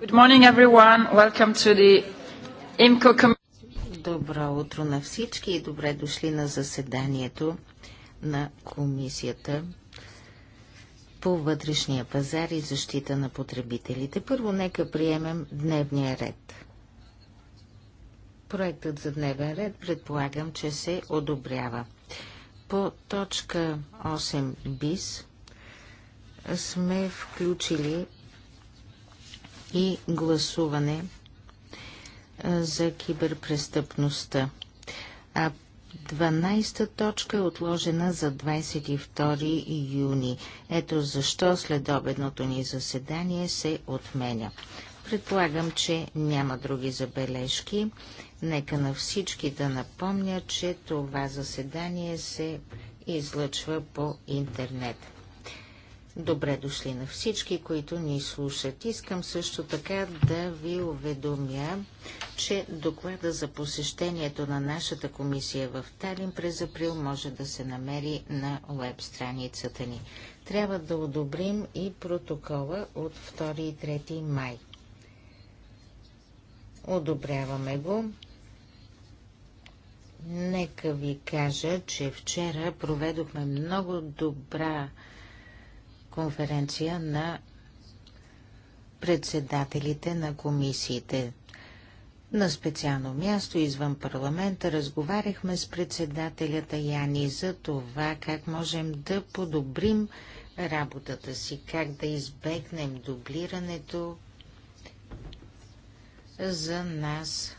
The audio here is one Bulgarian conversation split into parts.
Good morning, everyone. Welcome to the IMCO Добро утро на всички и добре дошли на заседанието на Комисията по вътрешния пазар и защита на потребителите. Първо нека приемем дневния ред. Проектът за дневен ред предполагам, че се одобрява. По точка 8 бис сме включили и гласуване за киберпрестъпността. А 12-та точка е отложена за 22 юни. Ето защо обедното ни заседание се отменя. Предполагам, че няма други забележки. Нека на всички да напомня, че това заседание се излъчва по интернет. Добре дошли на всички, които ни слушат. Искам също така да ви уведомя, че доклада за посещението на нашата комисия в Талин през април може да се намери на веб страницата ни. Трябва да одобрим и протокола от 2 и 3 май. Одобряваме го. Нека ви кажа, че вчера проведохме много добра конференция на председателите на комисиите. На специално място извън парламента разговаряхме с председателята Яни за това как можем да подобрим работата си, как да избегнем дублирането за нас.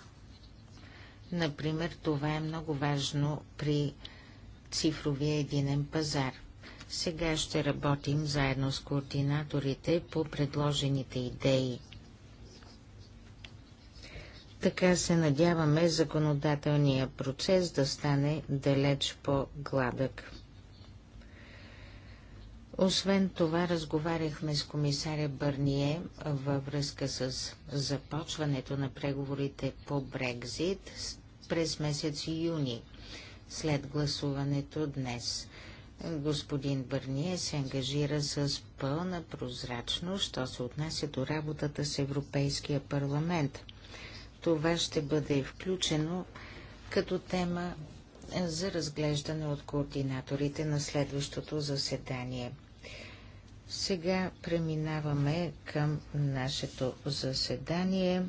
Например, това е много важно при цифровия единен пазар – сега ще работим заедно с координаторите по предложените идеи. Така се надяваме законодателния процес да стане далеч по-гладък. Освен това, разговаряхме с комисаря Бърние във връзка с започването на преговорите по Брекзит през месец юни, след гласуването днес господин Бърние се ангажира с пълна прозрачност, що се отнася до работата с Европейския парламент. Това ще бъде включено като тема за разглеждане от координаторите на следващото заседание. Сега преминаваме към нашето заседание.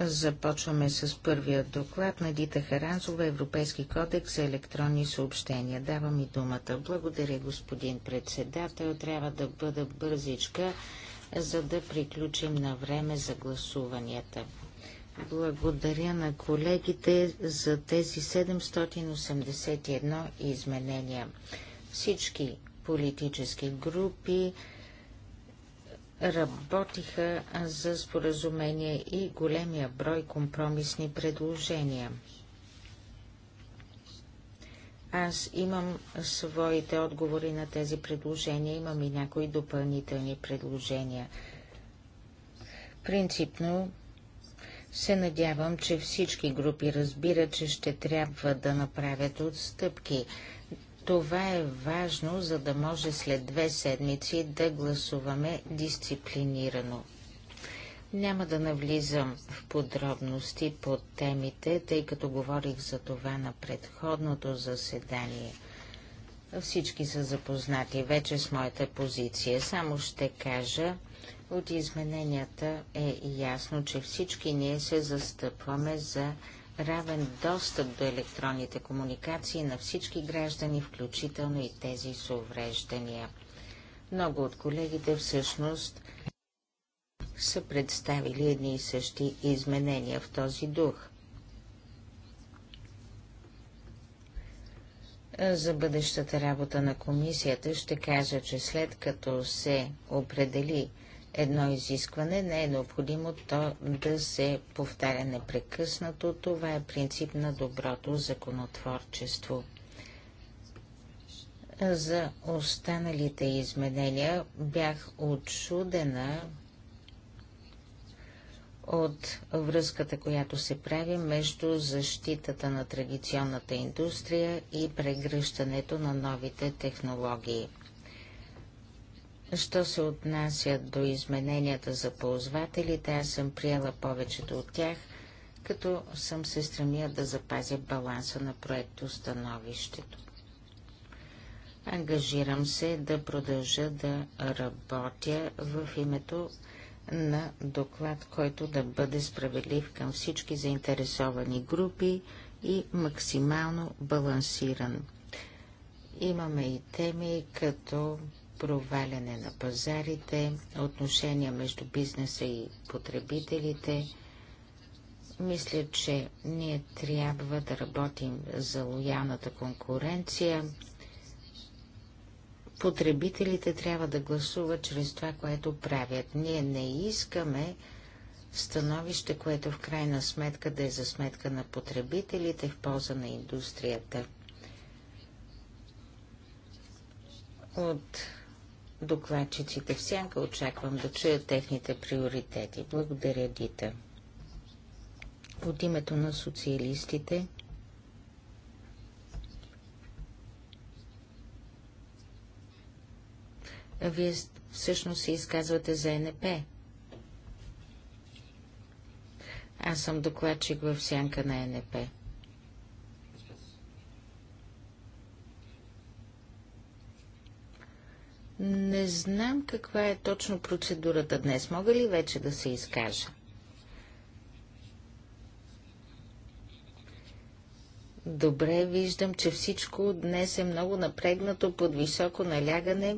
Започваме с първия доклад на Дита Харанзова, Европейски кодекс за електронни съобщения. Давам и думата. Благодаря, господин председател. Трябва да бъда бързичка, за да приключим на време за гласуванията. Благодаря на колегите за тези 781 изменения. Всички политически групи работиха за споразумение и големия брой компромисни предложения. Аз имам своите отговори на тези предложения, имам и някои допълнителни предложения. Принципно се надявам, че всички групи разбират, че ще трябва да направят отстъпки. Това е важно, за да може след две седмици да гласуваме дисциплинирано. Няма да навлизам в подробности по темите, тъй като говорих за това на предходното заседание. Всички са запознати вече с моята позиция. Само ще кажа, от измененията е ясно, че всички ние се застъпваме за равен достъп до електронните комуникации на всички граждани, включително и тези с увреждания. Много от колегите всъщност са представили едни и същи изменения в този дух. За бъдещата работа на комисията ще кажа, че след като се определи едно изискване, не е необходимо то да се повтаря непрекъснато. Това е принцип на доброто законотворчество. За останалите изменения бях отчудена от връзката, която се прави между защитата на традиционната индустрия и прегръщането на новите технологии – Що се отнася до измененията за ползвателите, аз съм приела повечето от тях, като съм се стремила да запазя баланса на проекто становището. Ангажирам се да продължа да работя в името на доклад, който да бъде справедлив към всички заинтересовани групи и максимално балансиран. Имаме и теми като проваляне на пазарите, отношения между бизнеса и потребителите. Мисля, че ние трябва да работим за лоялната конкуренция. Потребителите трябва да гласуват чрез това, което правят. Ние не искаме становище, което в крайна сметка да е за сметка на потребителите в полза на индустрията. От докладчиците. Сянка очаквам да чуя техните приоритети. Благодаря, Дита. От името на социалистите Вие всъщност се изказвате за НП. Аз съм докладчик в сянка на НП. Не знам каква е точно процедурата днес. Мога ли вече да се изкажа? Добре, виждам, че всичко днес е много напрегнато под високо налягане.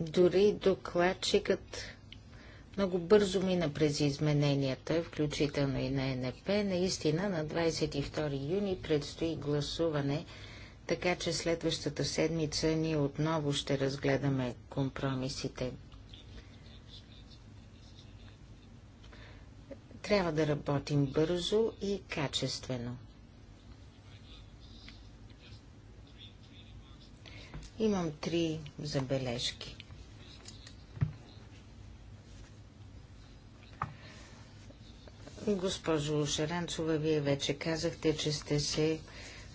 Дори докладчикът много бързо мина през измененията, включително и на НП. Наистина на 22 юни предстои гласуване, така че следващата седмица ние отново ще разгледаме компромисите. Трябва да работим бързо и качествено. Имам три забележки. Госпожо Шаранцова, вие вече казахте, че сте се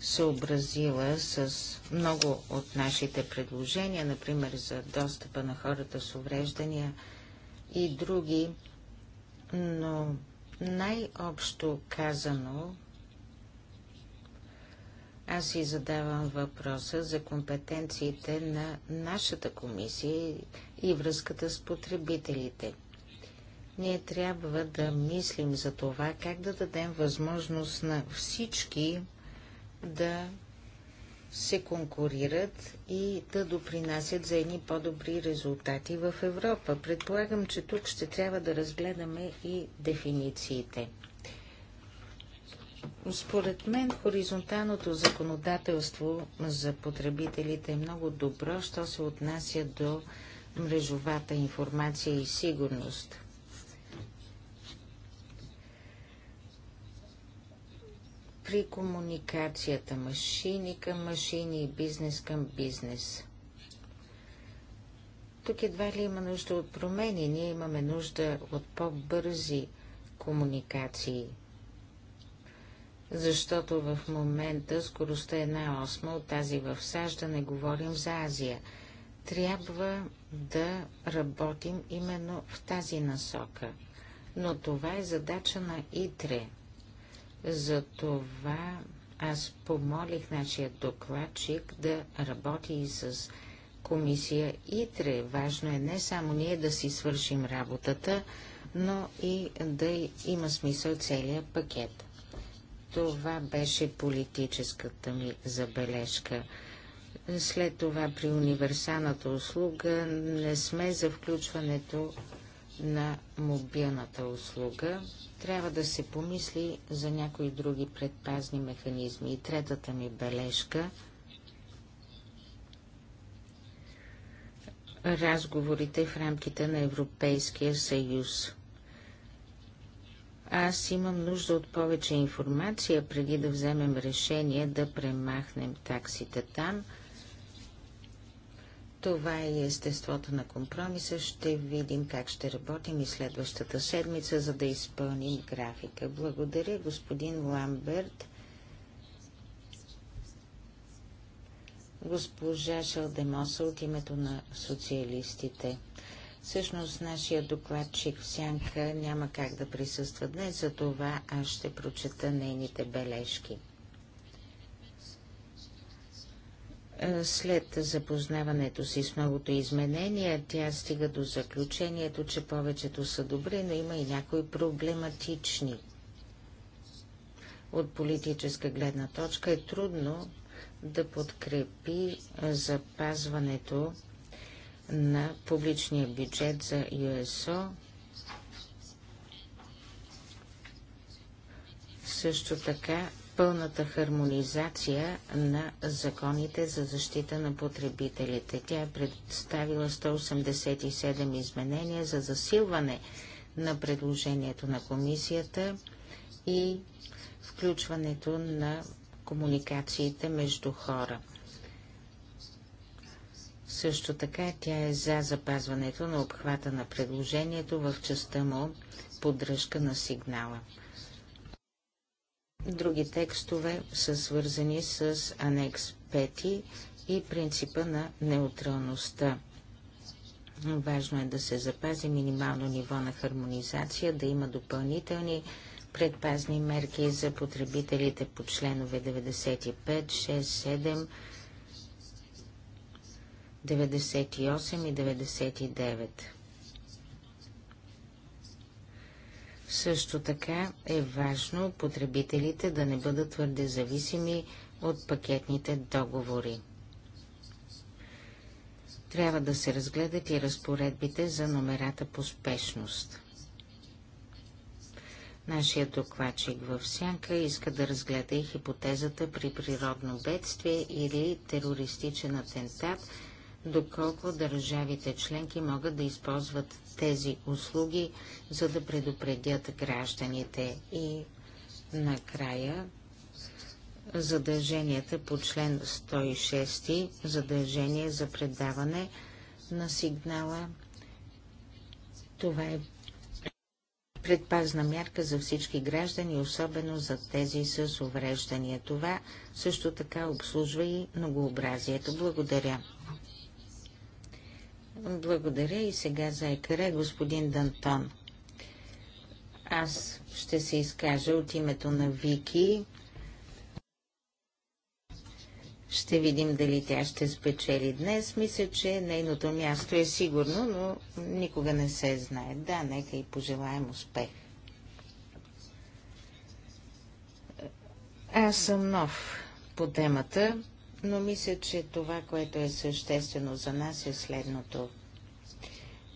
съобразила с много от нашите предложения, например за достъпа на хората с увреждания и други, но най-общо казано, аз си задавам въпроса за компетенциите на нашата комисия и връзката с потребителите. Ние трябва да мислим за това, как да дадем възможност на всички да се конкурират и да допринасят за едни по-добри резултати в Европа. Предполагам, че тук ще трябва да разгледаме и дефинициите. Според мен хоризонталното законодателство за потребителите е много добро, що се отнася до мрежовата информация и сигурност. при комуникацията машини към машини и бизнес към бизнес. Тук едва ли има нужда от промени, ние имаме нужда от по-бързи комуникации. Защото в момента скоростта е една осма от тази в САЩ, да не говорим за Азия. Трябва да работим именно в тази насока. Но това е задача на ИТРЕ. Затова аз помолих нашия докладчик да работи и с комисия ИТРЕ. Важно е не само ние да си свършим работата, но и да има смисъл целият пакет. Това беше политическата ми забележка. След това при универсалната услуга не сме за включването на мобилната услуга, трябва да се помисли за някои други предпазни механизми. И третата ми бележка – разговорите в рамките на Европейския съюз. Аз имам нужда от повече информация, преди да вземем решение да премахнем таксите там – това е естеството на компромиса. Ще видим как ще работим и следващата седмица, за да изпълним графика. Благодаря, господин Ламберт. Госпожа Шалдемоса от името на социалистите. Всъщност нашия докладчик в Сянка няма как да присъства днес, за това аз ще прочета нейните бележки. Е, след запознаването си с многото изменения, тя стига до заключението, че повечето са добри, но има и някои проблематични. От политическа гледна точка е трудно да подкрепи е, запазването на публичния бюджет за ЮСО. Също така пълната хармонизация на законите за защита на потребителите. Тя е представила 187 изменения за засилване на предложението на комисията и включването на комуникациите между хора. Също така тя е за запазването на обхвата на предложението в частта му поддръжка на сигнала. Други текстове са свързани с анекс 5 и принципа на неутралността. Важно е да се запази минимално ниво на хармонизация, да има допълнителни предпазни мерки за потребителите по членове 95, 6, 7, 98 и 99. Също така е важно потребителите да не бъдат твърде зависими от пакетните договори. Трябва да се разгледат и разпоредбите за номерата по спешност. Нашият докладчик в Сянка иска да разгледа и хипотезата при природно бедствие или терористичен атентат – доколко държавите членки могат да използват тези услуги, за да предупредят гражданите. И накрая задълженията по член 106, задължение за предаване на сигнала. Това е предпазна мярка за всички граждани, особено за тези с увреждания. Това също така обслужва и многообразието. Благодаря. Благодаря и сега за екаре господин Дантон. Аз ще се изкажа от името на Вики. Ще видим дали тя ще спечели днес. Мисля, че нейното място е сигурно, но никога не се знае. Да, нека и пожелаем успех. Аз съм нов по темата но мисля, че това, което е съществено за нас е следното.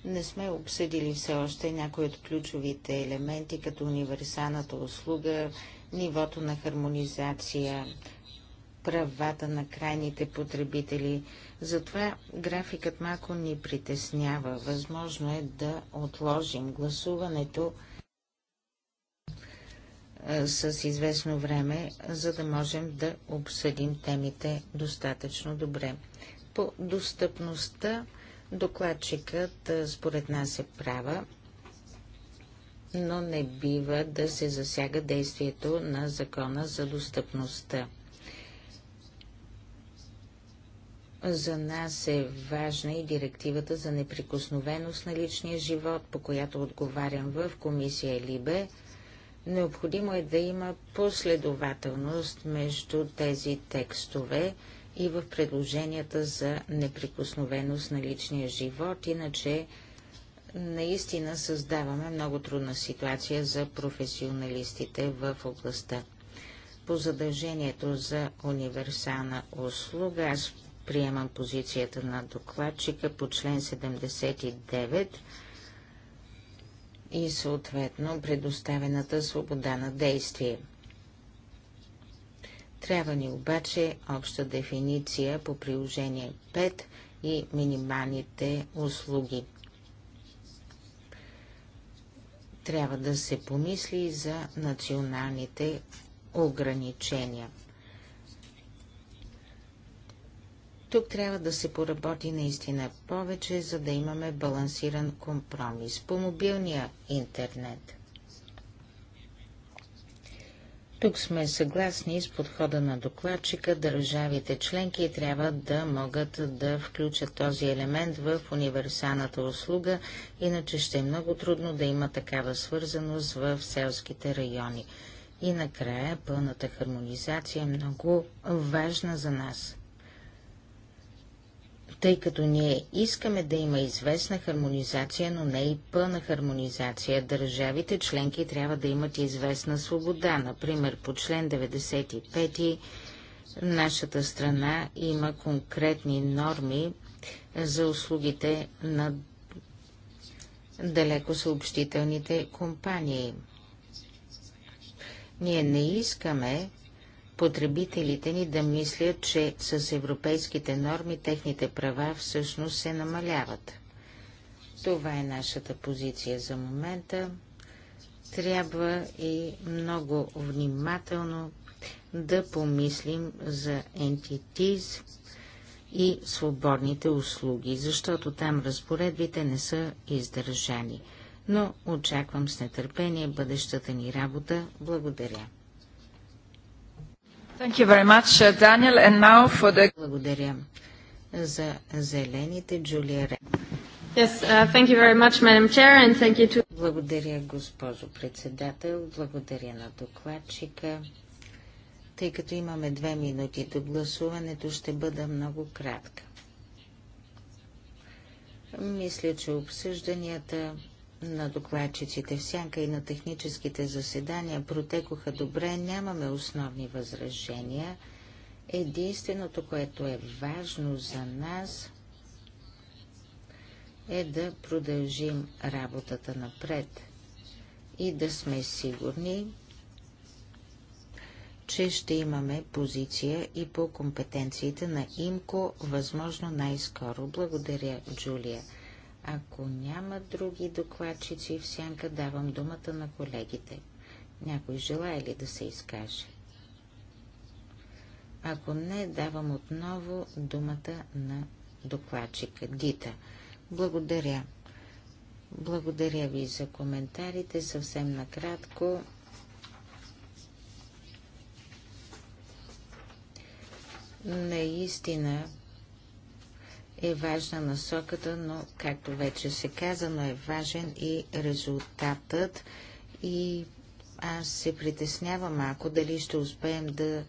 Не сме обсъдили все още някои от ключовите елементи, като универсалната услуга, нивото на хармонизация, правата на крайните потребители. Затова графикът малко ни притеснява. Възможно е да отложим гласуването с известно време, за да можем да обсъдим темите достатъчно добре. По достъпността докладчикът според нас е права, но не бива да се засяга действието на закона за достъпността. За нас е важна и директивата за неприкосновеност на личния живот, по която отговарям в комисия Либе – Необходимо е да има последователност между тези текстове и в предложенията за неприкосновеност на личния живот, иначе наистина създаваме много трудна ситуация за професионалистите в областта. По задължението за универсална услуга аз приемам позицията на докладчика по член 79 и съответно предоставената свобода на действие. Трябва ни обаче обща дефиниция по приложение 5 и минималните услуги. Трябва да се помисли за националните ограничения. Тук трябва да се поработи наистина повече, за да имаме балансиран компромис по мобилния интернет. Тук сме съгласни с подхода на докладчика. Държавите членки трябва да могат да включат този елемент в универсалната услуга, иначе ще е много трудно да има такава свързаност в селските райони. И накрая пълната хармонизация е много важна за нас тъй като ние искаме да има известна хармонизация, но не и пълна хармонизация. Държавите членки трябва да имат известна свобода. Например, по член 95 нашата страна има конкретни норми за услугите на далеко съобщителните компании. Ние не искаме потребителите ни да мислят, че с европейските норми техните права всъщност се намаляват. Това е нашата позиция за момента. Трябва и много внимателно да помислим за ентитиз и свободните услуги, защото там разпоредбите не са издържани. Но очаквам с нетърпение бъдещата ни работа. Благодаря. Uh, Благодаря. За зелените, Джулия Рен. Uh, Благодаря, госпожо председател. Благодаря на докладчика. Тъй като имаме две минути до гласуването, ще бъда много кратка. Мисля, че обсъжданията на докладчиците в сянка и на техническите заседания протекоха добре, нямаме основни възражения. Единственото, което е важно за нас, е да продължим работата напред и да сме сигурни, че ще имаме позиция и по компетенциите на ИМКО, възможно най-скоро. Благодаря, Джулия. Ако няма други докладчици в сянка, давам думата на колегите. Някой желая ли да се изкаже? Ако не, давам отново думата на докладчика. Дита, благодаря. Благодаря ви за коментарите. Съвсем накратко. Наистина е важна насоката, но, както вече се каза, но е важен и резултатът. И аз се притеснявам малко дали ще успеем да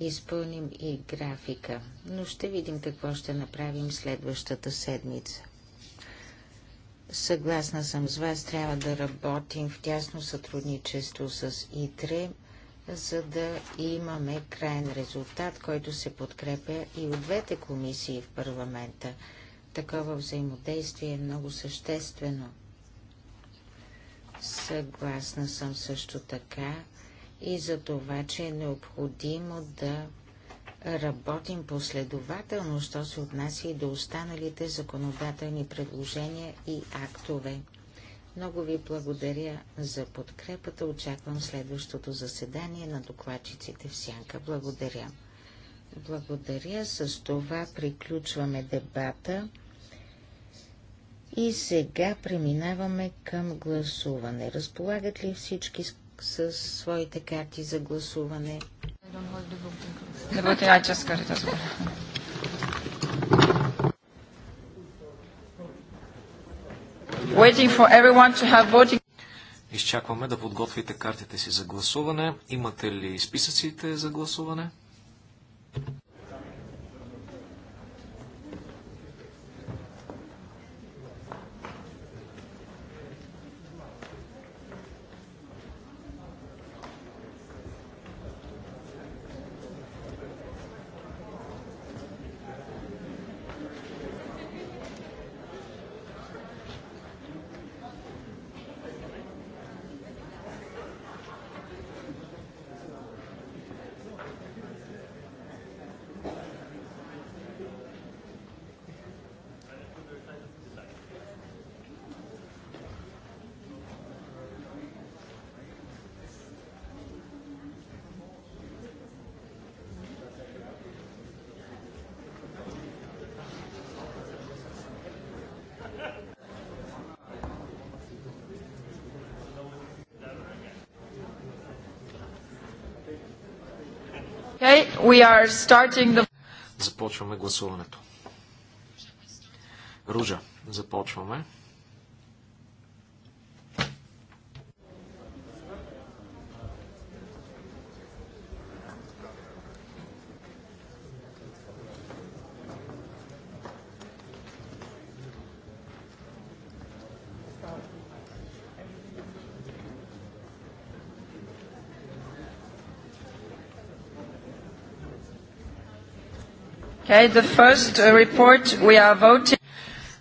изпълним и графика. Но ще видим какво ще направим следващата седмица. Съгласна съм с вас, трябва да работим в тясно сътрудничество с ИТРЕ за да имаме крайен резултат, който се подкрепя и от двете комисии в парламента. Такова взаимодействие е много съществено. Съгласна съм също така и за това, че е необходимо да работим последователно, що се отнася и до останалите законодателни предложения и актове. Много ви благодаря за подкрепата. Очаквам следващото заседание на докладчиците в Сянка. Благодаря. Благодаря. С това приключваме дебата. И сега преминаваме към гласуване. Разполагат ли всички с, с своите карти за гласуване? Не бъдете най-чест карта Изчакваме да подготвите картите си за гласуване. Имате ли списъците за гласуване? the... Започваме гласуването. Ружа, започваме. Uh,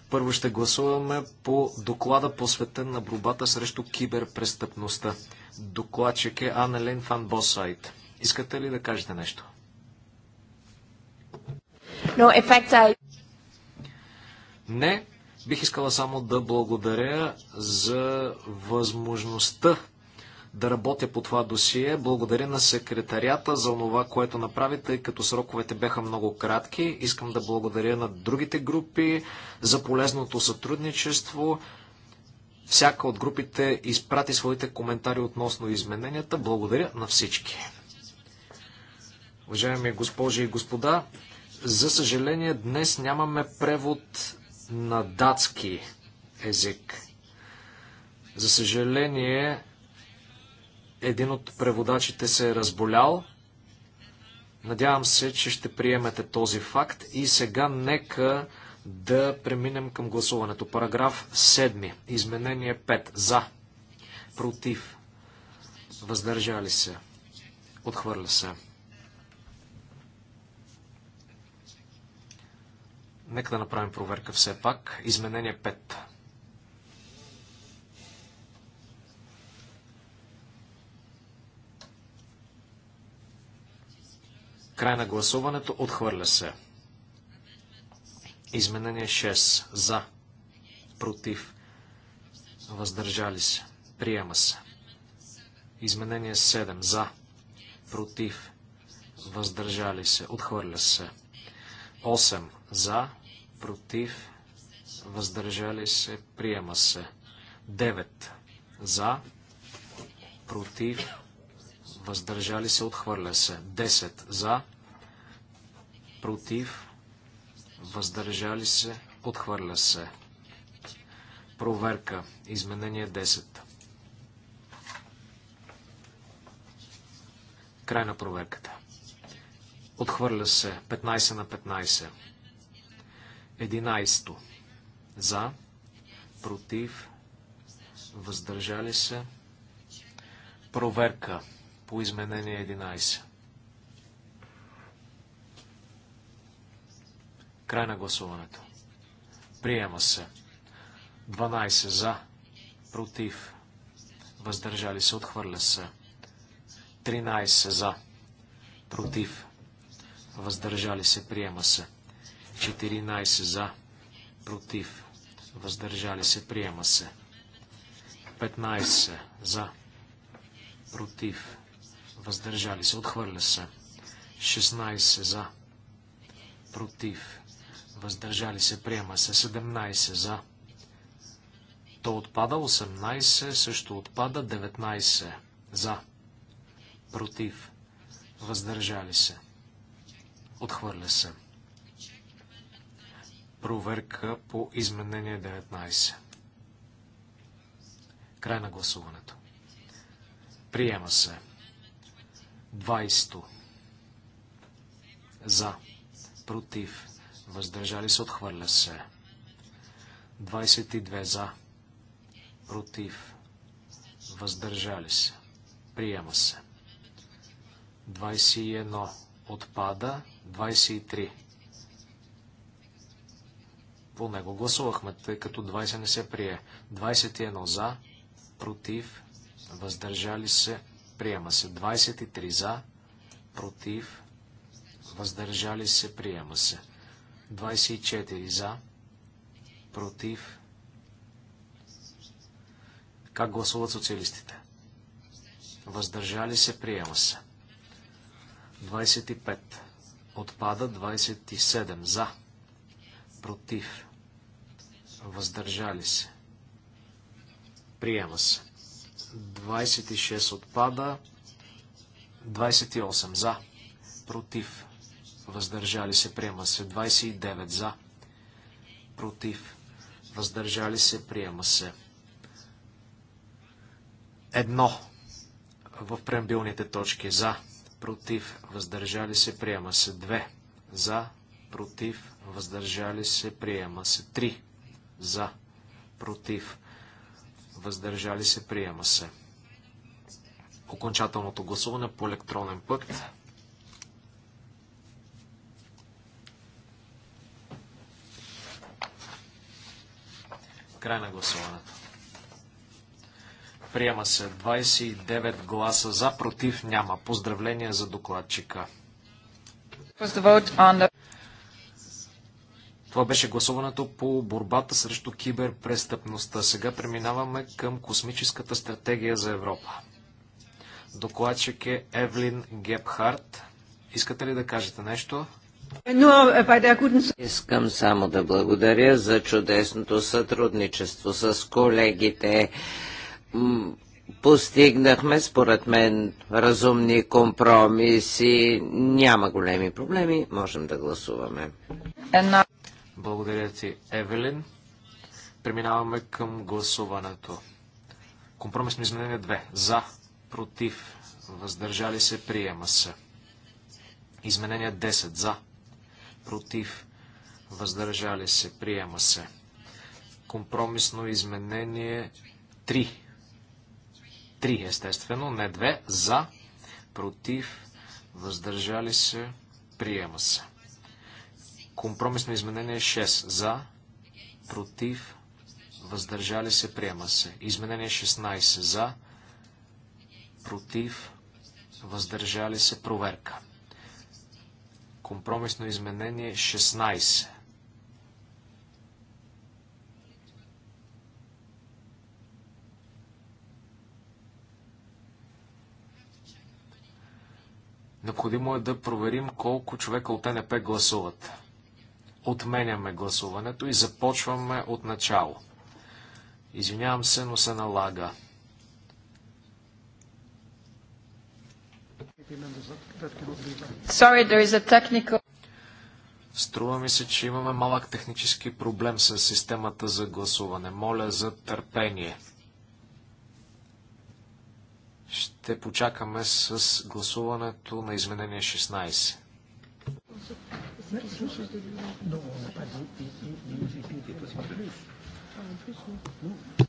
Първо ще гласуваме по доклада посветен на борбата срещу киберпрестъпността. Докладчик е Анелин Фан Босайт. Искате ли да кажете нещо? No, I... Не, бих искала само да благодаря за възможността да работя по това досие. Благодаря на секретарията за това, което направи, тъй като сроковете бяха много кратки. Искам да благодаря на другите групи за полезното сътрудничество. Всяка от групите изпрати своите коментари относно измененията. Благодаря на всички. Уважаеми госпожи и господа, за съжаление днес нямаме превод на датски език. За съжаление, един от преводачите се е разболял. Надявам се, че ще приемете този факт. И сега нека да преминем към гласуването. Параграф 7. Изменение 5. За. Против. Въздържали се. Отхвърля се. Нека да направим проверка все пак. Изменение 5. Край на гласуването. Отхвърля се. Изменение 6. За. Против. Въздържали се. Приема се. Изменение 7. За. Против. Въздържали се. Отхвърля се. 8. За. Против. Въздържали се. Приема се. 9. За. Против въздържали се, отхвърля се. 10 за, против, въздържали се, отхвърля се. Проверка. Изменение 10. Край на проверката. Отхвърля се 15 на 15. 11. За. Против. Въздържали се. Проверка по изменение 11. Край на гласуването. Приема се. 12 за, против, въздържали се, отхвърля се. 13 за, против, въздържали се, приема се. 14 за, против, въздържали се, приема се. 15 за, против, въздържали се, отхвърля се. 16 за, против, въздържали се, приема се. 17 за, то отпада. 18 също отпада. 19 за, против, въздържали се, отхвърля се. Проверка по изменение 19. Край на гласуването. Приема се. 20. За. Против. Въздържали се. Отхвърля се. 22. За. Против. Въздържали се. Приема се. 21. Отпада. 23. По него гласувахме, тъй като 20 не се прие. 21 за, против, въздържали се, приема се. 23 за, против, въздържали се, приема се. 24 за, против. Как гласуват социалистите? Въздържали се, приема се. 25. Отпада 27 за, против, въздържали се. Приема се. 26 отпада. 28 за. Против. Въздържали се. Приема се. 29 за. Против. Въздържали се. Приема се. Едно. В преамбилните точки. За. Против. Въздържали се. Приема се. 2. За. Против. Въздържали се. Приема се. 3. За. Против въздържали се, приема се. Окончателното гласуване по електронен път. Край на гласуването. Приема се 29 гласа за, против няма. Поздравления за докладчика. Това беше гласуването по борбата срещу киберпрестъпността. Сега преминаваме към космическата стратегия за Европа. Докладчик е Евлин Гепхарт. Искате ли да кажете нещо? Е, Искам само да благодаря за чудесното сътрудничество с колегите. Постигнахме, според мен, разумни компромиси. Няма големи проблеми. Можем да гласуваме. Благодаря ти, Евелин. Преминаваме към гласуването. Компромисно изменение 2. За, против, въздържали се, приема се. Изменение 10. За, против, въздържали се, приема се. Компромисно изменение 3. 3, естествено, не 2. За, против, въздържали се, приема се. Компромисно изменение 6. За, против, въздържали се, приема се. Изменение 16. За, против, въздържали се, проверка. Компромисно изменение 16. Необходимо е да проверим колко човека от НП гласуват. Отменяме гласуването и започваме от начало. Извинявам се, но се налага. Sorry, there is a technical... Струва ми се, че имаме малък технически проблем с системата за гласуване. Моля за търпение. Ще почакаме с гласуването на изменение 16. Non, on n'a pas de, de, de, de, de, possibilités. Ah, en plus, non. non.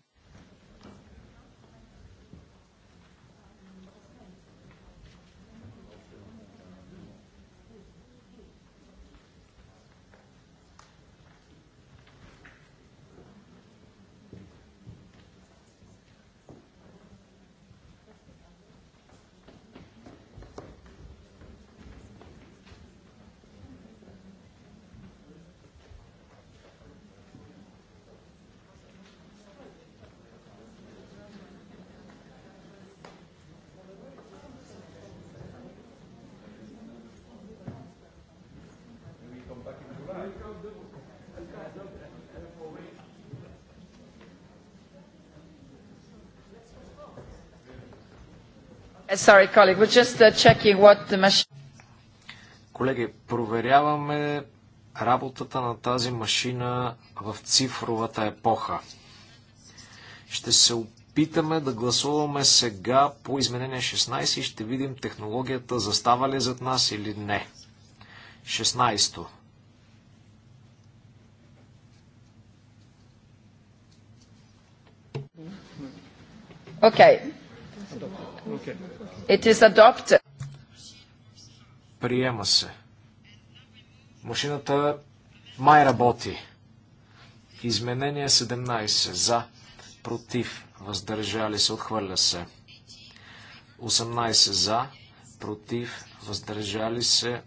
Sorry, colleague, we're just uh, checking what the machine... Колеги, проверяваме работата на тази машина в цифровата епоха. Ще се опитаме да гласуваме сега по изменение 16 и ще видим технологията застава ли зад нас или не. 16-то. Okay. It is adopted. Приема се. Машината май работи. Изменение 17. За. Против. Въздържали се. Отхвърля се. 18. За. Против. Въздържали се.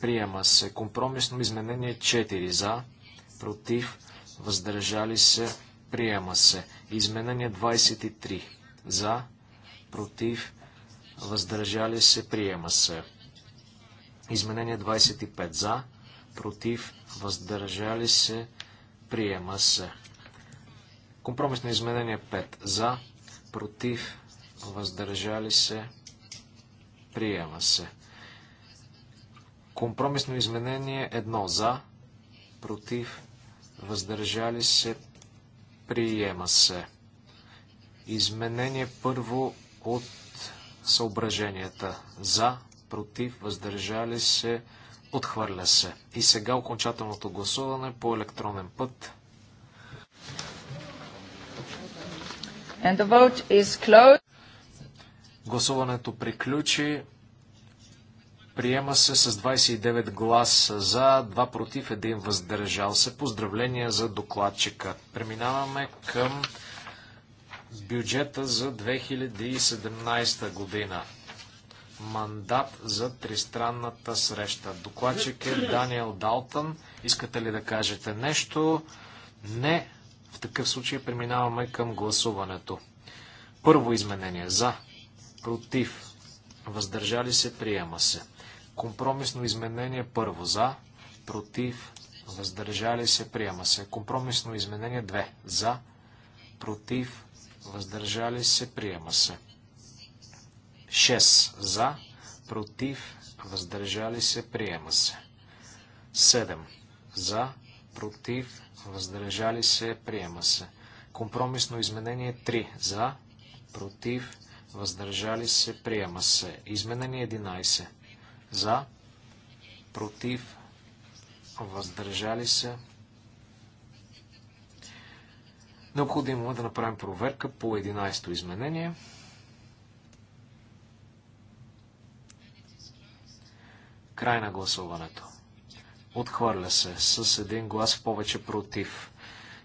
Приема се. Компромисно изменение 4. За. Против. Въздържали се. Приема се. Изменение 23. За против, въздържали се, приема се. Изменение 25 за, против, въздържали се, приема се. Компромисно изменение 5 за, против, въздържали се, приема се. Компромисно изменение 1 за, против, въздържали се, приема се. Изменение първо от съображенията за, против, въздържали се, отхвърля се. И сега окончателното гласуване по електронен път. And the vote is closed. Гласуването приключи. Приема се с 29 гласа за, 2 против, 1 въздържал се. Поздравления за докладчика. Преминаваме към бюджета за 2017 година. Мандат за тристранната среща. Докладчик е Даниел Далтън. Искате ли да кажете нещо? Не. В такъв случай преминаваме към гласуването. Първо изменение. За. Против. Въздържали се. Приема се. Компромисно изменение. Първо. За. Против. Въздържали се. Приема се. Компромисно изменение. 2. За. Против въздържали се, приема се. 6 за, против, въздържали се, приема се. 7 за, против, въздържали се, приема се. Компромисно изменение 3 за, против, въздържали се, приема се. Изменение 11 за, против, въздържали се, Необходимо е да направим проверка по 11-то изменение. Край на гласуването. Отхвърля се с един глас повече против.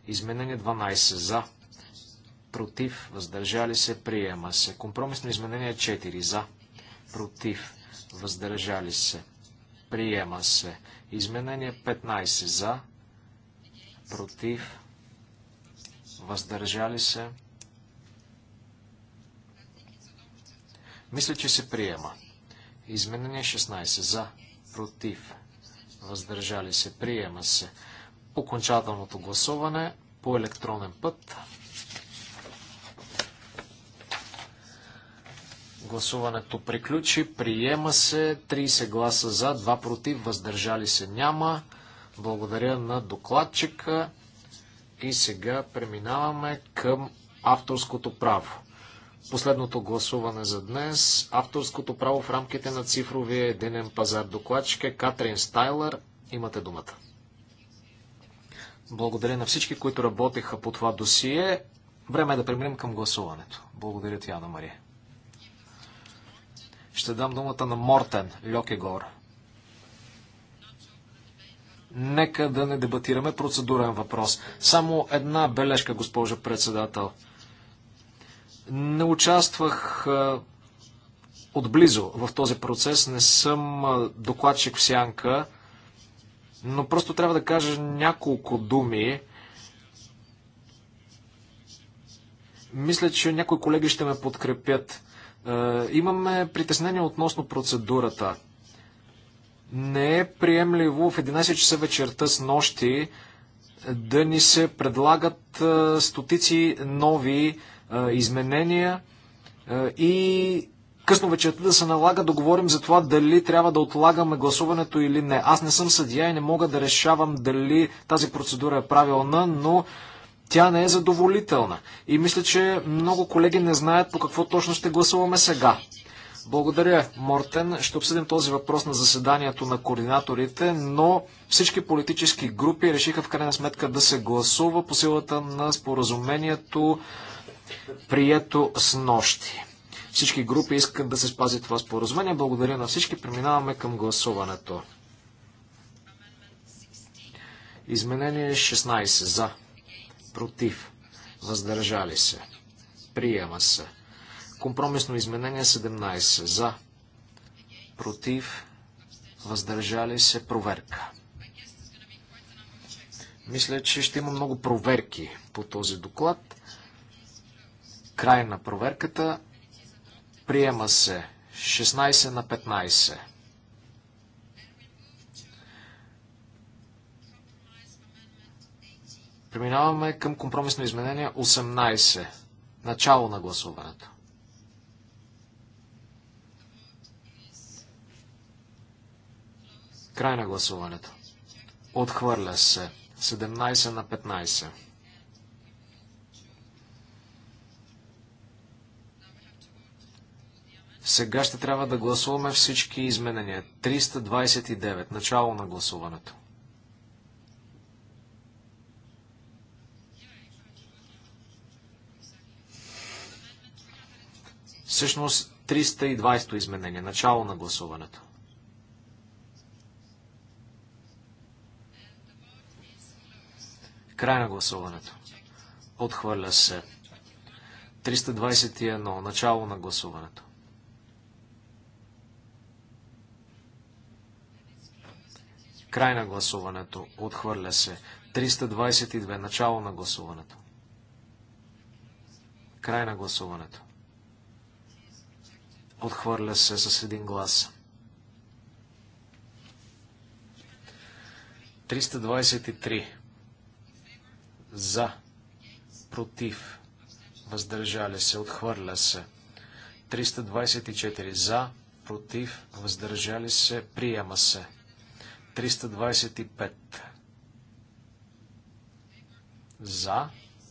Изменение 12 за. Против. Въздържали се. Приема се. Компромисно изменение 4 за. Против. Въздържали се. Приема се. Изменение 15 за. Против въздържали се. Мисля, че се приема. Изменение 16. За, против, въздържали се, приема се. Окончателното гласуване по електронен път. Гласуването приключи. Приема се 30 гласа за, 2 против, въздържали се няма. Благодаря на докладчика. И сега преминаваме към авторското право. Последното гласуване за днес. Авторското право в рамките на цифровия единен пазар. Докладчика е Катрин Стайлер. Имате думата. Благодаря на всички, които работеха по това досие. Време е да преминем към гласуването. Благодаря ти, Ана Мария. Ще дам думата на Мортен Льокегор. Нека да не дебатираме процедурен въпрос. Само една бележка, госпожа председател. Не участвах отблизо в този процес. Не съм докладчик в сянка, но просто трябва да кажа няколко думи. Мисля, че някои колеги ще ме подкрепят. Имаме притеснение относно процедурата. Не е приемливо в 11 часа вечерта с нощи да ни се предлагат стотици нови изменения и късно вечерта да се налага да говорим за това дали трябва да отлагаме гласуването или не. Аз не съм съдия и не мога да решавам дали тази процедура е правилна, но тя не е задоволителна. И мисля, че много колеги не знаят по какво точно ще гласуваме сега. Благодаря, Мортен. Ще обсъдим този въпрос на заседанието на координаторите, но всички политически групи решиха в крайна сметка да се гласува по силата на споразумението, прието с нощи. Всички групи искат да се спази това споразумение. Благодаря на всички. Преминаваме към гласуването. Изменение 16. За. Против. Въздържали се. Приема се. Компромисно изменение 17. За. Против. Въздържали се. Проверка. Мисля, че ще има много проверки по този доклад. Край на проверката. Приема се 16 на 15. Преминаваме към компромисно изменение 18. Начало на гласуването. Край на гласуването. Отхвърля се. 17 на 15. Сега ще трябва да гласуваме всички изменения. 329. Начало на гласуването. Всъщност 320 изменение. Начало на гласуването. Край на гласуването. Отхвърля се. 321. Начало на гласуването. Край на гласуването. Отхвърля се. 322. Начало на гласуването. Край на гласуването. Отхвърля се с един глас. 323 за, против, въздържали се, отхвърля се. 324 за, против, въздържали се, приема се. 325 за,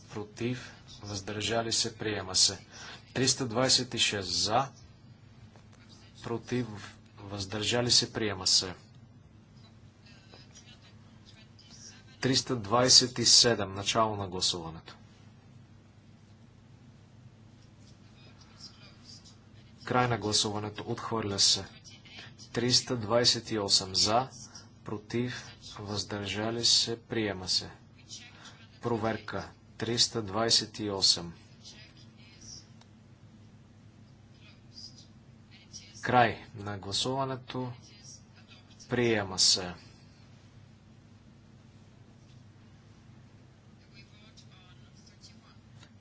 против, въздържали се, приема се. 326 за, против, въздържали се, приема се. 327. Начало на гласуването. Край на гласуването. Отхвърля се. 328 за, против, въздържали се, приема се. Проверка. 328. Край на гласуването. Приема се.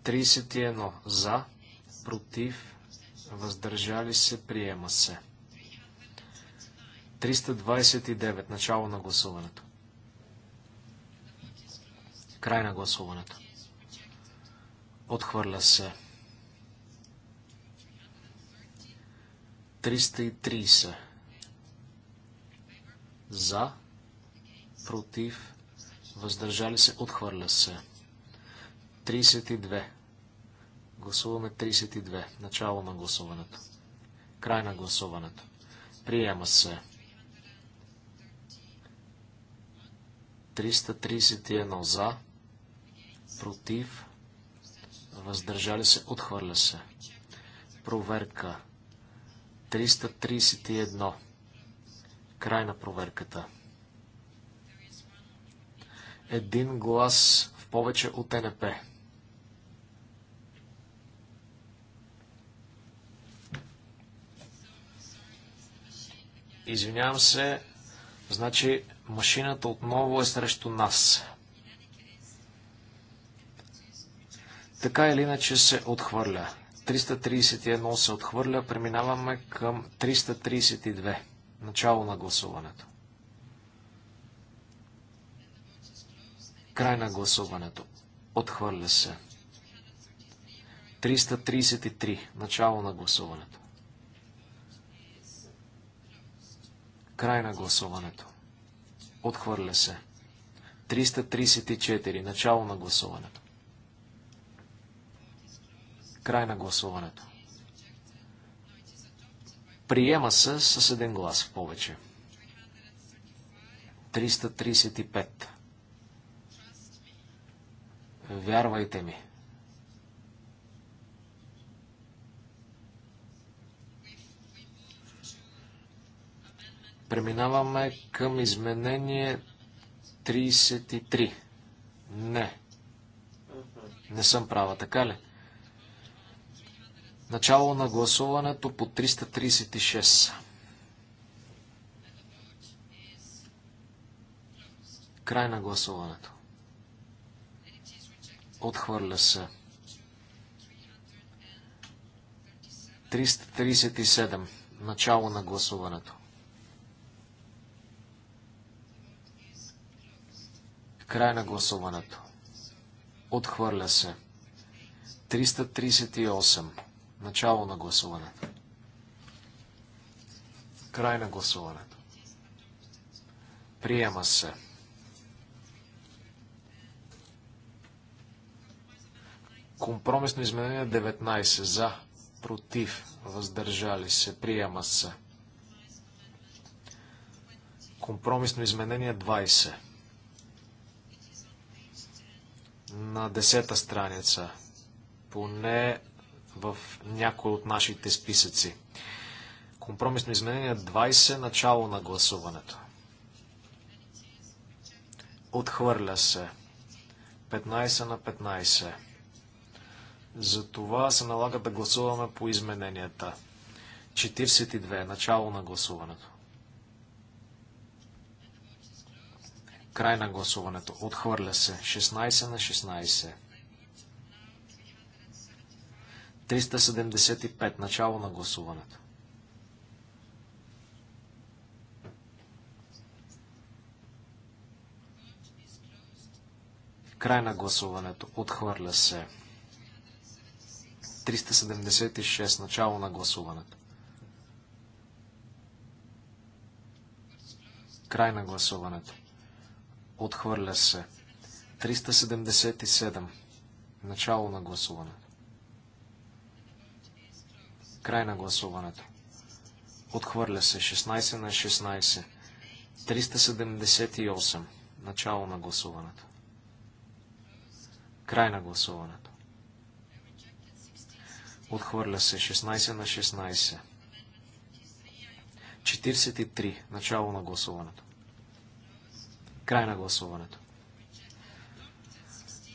31 за, против, въздържали се, приема се. 329. Начало на гласуването. Край на гласуването. Отхвърля се. 330. За. Против. Въздържали се. Отхвърля се. 32. Гласуваме 32. Начало на гласуването. Край на гласуването. Приема се. 331 за, против, въздържали се, отхвърля се. Проверка. 331. Край на проверката. Един глас в повече от НП. Извинявам се, значи машината отново е срещу нас. Така или иначе се отхвърля. 331 се отхвърля. Преминаваме към 332. Начало на гласуването. Край на гласуването. Отхвърля се. 333. Начало на гласуването. Край на гласуването. Отхвърля се. 334. Начало на гласуването. Край на гласуването. Приема се с един глас в повече. 335. Вярвайте ми. Преминаваме към изменение 33. Не. Не съм права, така ли? Начало на гласуването по 336. Край на гласуването. Отхвърля се. 337. Начало на гласуването. Край на гласуването. Отхвърля се. 338. Начало на гласуването. Край на гласуването. Приема се. Компромисно изменение 19. За. Против. Въздържали се. Приема се. Компромисно изменение 20. на десета страница, поне в някои от нашите списъци. Компромисно изменение 20, начало на гласуването. Отхвърля се. 15 на 15. За това се налага да гласуваме по измененията. 42. Начало на гласуването. Край на гласуването. Отхвърля се. 16 на 16. 375. Начало на гласуването. Край на гласуването. Отхвърля се. 376. Начало на гласуването. Край на гласуването. Отхвърля се. 377. Начало на гласуването. Край на гласуването. Отхвърля се. 16 на 16. 378. Начало на гласуването. Край на гласуването. Отхвърля се 16 на 16. 43. Начало на гласуването. Край на гласуването.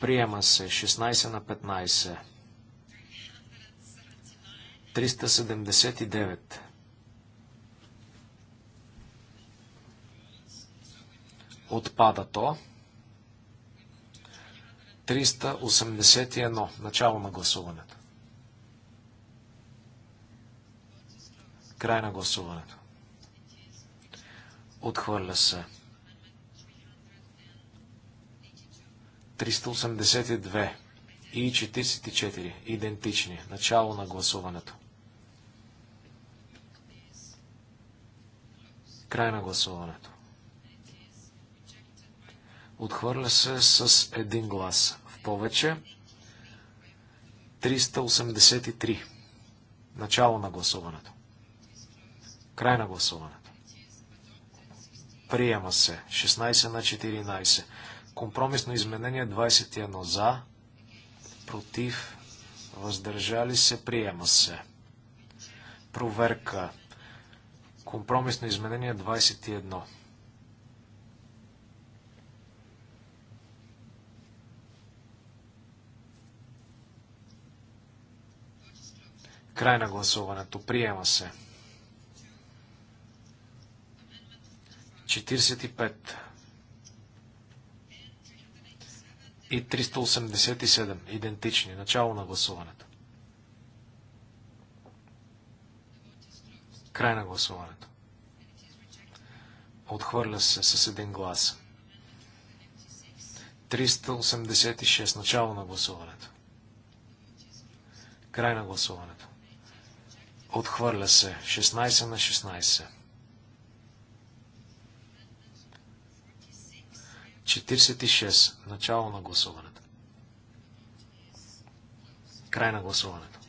Приема се 16 на 15. 379. Отпада то. 381. Начало на гласуването. Край на гласуването. Отхвърля се. 382 и 44 идентични. Начало на гласуването. Край на гласуването. Отхвърля се с един глас. В повече 383. Начало на гласуването. Край на гласуването. Приема се. 16 на 14. Компромисно изменение 21 за, против, въздържали се, приема се. Проверка. Компромисно изменение 21. Край на гласуването. Приема се. 45. и 387, идентични. Начало на гласуването. Край на гласуването. Отхвърля се с един глас. 386. Начало на гласуването. Край на гласуването. Отхвърля се. 16 на 16. 46. Начало на гласуването. Край на гласуването.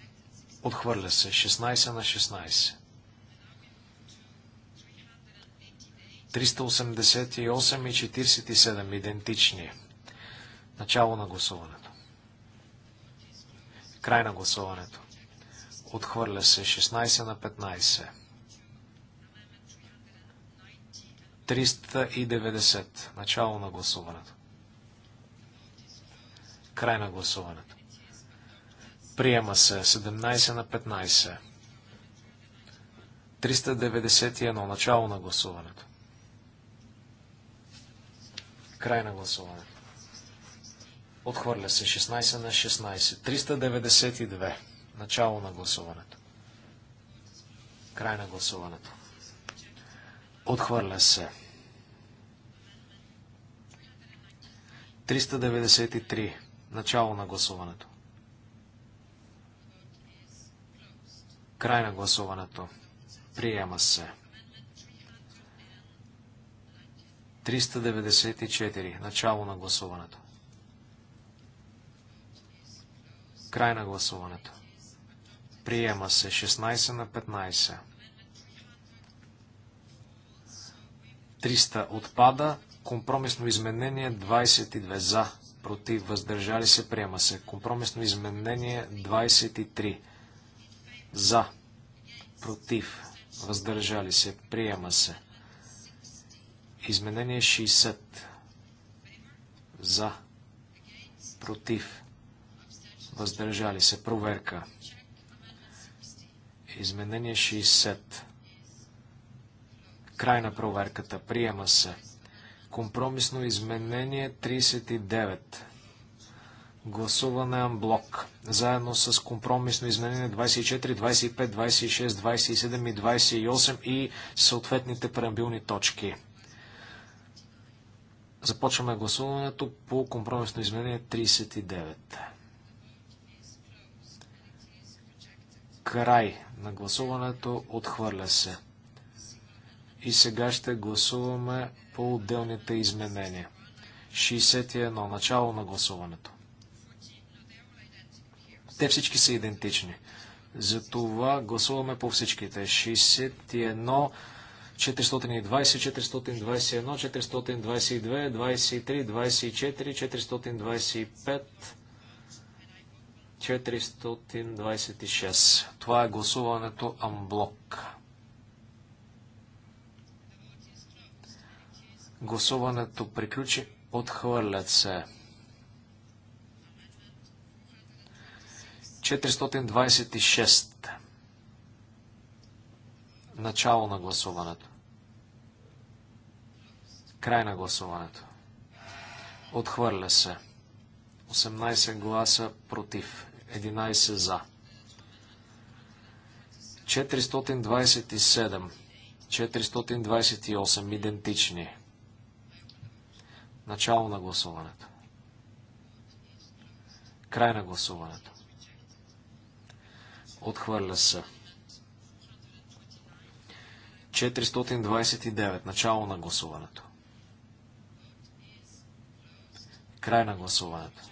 Отхвърля се. 16 на 16. 388 и 47. Идентични. Начало на гласуването. Край на гласуването. Отхвърля се. 16 на 15. 390. Начало на гласуването. Край на гласуването. Приема се 17 на 15. 391. Начало на гласуването. Край на гласуването. Отхвърля се 16 на 16. 392. Начало на гласуването. Край на гласуването. Отхвърля се. 393. Начало на гласуването. Край на гласуването. Приема се. 394. Начало на гласуването. Край на гласуването. Приема се 16 на 15. 300 отпада. Компромисно изменение 22 за. Против. Въздържали се. Приема се. Компромисно изменение 23 за. Против. Въздържали се. Приема се. Изменение 60 за. Против. Въздържали се. Проверка. Изменение 60. Край на проверката. Приема се. Компромисно изменение 39. Гласуване блок. Заедно с компромисно изменение 24, 25, 26, 27 и 28 и съответните преамбилни точки. Започваме гласуването по компромисно изменение 39. Край на гласуването отхвърля се. И сега ще гласуваме по отделните изменения. 61. Начало на гласуването. Те всички са идентични. Затова гласуваме по всичките. 61, 420, 421, 422, 23, 24, 425, 426. Това е гласуването амблок. Гласуването приключи. Отхвърлят се. 426. Начало на гласуването. Край на гласуването. Отхвърля се. 18 гласа против. 11 за. 427. 428. Идентични. Начало на гласуването. Край на гласуването. Отхвърля се. 429. Начало на гласуването. Край на гласуването.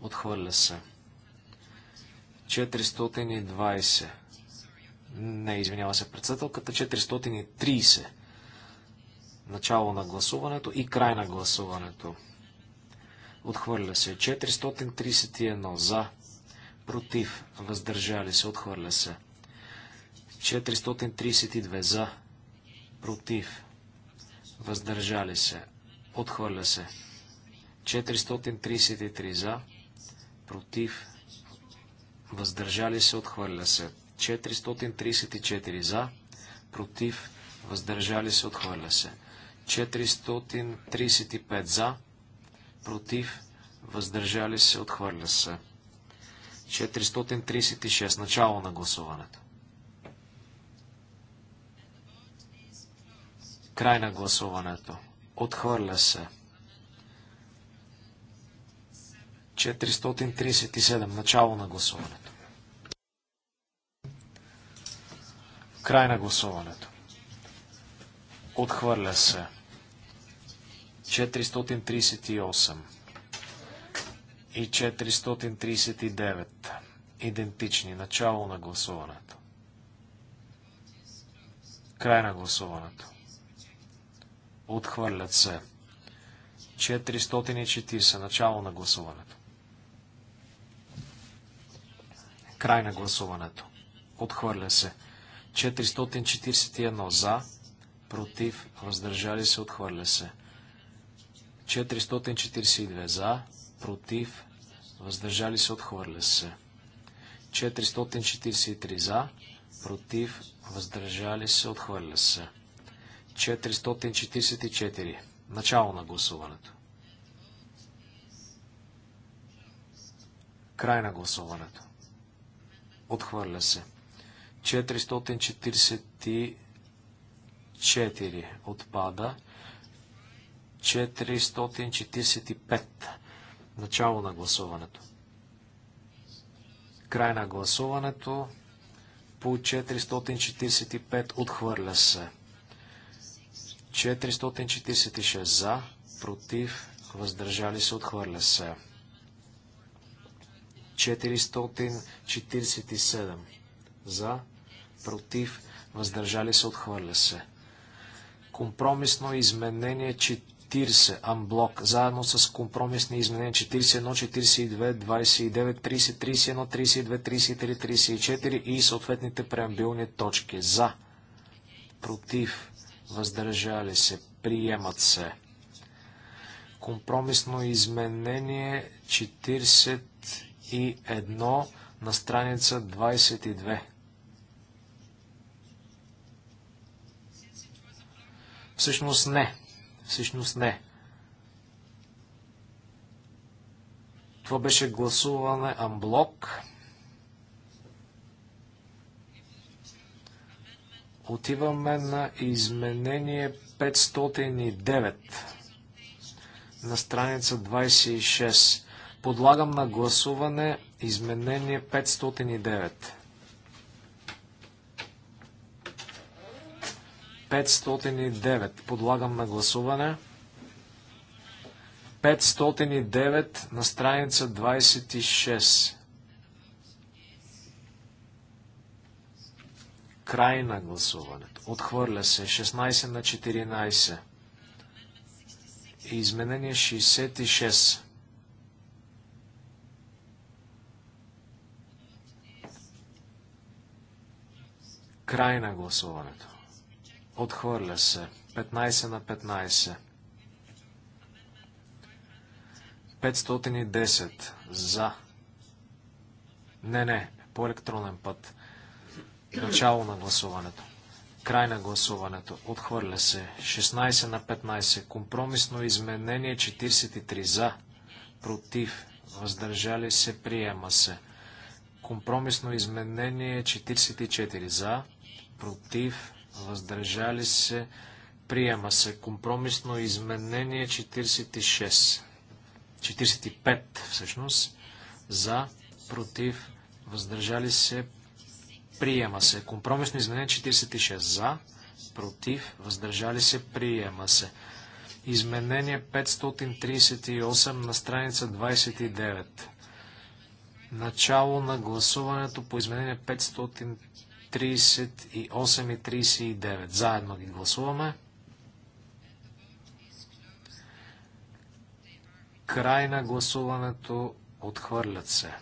Отхвърля се. 420. Не, извинява се председателката. 430. Начало на гласуването и край на гласуването. Отхвърля се. 431 за. Против. Въздържали се. Отхвърля се. 432 за. Против. Въздържали се. Отхвърля се. 433 за. Против. Въздържали се. Отхвърля се. 434 за. Против. Въздържали се. Отхвърля се. 435 за, против, въздържали се, отхвърля се. 436. Начало на гласуването. Край на гласуването. Отхвърля се. 437. Начало на гласуването. Край на гласуването. Отхвърля се. 438 и 439 идентични. Начало на гласуването. Край на гласуването. Отхвърлят се. 440. Начало на гласуването. Край на гласуването. Отхвърля се. 441 за, против, въздържали се, отхвърля се. 442 за, против, въздържали се, отхвърля се. 443 за, против, въздържали се, отхвърля се. 444. Начало на гласуването. Край на гласуването. Отхвърля се. 444 отпада. 445. Начало на гласуването. Край на гласуването. По 445 отхвърля се. 446 за, против, въздържали се, отхвърля се. 447 за, против, въздържали се, отхвърля се. Компромисно изменение 4 40 амблок, заедно с компромисни изменения 41, 42, 29, 30, 31, 32, 33, 34 и съответните преамбилни точки. За, против, въздържали се, приемат се. Компромисно изменение 41 на страница 22. Всъщност не. Всъщност не. Това беше гласуване амблок. Отиваме на изменение 509 на страница 26. Подлагам на гласуване изменение 509. 509. Подлагам на гласуване. 509 на страница 26. Край на гласуването. Отхвърля се 16 на 14. Изменение 66. Край на гласуването. Отхвърля се. 15 на 15. 510 за. Не, не, по електронен път. Начало на гласуването. Край на гласуването. Отхвърля се. 16 на 15. Компромисно изменение 43 за. Против. Въздържали се. Приема се. Компромисно изменение 44 за. Против въздържали се, приема се. Компромисно изменение 46. 45 всъщност. За, против, въздържали се, приема се. Компромисно изменение 46. За, против, въздържали се, приема се. Изменение 538 на страница 29. Начало на гласуването по изменение 538. 38 и 39. Заедно ги гласуваме. Край на гласуването отхвърлят се.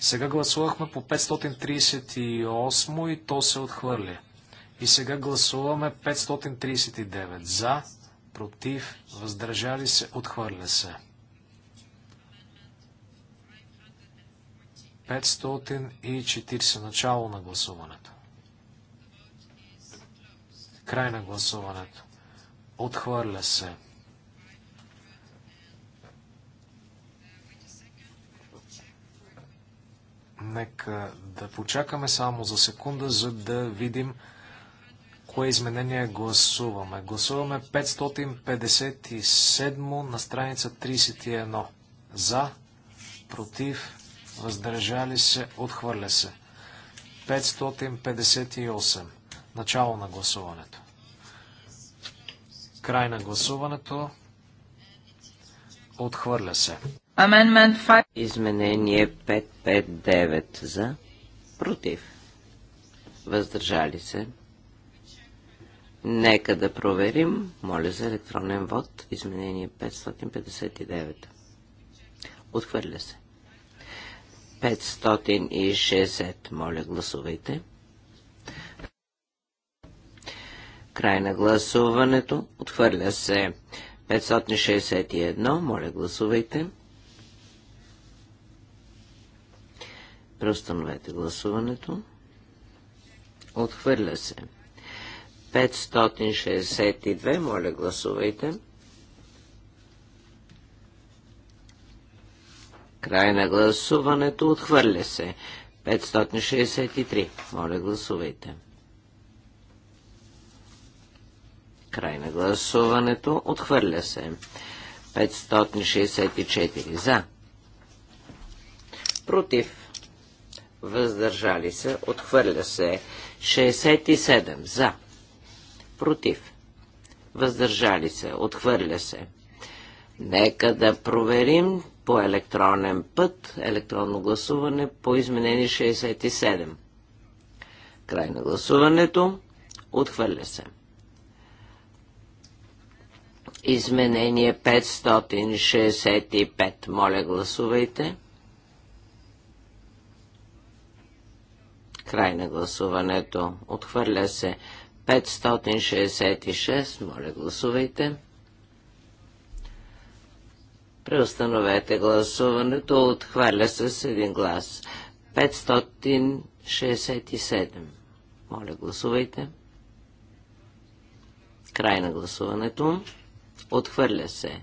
Сега гласувахме по 538 и то се отхвърля. И сега гласуваме 539 за, против, въздържали се, отхвърля се. 540 начало на гласуването. Край на гласуването. Отхвърля се. Нека да почакаме само за секунда, за да видим кое изменение гласуваме. Гласуваме 557 на страница 31. За, против, въздържали се, отхвърля се. 558. Начало на гласуването. Край на гласуването. Отхвърля се. Изменение 559 за. Против. Въздържали се. Нека да проверим. Моля за електронен вод. Изменение 559. Отхвърля се. 560. Моля, гласувайте. Край на гласуването. Отхвърля се 561. Моля, гласувайте. Преустановете гласуването. Отхвърля се. 562. Моля, гласувайте. Край на гласуването. Отхвърля се. 563. Моля, гласувайте. Край на гласуването. Отхвърля се. 564. За. Против. Въздържали се. Отхвърля се. 67. За. Против. Въздържали се. Отхвърля се. Нека да проверим по електронен път, електронно гласуване по изменени 67. Край на гласуването. Отхвърля се. Изменение 565. Моля, гласувайте. Край на гласуването. Отхвърля се. 566. Моля, гласувайте. Преустановете гласуването. Отхвърля се с един глас. 567. Моля, гласувайте. Край на гласуването. Отхвърля се.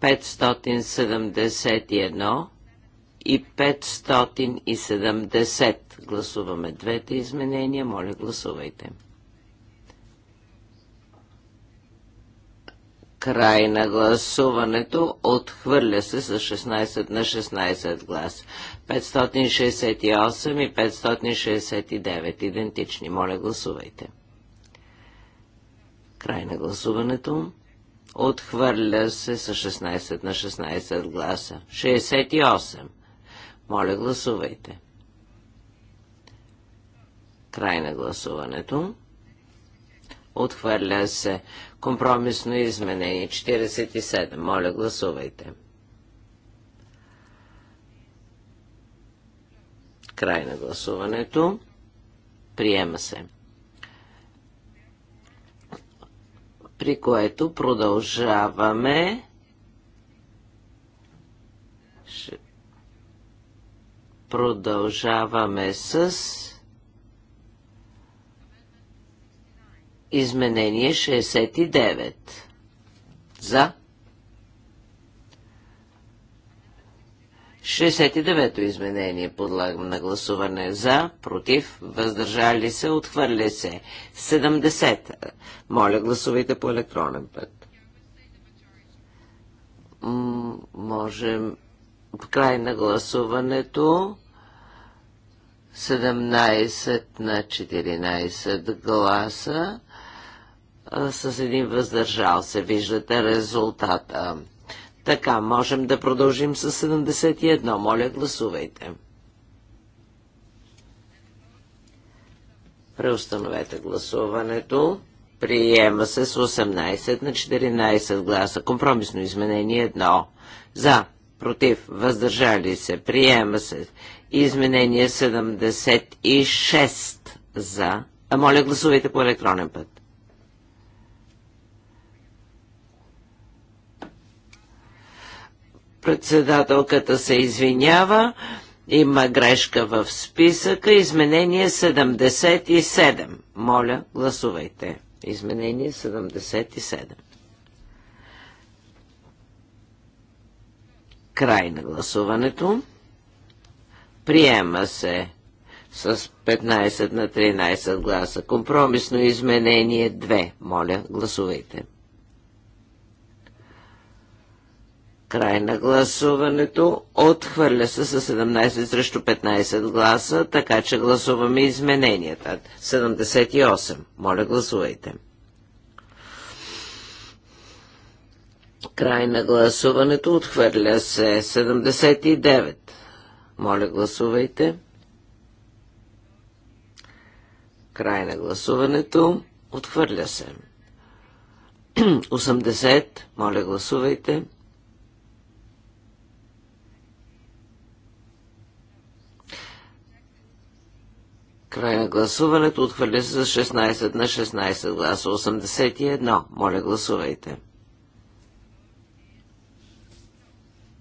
571 и 570. Гласуваме двете изменения. Моля, гласувайте. Край на гласуването отхвърля се с 16 на 16 глас. 568 и 569 идентични. Моля, гласувайте. Край на гласуването отхвърля се с 16 на 16 гласа. 68. Моля, гласувайте. Край на гласуването. Отхвърля се Компромисно изменение 47. Моля, гласувайте. Край на гласуването. Приема се. При което продължаваме. Продължаваме с Изменение 69. За. 69-то изменение подлагам на гласуване за, против, въздържали се, отхвърли се. 70. Моля, гласувайте по електронен път. М можем край на гласуването 17 на 14 гласа с един въздържал се. Виждате резултата. Така, можем да продължим с 71. Моля, гласувайте. Преустановете гласуването. Приема се с 18 на 14 гласа. Компромисно изменение 1. За, против, въздържали се. Приема се. Изменение 76 за. А моля, гласувайте по електронен път. Председателката се извинява. Има грешка в списъка. Изменение 77. Моля, гласувайте. Изменение 77. Край на гласуването. Приема се с 15 на 13 гласа. Компромисно изменение 2. Моля, гласувайте. Край на гласуването. Отхвърля се с 17 срещу 15 гласа, така че гласуваме измененията. 78. Моля, гласувайте. Край на гласуването. Отхвърля се 79. Моля, гласувайте. Край на гласуването. Отхвърля се. 80. Моля, гласувайте. Край на гласуването отхвърля се за 16 на 16 гласа. 81. Моля, гласувайте.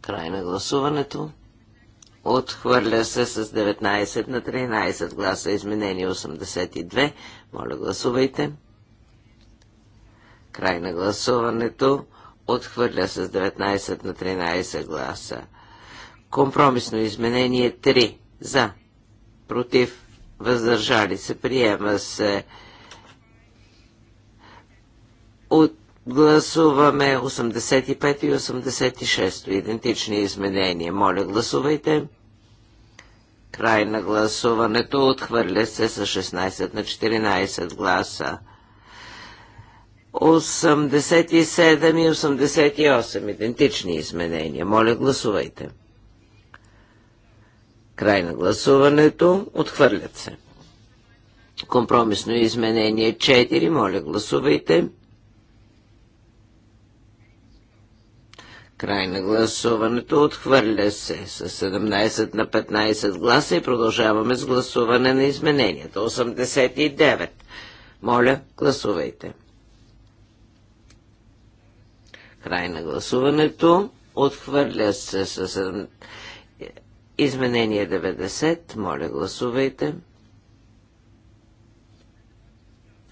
Край на гласуването. Отхвърля се с 19 на 13 гласа. Изменение 82. Моля, гласувайте. Край на гласуването. Отхвърля се с 19 на 13 гласа. Компромисно изменение 3. За. Против въздържали се, приема се. Отгласуваме гласуваме 85 и 86 идентични изменения. Моля, гласувайте. Край на гласуването отхвърля се с 16 на 14 гласа. 87 и 88 идентични изменения. Моля, гласувайте. Край на гласуването. Отхвърлят се. Компромисно изменение 4. Моля, гласувайте. Край на гласуването отхвърля се с 17 на 15 гласа и продължаваме с гласуване на измененията. 89. Моля, гласувайте. Край на гласуването отхвърля се с Изменение 90. Моля, гласувайте.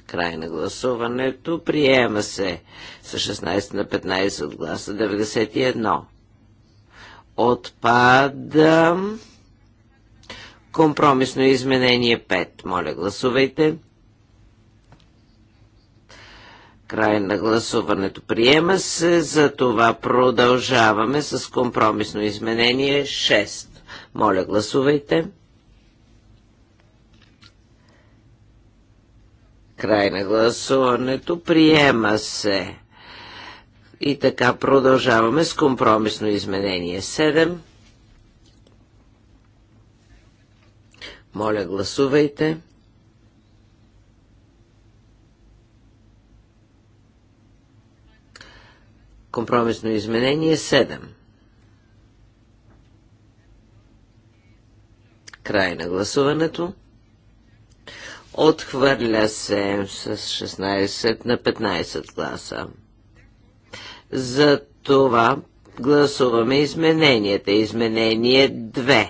Край на гласуването. Приема се с 16 на 15 от гласа. 91. Отпада. Компромисно изменение 5. Моля, гласувайте. Край на гласуването приема се, за това продължаваме с компромисно изменение 6. Моля, гласувайте. Край на гласуването. Приема се. И така продължаваме с компромисно изменение 7. Моля, гласувайте. Компромисно изменение 7. Край на гласуването. Отхвърля се с 16 на 15 гласа. За това гласуваме измененията. Изменение 2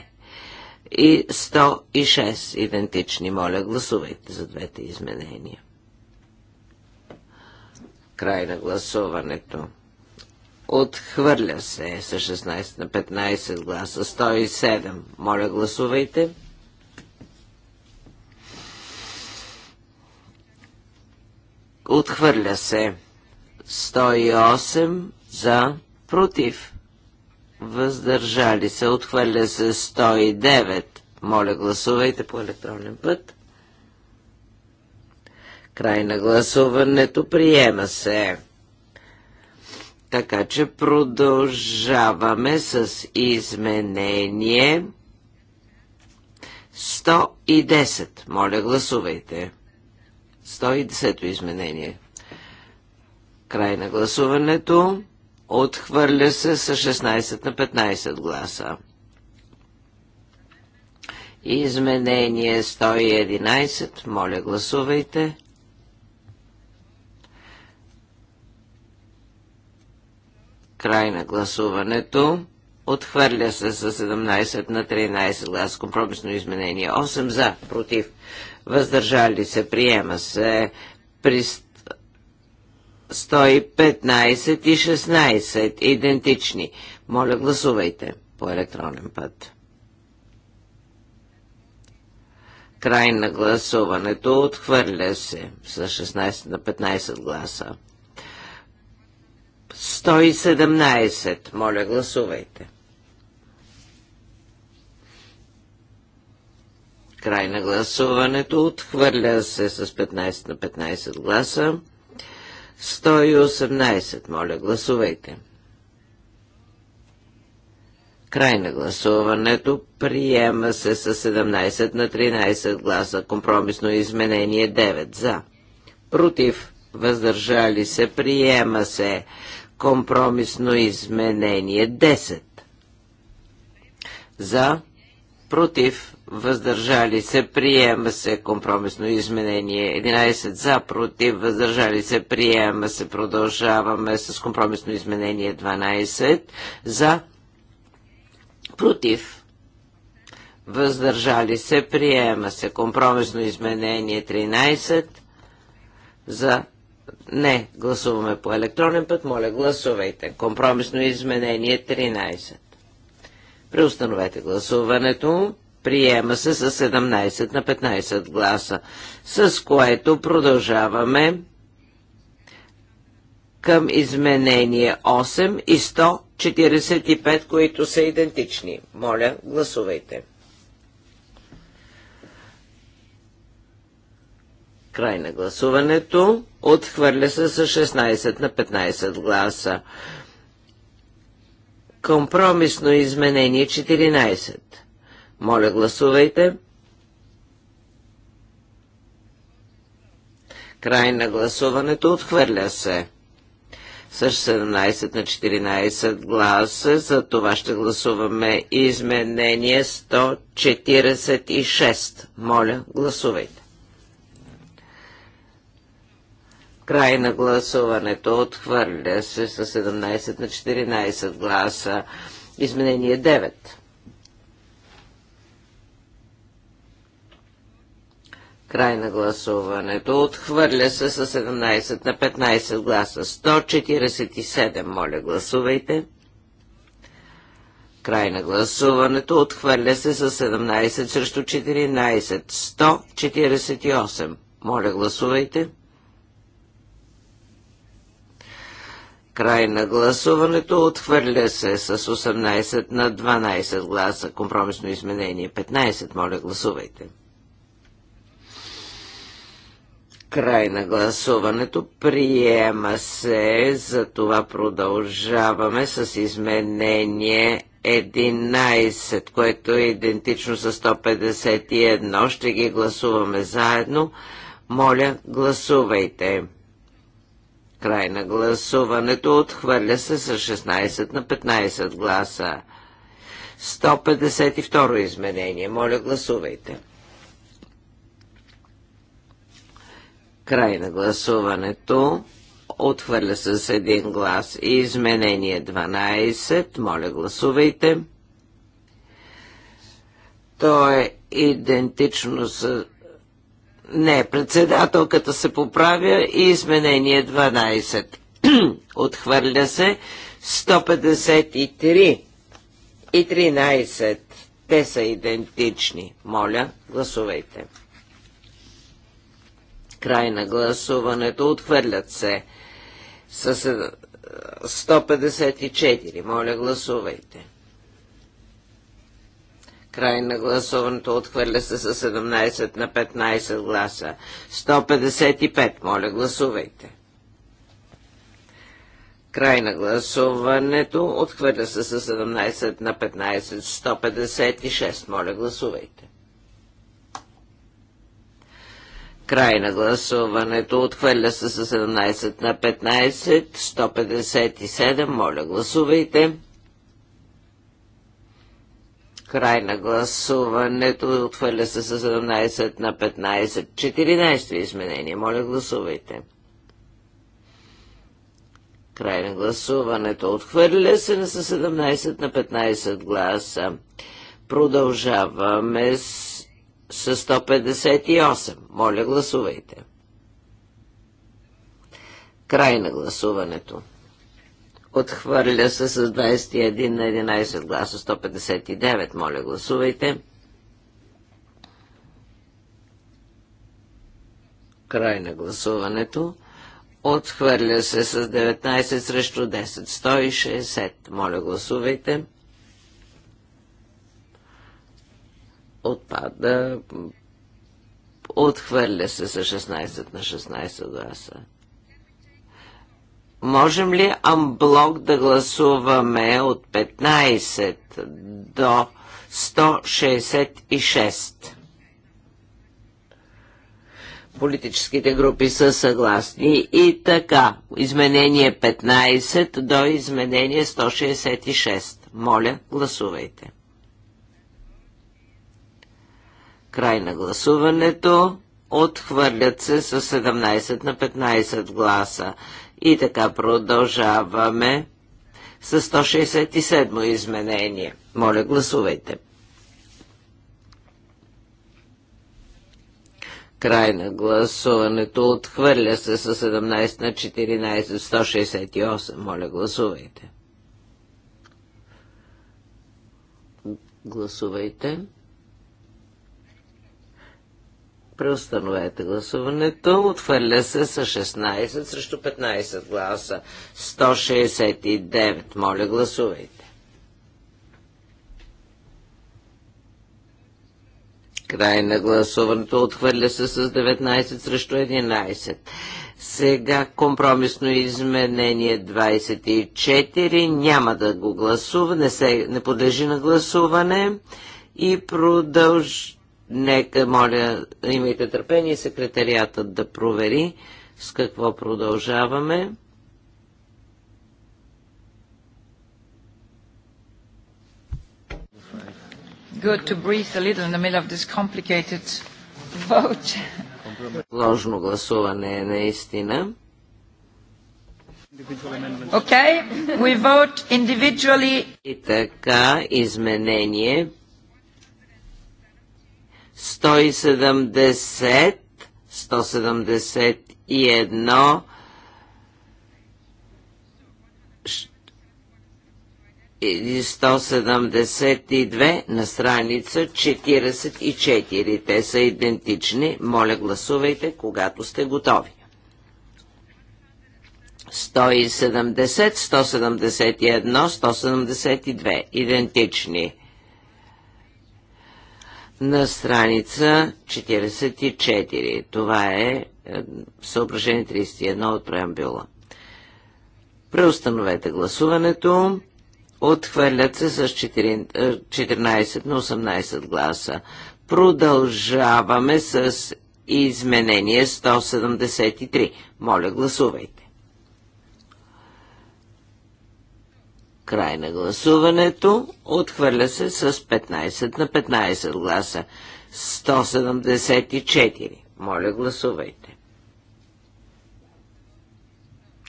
и 106 идентични. Моля, гласувайте за двете изменения. Край на гласуването. Отхвърля се с 16 на 15 гласа. 107. Моля, гласувайте. Отхвърля се. 108 за против. Въздържали се. Отхвърля се 109. Моля, гласувайте по електронен път. Край на гласуването. Приема се. Така че продължаваме с изменение 110. Моля, гласувайте. 110-то изменение. Край на гласуването. Отхвърля се с 16 на 15 гласа. Изменение 111. Моля, гласувайте. Край на гласуването. Отхвърля се с 17 на 13 глас. Компромисно изменение. 8 за, против. Въздържали се. Приема се. При 115 и 16 идентични. Моля, гласувайте по електронен път. Край на гласуването отхвърля се с 16 на 15 гласа. 117. Моля, гласувайте. Край на гласуването. Отхвърля се с 15 на 15 гласа. 118. Моля, гласувайте. Край на гласуването. Приема се с 17 на 13 гласа. Компромисно изменение 9 за. Против. Въздържали се. Приема се. Компромисно изменение 10. За, против, въздържали се, приема се компромисно изменение 11 за, против, въздържали се, приема се, продължаваме с компромисно изменение 12 за, против, въздържали се, приема се компромисно изменение 13 за, не, гласуваме по електронен път. Моля, гласувайте. Компромисно изменение 13. Преустановете гласуването. Приема се с 17 на 15 гласа, с което продължаваме към изменение 8 и 145, които са идентични. Моля, гласувайте. Край на гласуването. Отхвърля се с 16 на 15 гласа. Компромисно изменение 14. Моля, гласувайте. Край на гласуването. Отхвърля се с 17 на 14 гласа. За това ще гласуваме изменение 146. Моля, гласувайте. Край на гласуването. Отхвърля се с 17 на 14 гласа. Изменение 9. Край на гласуването. Отхвърля се с 17 на 15 гласа. 147. Моля, гласувайте. Край на гласуването. Отхвърля се с 17 срещу 14. 148. Моля, гласувайте. Край на гласуването отхвърля се с 18 на 12 гласа. Компромисно изменение 15. Моля, гласувайте. Край на гласуването приема се, за това продължаваме с изменение 11, което е идентично с 151. Ще ги гласуваме заедно. Моля, гласувайте. Край на гласуването отхвърля се с 16 на 15 гласа. 152 изменение. Моля, гласувайте. Край на гласуването. Отхвърля се с един глас. И изменение 12. Моля, гласувайте. То е идентично с не, председателката се поправя и изменение 12. Отхвърля се 153 и 13. Те са идентични. Моля, гласувайте. Край на гласуването. Отхвърлят се с 154. Е, Моля, гласувайте. Край на гласуването отхвърля се с 17 на 15 гласа. 155, моля, гласувайте. Край на гласуването отхвърля се с 17 на 15. 156, моля, гласувайте. Край на гласуването. Отхвърля се с 17 на 15. 157. Моля, гласувайте. Край на гласуването. Отхвърля се с 17 на 15. 14 изменение. Моля, гласувайте. Край на гласуването. Отхвърля се на 17 на 15 гласа. Продължаваме с 158. Моля, гласувайте. Край на гласуването. Отхвърля се с 21 на 11 гласа, 159. Моля, гласувайте. Край на гласуването. Отхвърля се с 19 срещу 10. 160. Моля, гласувайте. Отпада. Отхвърля се с 16 на 16 гласа. Можем ли амблок да гласуваме от 15 до 166? Политическите групи са съгласни и така. Изменение 15 до изменение 166. Моля, гласувайте. Край на гласуването. Отхвърлят се с 17 на 15 гласа. И така продължаваме с 167 изменение. Моля, гласувайте. Край на гласуването отхвърля се с 17 на 14, 168. Моля, гласувайте. Гласувайте. Преустановете гласуването. Отхвърля се с 16 срещу 15 гласа. 169. Моля, гласувайте. Край на гласуването. Отхвърля се с 19 срещу 11. Сега компромисно изменение 24. Няма да го гласува. Не, се, не подлежи на гласуване. И продължи Нека, моля, имайте търпение секретариатът да провери с какво продължаваме. Good to breathe a little in the middle of this complicated vote. Сложно гласуване е наистина. Okay, we vote individually. И така, изменение 170, 171 и 172 на страница 44. Те са идентични. Моля, гласувайте, когато сте готови. 170, 171, 172. Идентични на страница 44. Това е, е съображение 31 от преамбюла. Преустановете гласуването. Отхвърлят се с 14 е, на 18 гласа. Продължаваме с изменение 173. Моля, гласувайте. Край на гласуването. Отхвърля се с 15 на 15 гласа. 174. Моля, гласувайте.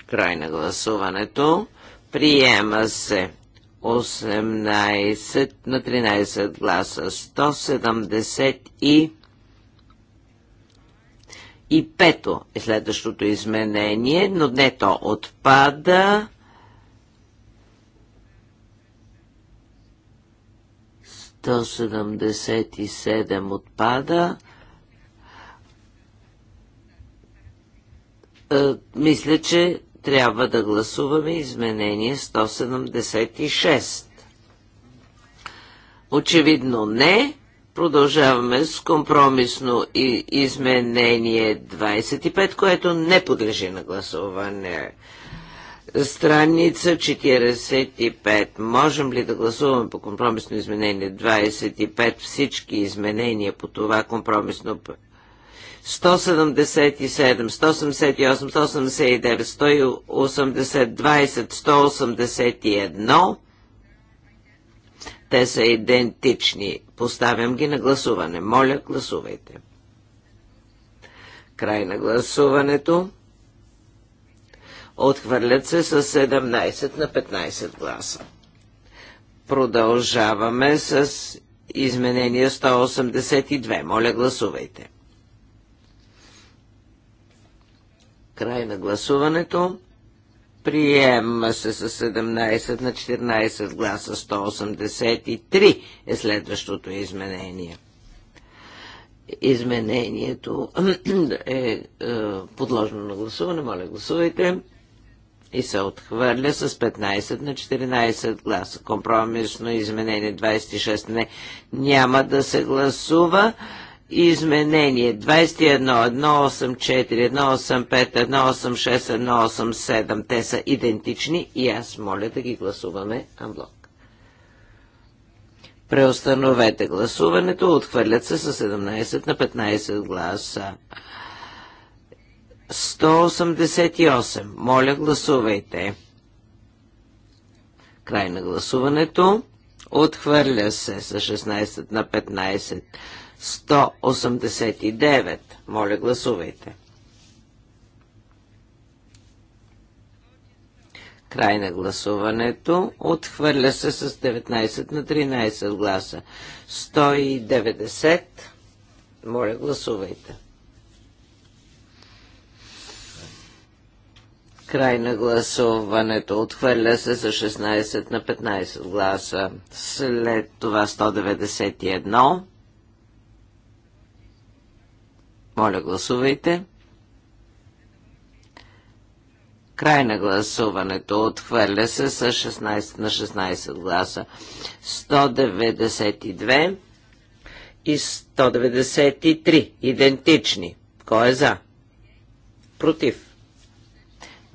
Край на гласуването. Приема се 18 на 13 гласа. 170 и... И пето е следващото изменение, но не то отпада. 177 отпада. Е, мисля, че трябва да гласуваме изменение 176. Очевидно не. Продължаваме с компромисно изменение 25, което не подлежи на гласуване. Страница 45. Можем ли да гласуваме по компромисно изменение 25 всички изменения по това компромисно 177, 178, 189, 180, 20, 181. Те са идентични. Поставям ги на гласуване. Моля, гласувайте. Край на гласуването. Отхвърлят се с 17 на 15 гласа. Продължаваме с изменение 182. Моля, гласувайте. Край на гласуването. Приема се с 17 на 14 гласа. 183 е следващото изменение. Изменението е, е подложено на гласуване. Моля, гласувайте и се отхвърля с 15 на 14 гласа. Компромисно изменение 26 не, няма да се гласува. Изменение 21, 184, 185, 186, 187. Те са идентични и аз моля да ги гласуваме анблок. Преустановете гласуването, отхвърлят се с 17 на 15 гласа. 188. Моля, гласувайте. Край на гласуването. Отхвърля се с 16 на 15. 189. Моля, гласувайте. Край на гласуването. Отхвърля се с 19 на 13 гласа. 190. Моля, гласувайте. Край на гласуването. Отхвърля се за 16 на 15 гласа. След това 191. Моля, гласувайте. Край на гласуването. Отхвърля се с 16 на 16 гласа. 192 и 193. Идентични. Кой е за? Против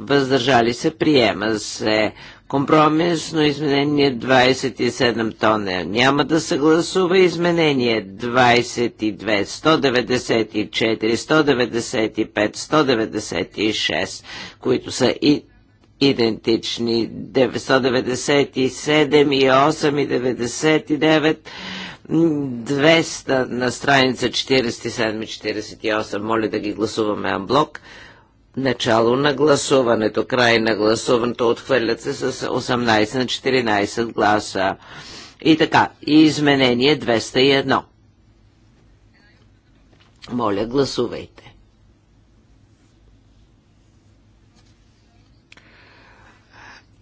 въздържали се, приема се. компромис, но изменение 27 тона няма да се гласува. Изменение 22, 194, 195, 196, които са и идентични. 997 и 8 99. 200 на страница 47-48. Моля да ги гласуваме анблок. Начало на гласуването, край на гласуването, отхвърлят се с 18 на 14 гласа. И така, и изменение 201. Моля, гласувайте.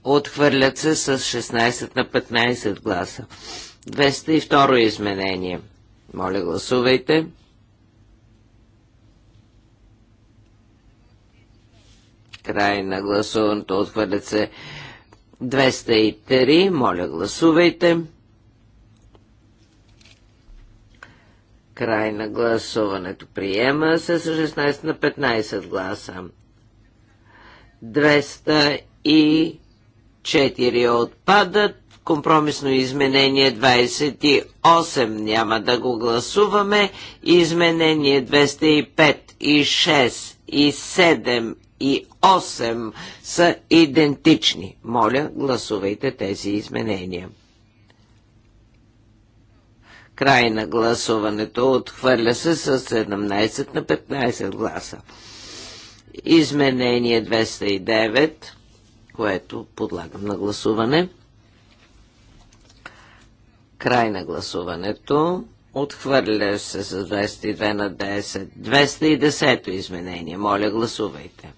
Отхвърлят се с 16 на 15 гласа. 202 изменение. Моля, гласувайте. Край на гласуването. Отхвърлят се 203. Моля, гласувайте. Край на гласуването. Приема се с 16 на 15 гласа. 204 отпадат. Компромисно изменение 28 няма да го гласуваме. Изменение 205 и 6 и 7 и 8 са идентични. Моля, гласувайте тези изменения. Край на гласуването отхвърля се с 17 на 15 гласа. Изменение 209, което подлагам на гласуване. Край на гласуването. Отхвърля се с 22 на 10. 210 изменение. Моля, гласувайте.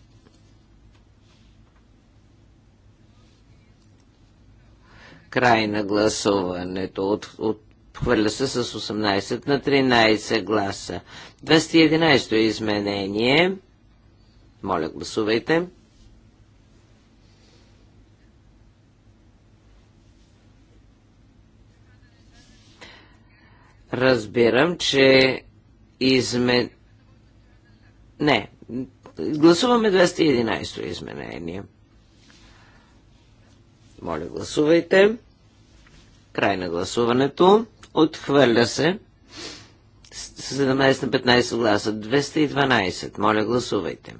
Край на гласуването. От, от Хвърля се с 18 на 13 гласа. 211-то изменение. Моля, гласувайте. Разбирам, че изме... Не, гласуваме 211-то изменение. Моля, гласувайте. Край на гласуването. Отхвърля се. 17 на 15 гласа. 212. Моля, гласувайте.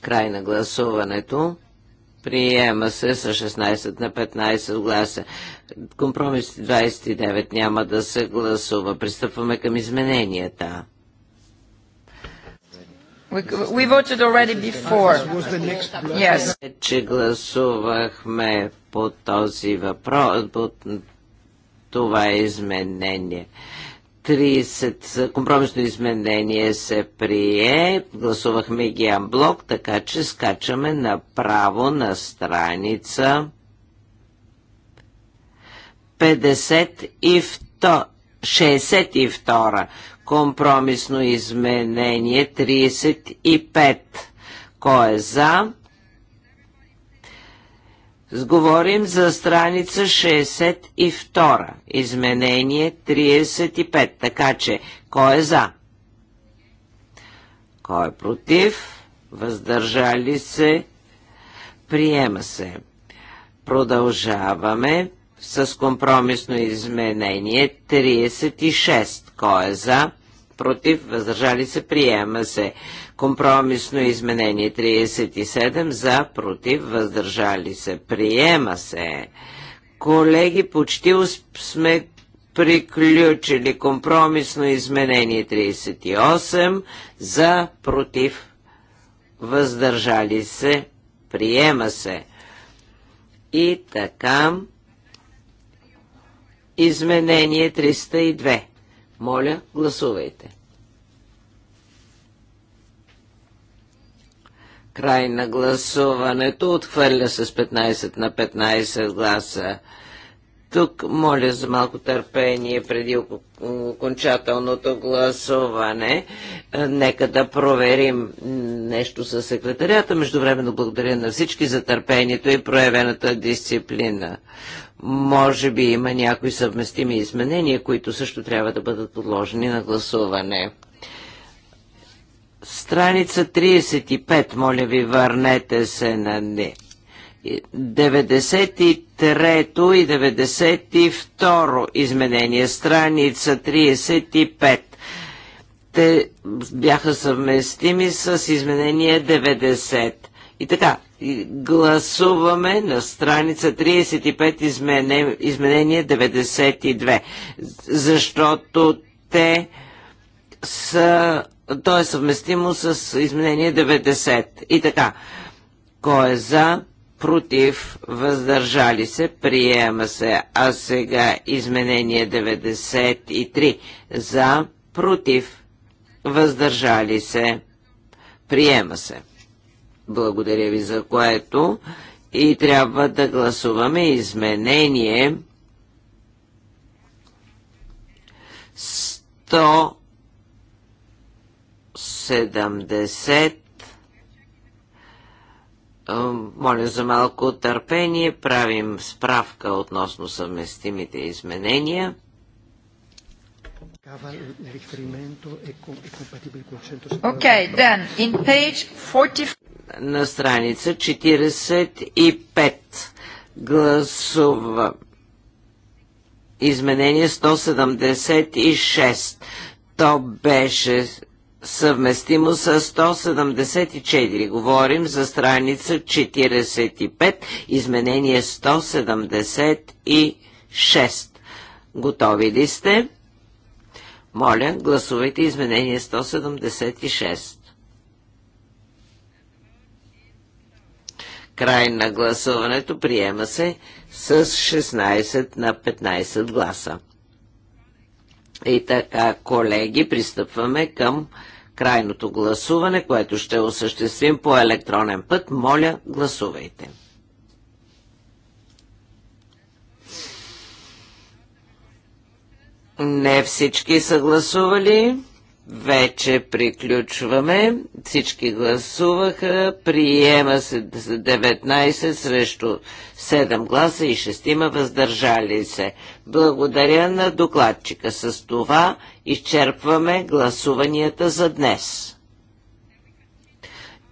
Край на гласуването. Приема се с 16 на 15 гласа. Компромис 29 няма да се гласува. Пристъпваме към измененията. We, voted already before. Yes. Че гласувахме по този въпрос, по това изменение. 30 компромисно изменение се прие, гласувахме ги блок, така че скачаме направо на страница 52, 62. Компромисно изменение 35. Кой е за? Сговорим за страница 62, изменение 35, така че кой е за? Кой е против? Въздържали се? Приема се. Продължаваме с компромисно изменение 36. Кой е за? Против? Въздържали се? Приема се. Компромисно изменение 37. За? Против? Въздържали се? Приема се. Колеги, почти сме приключили компромисно изменение 38 за против въздържали се, приема се. И така изменение 302 моля, гласувайте. Край на гласуването отхвърля с 15 на 15 гласа. Тук моля за малко търпение преди окончателното гласуване. Е, нека да проверим нещо със секретарията. Междувременно благодаря на всички за търпението и проявената дисциплина. Може би има някои съвместими изменения, които също трябва да бъдат подложени на гласуване. Страница 35, моля ви, върнете се на нея. 93-то и 92-ро изменение, страница 35. Те бяха съвместими с изменение 90. И така, гласуваме на страница 35 измене, изменение 92, защото те са, то е съвместимо с изменение 90. И така, кой е за? против, въздържали се, приема се. А сега изменение 93 за, против, въздържали се, приема се. Благодаря ви за което и трябва да гласуваме изменение 100, моля за малко търпение. Правим справка относно съвместимите изменения. Okay, then in page 40... На страница 45 гласува изменение 176. То беше съвместимо с 174. Говорим за страница 45, изменение 176. Готови ли сте? Моля, гласувайте изменение 176. Край на гласуването приема се с 16 на 15 гласа. И така, колеги, пристъпваме към крайното гласуване, което ще осъществим по електронен път. Моля, гласувайте. Не всички са гласували. Вече приключваме. Всички гласуваха. Приема се 19 срещу 7 гласа и 6 въздържали се. Благодаря на докладчика. С това изчерпваме гласуванията за днес.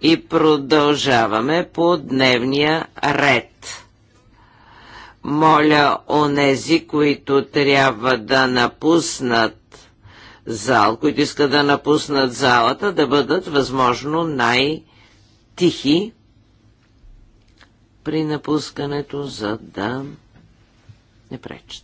И продължаваме по дневния ред. Моля онези, които трябва да напуснат зал, които искат да напуснат залата, да бъдат възможно най-тихи при напускането, за да не пречат.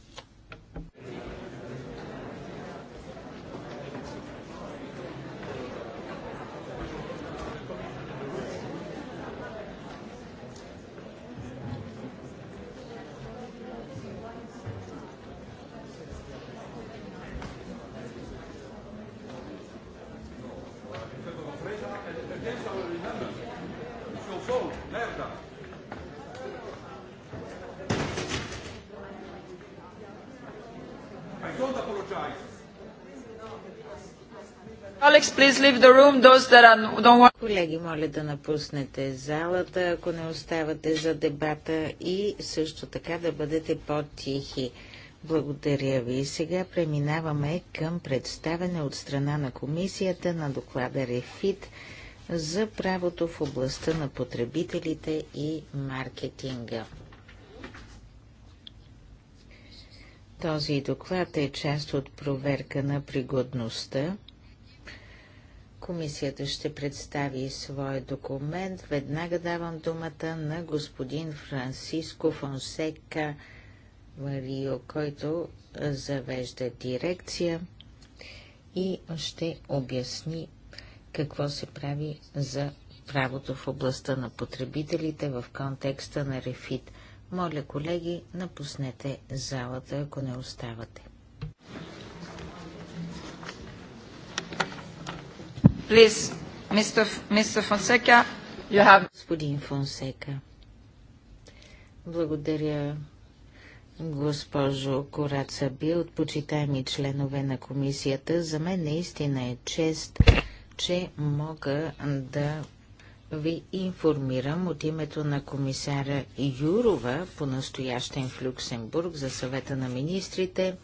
Колеги, моля да напуснете залата, ако не оставате за дебата и също така да бъдете по-тихи. Благодаря ви. Сега преминаваме към представене от страна на комисията на доклада Рефит за правото в областта на потребителите и маркетинга. Този доклад е част от проверка на пригодността Комисията ще представи своя документ. Веднага давам думата на господин Франциско Фонсека Марио, който завежда дирекция и ще обясни какво се прави за правото в областта на потребителите в контекста на Рефит. Моля, колеги, напуснете залата, ако не оставате. Please, Mr. Mr. Fonseca, you have... Господин Фонсека. Благодаря, госпожо Кораца Билт, почитаеми членове на комисията. За мен наистина е чест, че мога да ви информирам от името на комисара Юрова по настоящен в Люксембург за съвета на министрите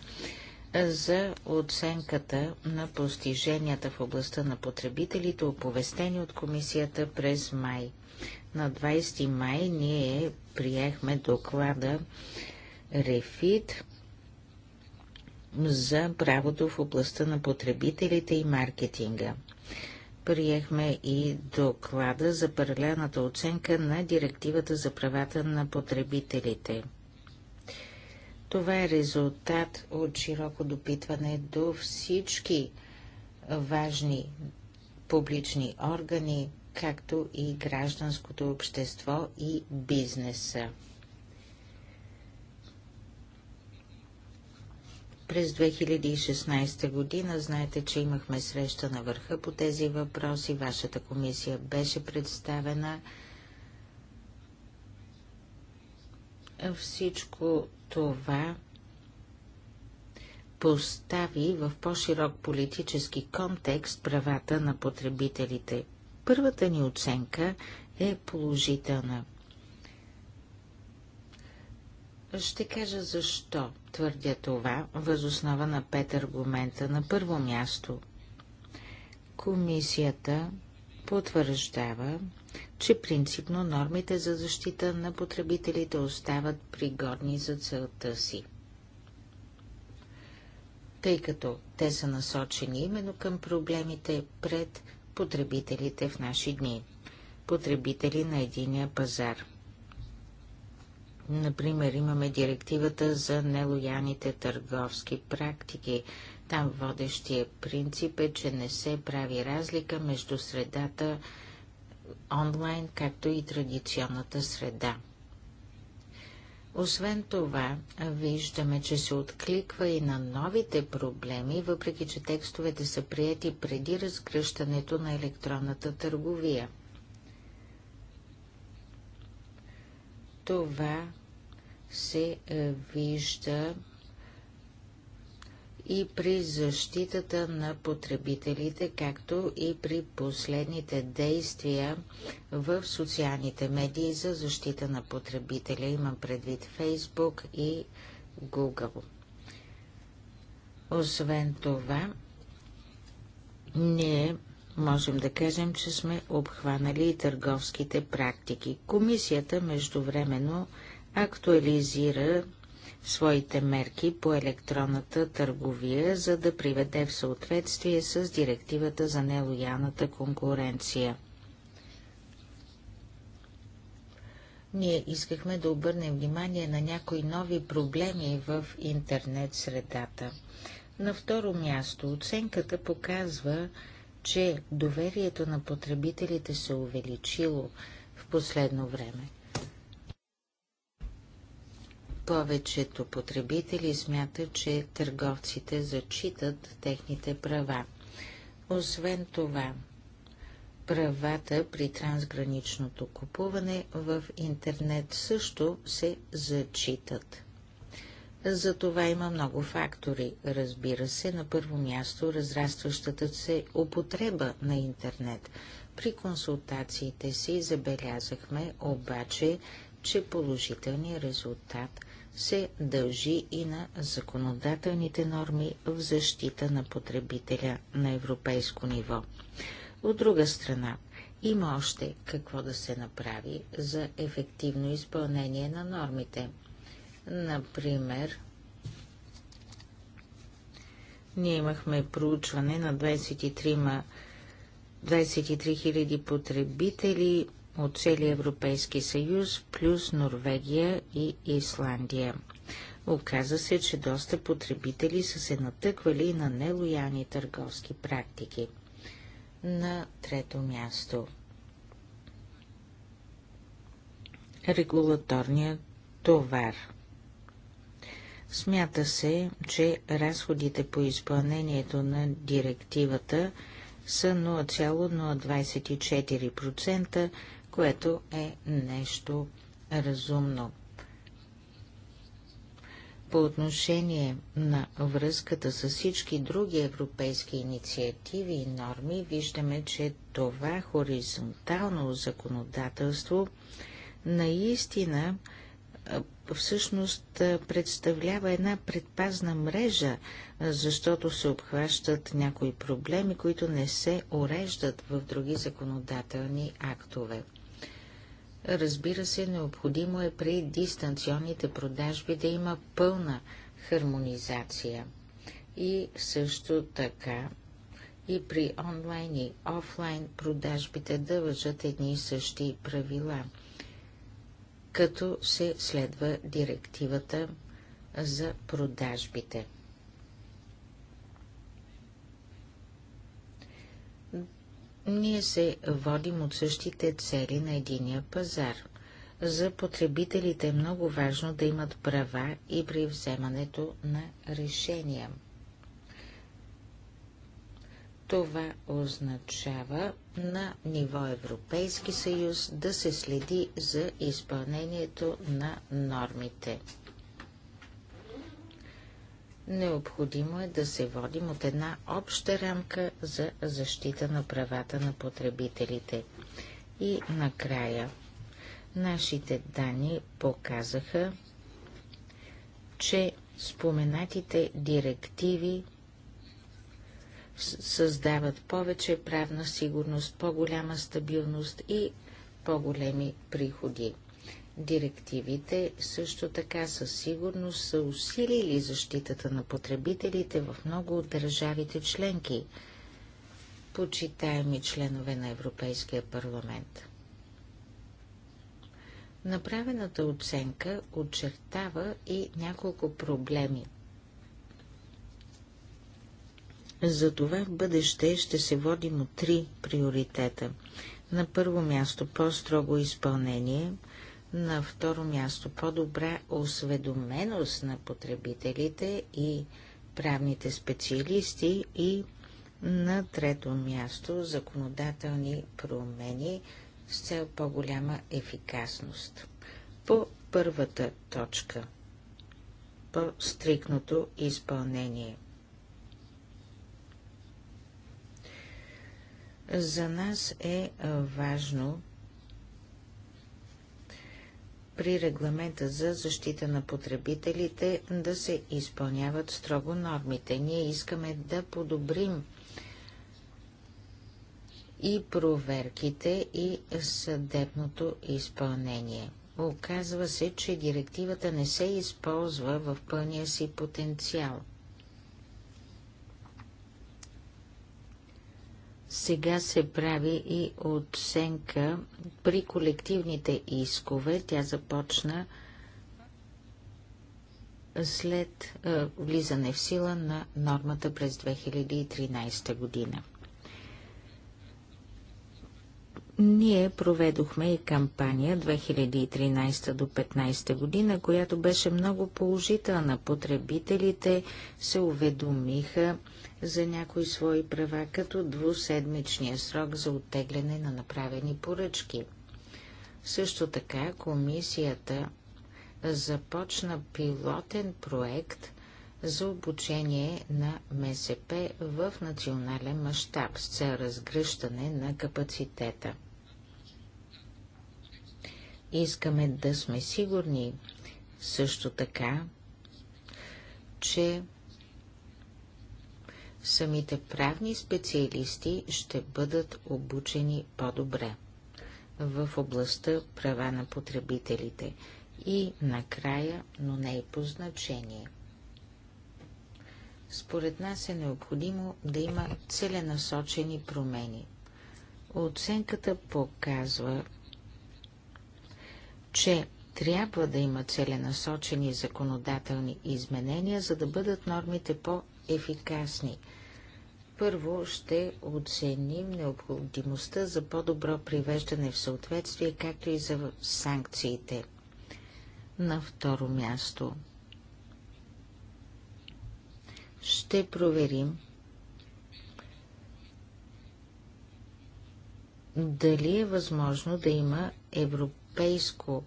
за оценката на постиженията в областта на потребителите, оповестени от комисията през май. На 20 май ние приехме доклада Рефит за правото в областта на потребителите и маркетинга. Приехме и доклада за паралелната оценка на Директивата за правата на потребителите. Това е резултат от широко допитване до всички важни публични органи, както и гражданското общество и бизнеса. През 2016 година знаете, че имахме среща на върха по тези въпроси. Вашата комисия беше представена. Всичко това постави в по-широк политически контекст правата на потребителите. Първата ни оценка е положителна. Ще кажа защо твърдя това, възоснова на пет аргумента. На първо място, комисията потвърждава, че принципно нормите за защита на потребителите остават пригодни за целта си, тъй като те са насочени именно към проблемите пред потребителите в наши дни, потребители на единия пазар. Например, имаме директивата за нелоялните търговски практики. Там водещия принцип е, че не се прави разлика между средата онлайн, както и традиционната среда. Освен това, виждаме, че се откликва и на новите проблеми, въпреки че текстовете са прияти преди разгръщането на електронната търговия. Това се е, вижда и при защитата на потребителите, както и при последните действия в социалните медии за защита на потребителя. Имам предвид Facebook и Google. Освен това, ние можем да кажем, че сме обхванали и търговските практики. Комисията междувременно актуализира своите мерки по електронната търговия, за да приведе в съответствие с директивата за нелоялната конкуренция. Ние искахме да обърнем внимание на някои нови проблеми в интернет средата. На второ място оценката показва, че доверието на потребителите се е увеличило в последно време. Повечето потребители смятат, че търговците зачитат техните права. Освен това, правата при трансграничното купуване в интернет също се зачитат. За това има много фактори, разбира се, на първо място разрастващата се употреба на интернет. При консултациите си забелязахме обаче, че положителният резултат се дължи и на законодателните норми в защита на потребителя на европейско ниво. От друга страна, има още какво да се направи за ефективно изпълнение на нормите. Например, ние имахме проучване на 23 23 000 потребители от целия Европейски съюз, плюс Норвегия и Исландия. Оказа се, че доста потребители са се натъквали на нелоялни търговски практики. На трето място Регулаторният товар Смята се, че разходите по изпълнението на директивата са 0,024% което е нещо разумно. По отношение на връзката с всички други европейски инициативи и норми, виждаме, че това хоризонтално законодателство наистина всъщност представлява една предпазна мрежа, защото се обхващат някои проблеми, които не се уреждат в други законодателни актове. Разбира се, необходимо е при дистанционните продажби да има пълна хармонизация. И също така и при онлайн и офлайн продажбите да въжат едни и същи правила, като се следва директивата за продажбите. Ние се водим от същите цели на единия пазар. За потребителите е много важно да имат права и при вземането на решения. Това означава на ниво Европейски съюз да се следи за изпълнението на нормите. Необходимо е да се водим от една обща рамка за защита на правата на потребителите. И накрая, нашите данни показаха, че споменатите директиви създават повече правна сигурност, по-голяма стабилност и по-големи приходи. Директивите също така със сигурност са усилили защитата на потребителите в много от държавите членки, почитаеми членове на Европейския парламент. Направената оценка очертава и няколко проблеми. За това в бъдеще ще се водим от три приоритета. На първо място по-строго изпълнение – на второ място, по-добра осведоменост на потребителите и правните специалисти и на трето място законодателни промени с цел по-голяма ефикасност. По първата точка по-стрикното изпълнение. За нас е важно при регламента за защита на потребителите да се изпълняват строго нормите. Ние искаме да подобрим и проверките и съдебното изпълнение. Оказва се, че директивата не се използва в пълния си потенциал – Сега се прави и оценка при колективните искове. Тя започна след е, влизане в сила на нормата през 2013 година. Ние проведохме и кампания 2013 до 2015 година, която беше много положителна. Потребителите се уведомиха за някои свои права, като двуседмичния срок за оттегляне на направени поръчки. Също така комисията започна пилотен проект за обучение на МСП в национален мащаб с цел разгръщане на капацитета. Искаме да сме сигурни също така, че самите правни специалисти ще бъдат обучени по-добре в областта права на потребителите и накрая, но не и по значение. Според нас е необходимо да има целенасочени промени. Оценката показва, че трябва да има целенасочени законодателни изменения, за да бъдат нормите по ефикасни. Първо ще оценим необходимостта за по-добро привеждане в съответствие, както и за санкциите. На второ място ще проверим дали е възможно да има европейско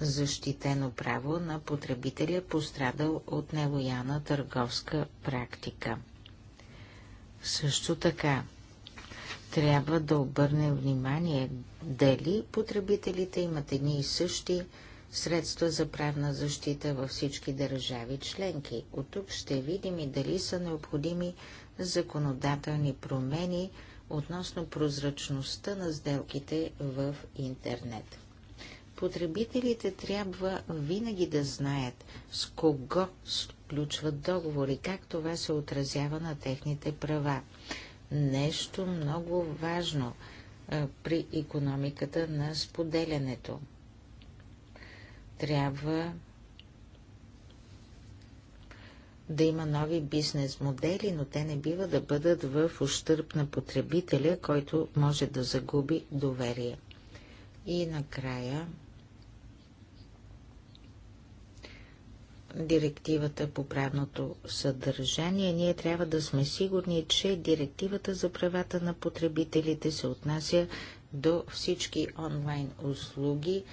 защитено право на потребителя, пострадал от нелояна търговска практика. Също така, трябва да обърнем внимание дали потребителите имат едни и същи средства за правна защита във всички държави членки. От тук ще видим и дали са необходими законодателни промени относно прозрачността на сделките в интернет. Потребителите трябва винаги да знаят с кого сключват договори, как това се отразява на техните права. Нещо много важно а, при економиката на споделянето. Трябва да има нови бизнес модели, но те не бива да бъдат в ущърп на потребителя, който може да загуби доверие. И накрая директивата по правното съдържание, ние трябва да сме сигурни, че директивата за правата на потребителите се отнася до всички онлайн услуги,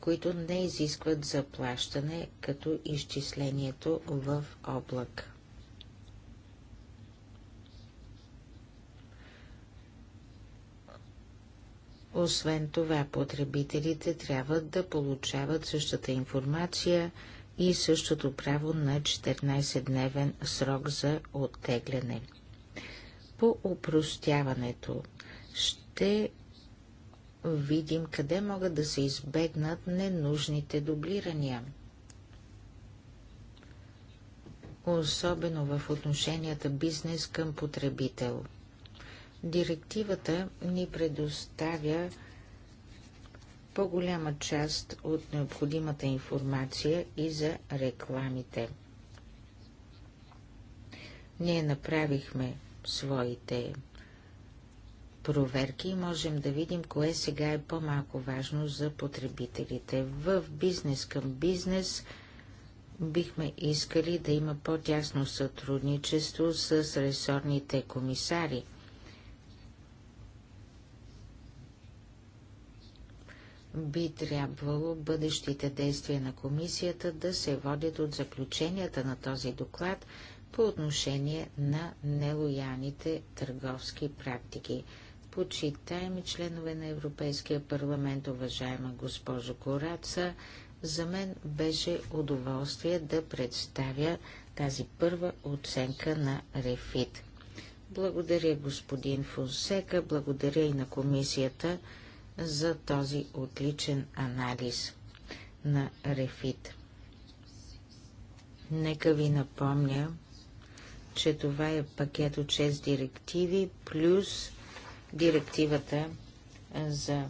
които не изискват заплащане, като изчислението в облак. Освен това, потребителите трябва да получават същата информация – и същото право на 14-дневен срок за оттегляне. По упростяването ще видим къде могат да се избегнат ненужните дублирания. Особено в отношенията бизнес към потребител. Директивата ни предоставя по-голяма част от необходимата информация и за рекламите. Ние направихме своите проверки и можем да видим кое сега е по-малко важно за потребителите. В бизнес към бизнес бихме искали да има по-тясно сътрудничество с ресорните комисари – би трябвало бъдещите действия на комисията да се водят от заключенията на този доклад по отношение на нелояните търговски практики. Почитаеми членове на Европейския парламент, уважаема госпожо Кораца, за мен беше удоволствие да представя тази първа оценка на Рефит. Благодаря господин Фонсека, благодаря и на комисията за този отличен анализ на Рефит. Нека ви напомня, че това е пакет от 6 директиви плюс директивата за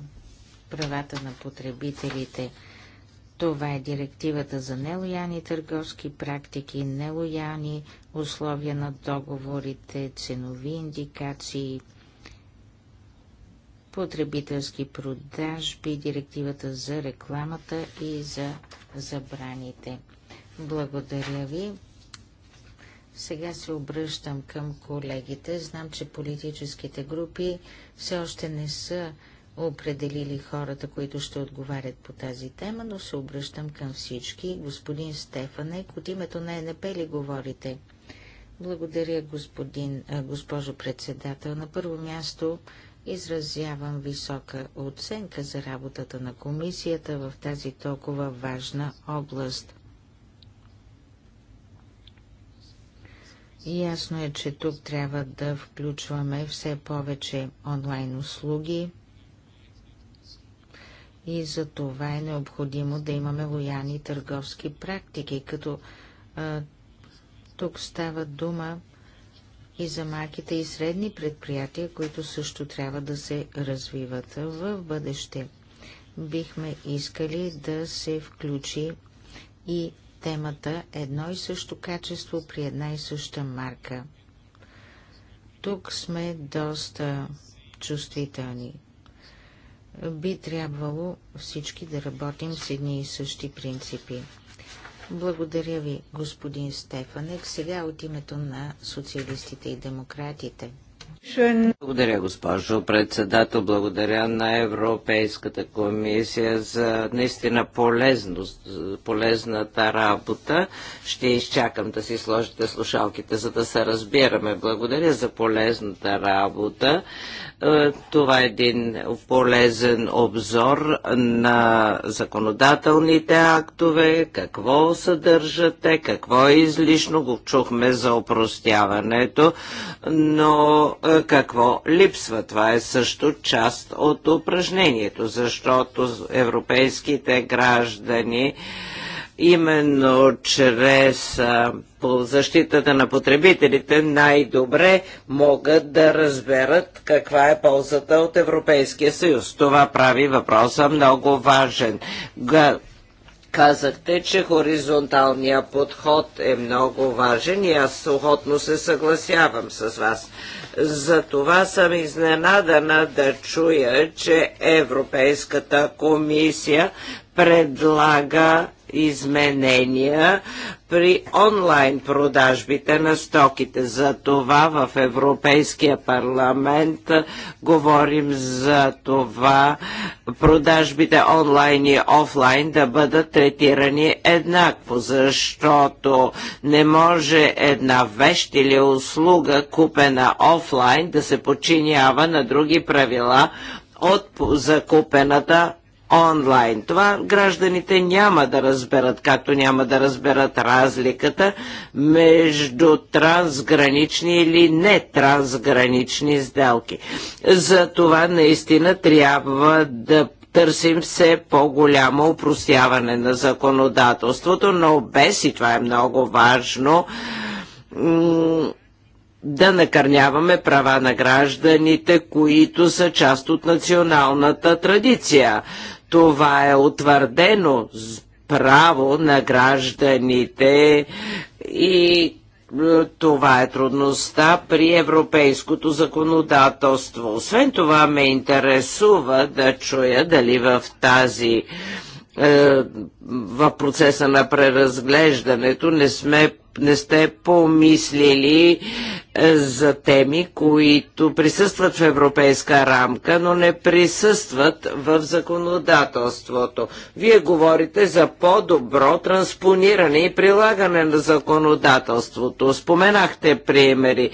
правата на потребителите. Това е директивата за нелояни търговски практики, нелояни условия на договорите, ценови индикации – потребителски продажби, директивата за рекламата и за забраните. Благодаря ви. Сега се обръщам към колегите. Знам, че политическите групи все още не са определили хората, които ще отговарят по тази тема, но се обръщам към всички. Господин Стефанек, от името на ЕНП ли говорите? Благодаря, господин, госпожо председател. На първо място Изразявам висока оценка за работата на комисията в тази толкова важна област. Ясно е, че тук трябва да включваме все повече онлайн услуги и за това е необходимо да имаме лояни търговски практики, като а, тук става дума и за малките и средни предприятия, които също трябва да се развиват в бъдеще. Бихме искали да се включи и темата едно и също качество при една и съща марка. Тук сме доста чувствителни. Би трябвало всички да работим с едни и същи принципи. Благодаря ви, господин Стефанек. Сега от името на социалистите и демократите. Благодаря, госпожо председател. Благодаря на Европейската комисия за наистина полезност, полезната работа. Ще изчакам да си сложите слушалките, за да се разбираме. Благодаря за полезната работа. Е, това е един полезен обзор на законодателните актове, какво съдържат те, какво е излишно. Го чухме за опростяването, но е, какво липсва. Това е също част от упражнението, защото европейските граждани именно чрез е, по защитата на потребителите най-добре могат да разберат каква е ползата от Европейския съюз. Това прави въпроса много важен. Казахте, че хоризонталният подход е много важен и аз охотно се съгласявам с вас. За това съм изненадана да чуя, че Европейската комисия предлага изменения при онлайн продажбите на стоките. За това в Европейския парламент говорим за това продажбите онлайн и офлайн да бъдат третирани еднакво, защото не може една вещ или услуга купена офлайн да се подчинява на други правила от закупената онлайн. Това гражданите няма да разберат, както няма да разберат разликата между трансгранични или не трансгранични сделки. За това наистина трябва да търсим все по-голямо упростяване на законодателството, но без, и това е много важно, да накърняваме права на гражданите, които са част от националната традиция. Това е утвърдено право на гражданите и е, това е трудността при европейското законодателство. Освен това ме интересува да чуя дали в тази е, в процеса на преразглеждането не сме не сте помислили е, за теми, които присъстват в европейска рамка, но не присъстват в законодателството. Вие говорите за по-добро транспониране и прилагане на законодателството. Споменахте примери.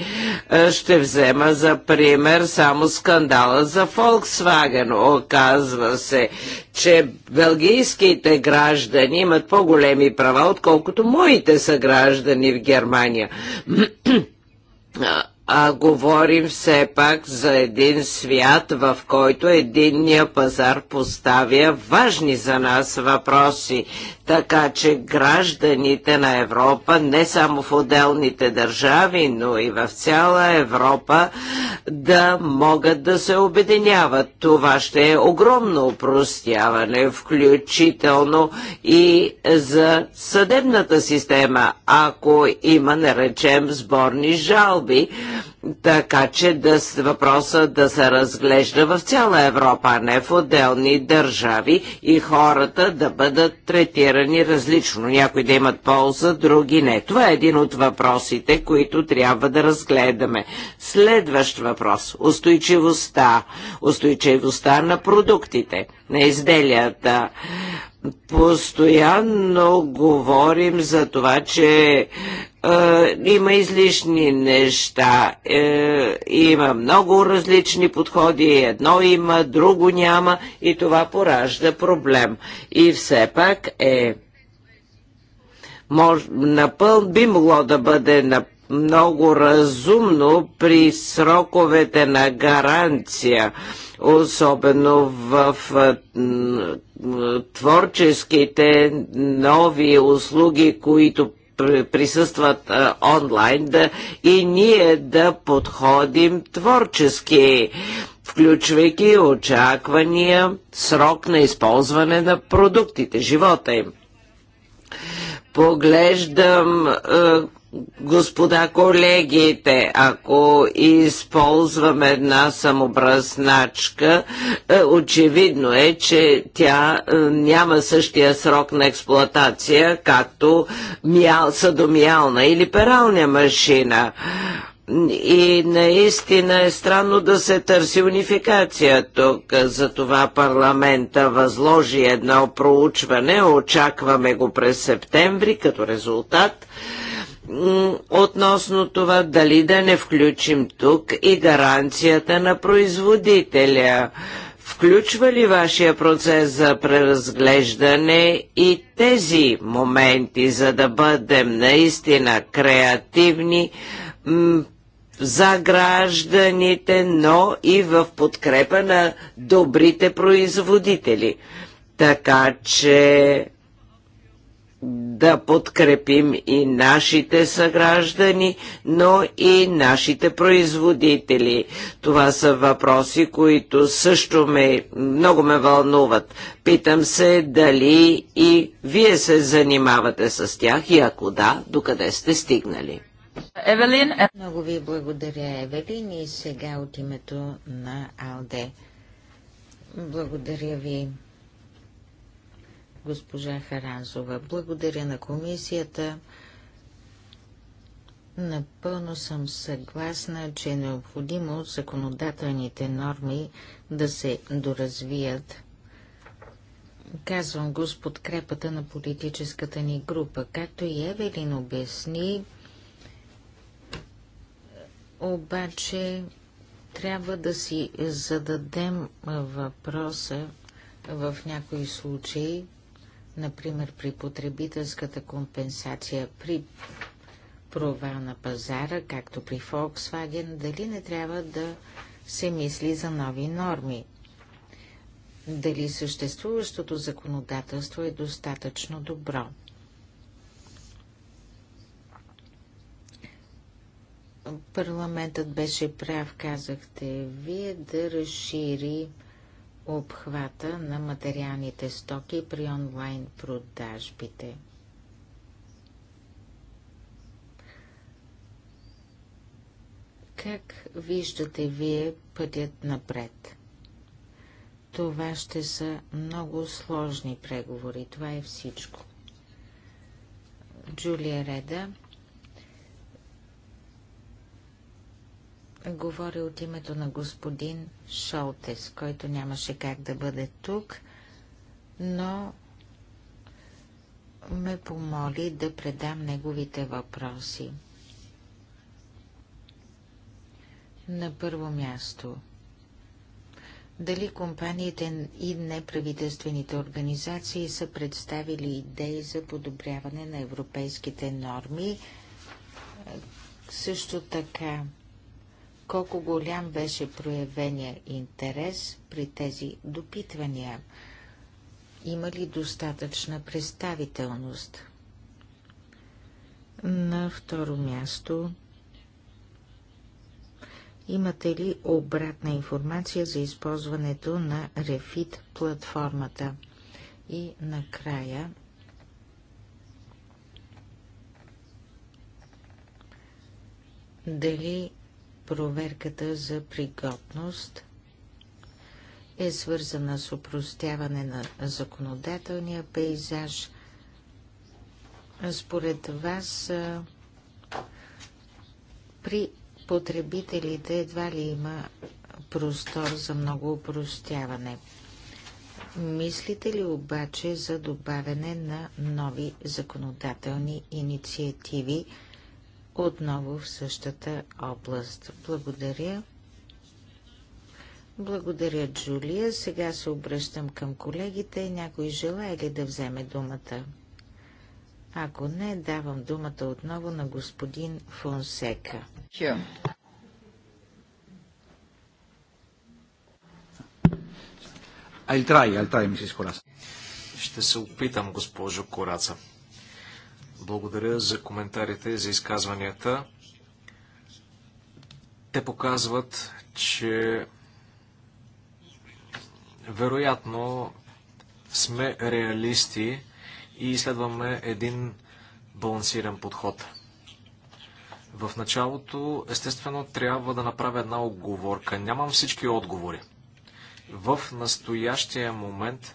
Е, ще взема за пример само скандала за Volkswagen. Оказва се, че белгийските граждани имат по-големи права, отколкото моите са граждани граждани в Германия а говорим все пак за един свят, в който единния пазар поставя важни за нас въпроси, така че гражданите на Европа, не само в отделните държави, но и в цяла Европа, да могат да се обединяват. Това ще е огромно упростяване, включително и за съдебната система, ако има, наречем, сборни жалби, така че да, въпроса да се разглежда в цяла Европа, а не в отделни държави и хората да бъдат третирани различно. Някои да имат полза, други не. Това е един от въпросите, които трябва да разгледаме. Следващ въпрос – устойчивостта. Устойчивостта на продуктите, на изделията. Постоянно говорим за това, че е, има излишни неща. Е, има много различни подходи. Едно има, друго няма и това поражда проблем. И все пак е мож, напъл, би могло да бъде много разумно при сроковете на гаранция, особено в е, творческите нови услуги, които присъстват а, онлайн да, и ние да подходим творчески, включвайки очаквания, срок на използване на продуктите, живота им. Поглеждам а, господа колегите, ако използваме една самобразначка, е, очевидно е, че тя е, няма същия срок на експлоатация, както миал, съдомиална или пералня машина. И наистина е странно да се търси унификация тук. Затова парламента възложи едно проучване, очакваме го през септември като резултат – относно това дали да не включим тук и гаранцията на производителя. Включва ли вашия процес за преразглеждане и тези моменти, за да бъдем наистина креативни за гражданите, но и в подкрепа на добрите производители? Така че да подкрепим и нашите съграждани, но и нашите производители. Това са въпроси, които също ме, много ме вълнуват. Питам се дали и вие се занимавате с тях и ако да, докъде сте стигнали. Евелин. Е- много ви благодаря, Евелин, и сега от името на АЛДЕ. Благодаря ви госпожа Харанзова. Благодаря на комисията. Напълно съм съгласна, че е необходимо законодателните норми да се доразвият. Казвам го с подкрепата на политическата ни група. Както и Евелин обясни, обаче трябва да си зададем въпроса в някои случаи например при потребителската компенсация, при права на пазара, както при Volkswagen, дали не трябва да се мисли за нови норми? Дали съществуващото законодателство е достатъчно добро? Парламентът беше прав, казахте, вие да разшири обхвата на материалните стоки при онлайн продажбите. Как виждате вие пътят напред? Това ще са много сложни преговори. Това е всичко. Джулия Реда говоря от името на господин Шолтес, който нямаше как да бъде тук, но ме помоли да предам неговите въпроси. На първо място. Дали компаниите и неправителствените организации са представили идеи за подобряване на европейските норми? Също така, колко голям беше проявения интерес при тези допитвания. Има ли достатъчна представителност? На второ място Имате ли обратна информация за използването на Refit платформата? И накрая дали Проверката за пригодност е свързана с упростяване на законодателния пейзаж. Според вас при потребителите едва ли има простор за много упростяване. Мислите ли обаче за добавяне на нови законодателни инициативи отново в същата област. Благодаря. Благодаря, Джулия. Сега се обръщам към колегите. Някой желая ли да вземе думата? Ако не, давам думата отново на господин Фонсека. Ще се опитам, госпожо Кораца. Благодаря за коментарите и за изказванията. Те показват, че вероятно сме реалисти и следваме един балансиран подход. В началото, естествено, трябва да направя една оговорка. Нямам всички отговори. В настоящия момент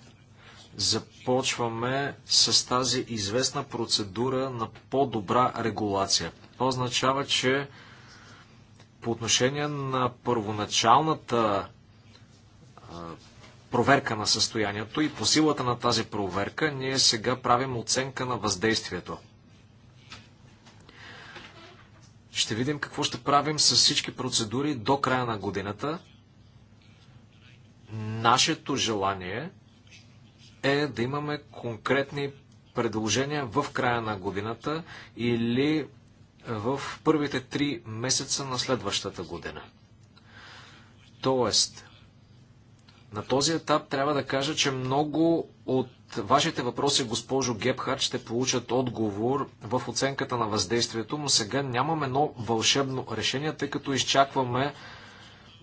започваме с тази известна процедура на по-добра регулация. Това означава, че по отношение на първоначалната проверка на състоянието и по силата на тази проверка ние сега правим оценка на въздействието. Ще видим какво ще правим с всички процедури до края на годината. Нашето желание е е да имаме конкретни предложения в края на годината или в първите три месеца на следващата година. Тоест, на този етап трябва да кажа, че много от вашите въпроси, госпожо Гепхар, ще получат отговор в оценката на въздействието, но сега нямаме едно вълшебно решение, тъй като изчакваме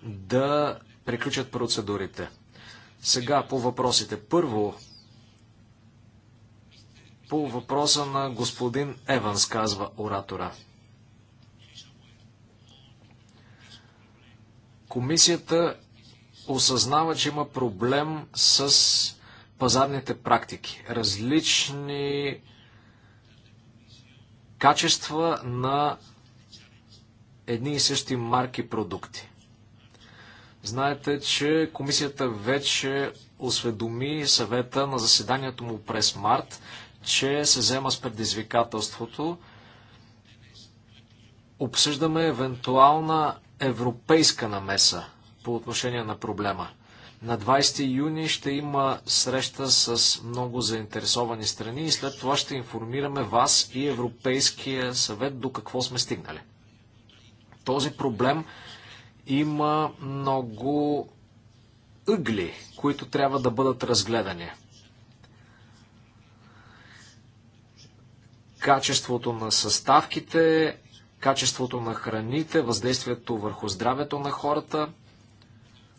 да приключат процедурите. Сега по въпросите. Първо, по въпроса на господин Еванс, казва оратора. Комисията осъзнава, че има проблем с пазарните практики. Различни качества на едни и същи марки продукти. Знаете, че комисията вече осведоми съвета на заседанието му през март, че се взема с предизвикателството. Обсъждаме евентуална европейска намеса по отношение на проблема. На 20 юни ще има среща с много заинтересовани страни и след това ще информираме вас и Европейския съвет до какво сме стигнали. Този проблем има много ъгли, които трябва да бъдат разгледани. качеството на съставките, качеството на храните, въздействието върху здравето на хората.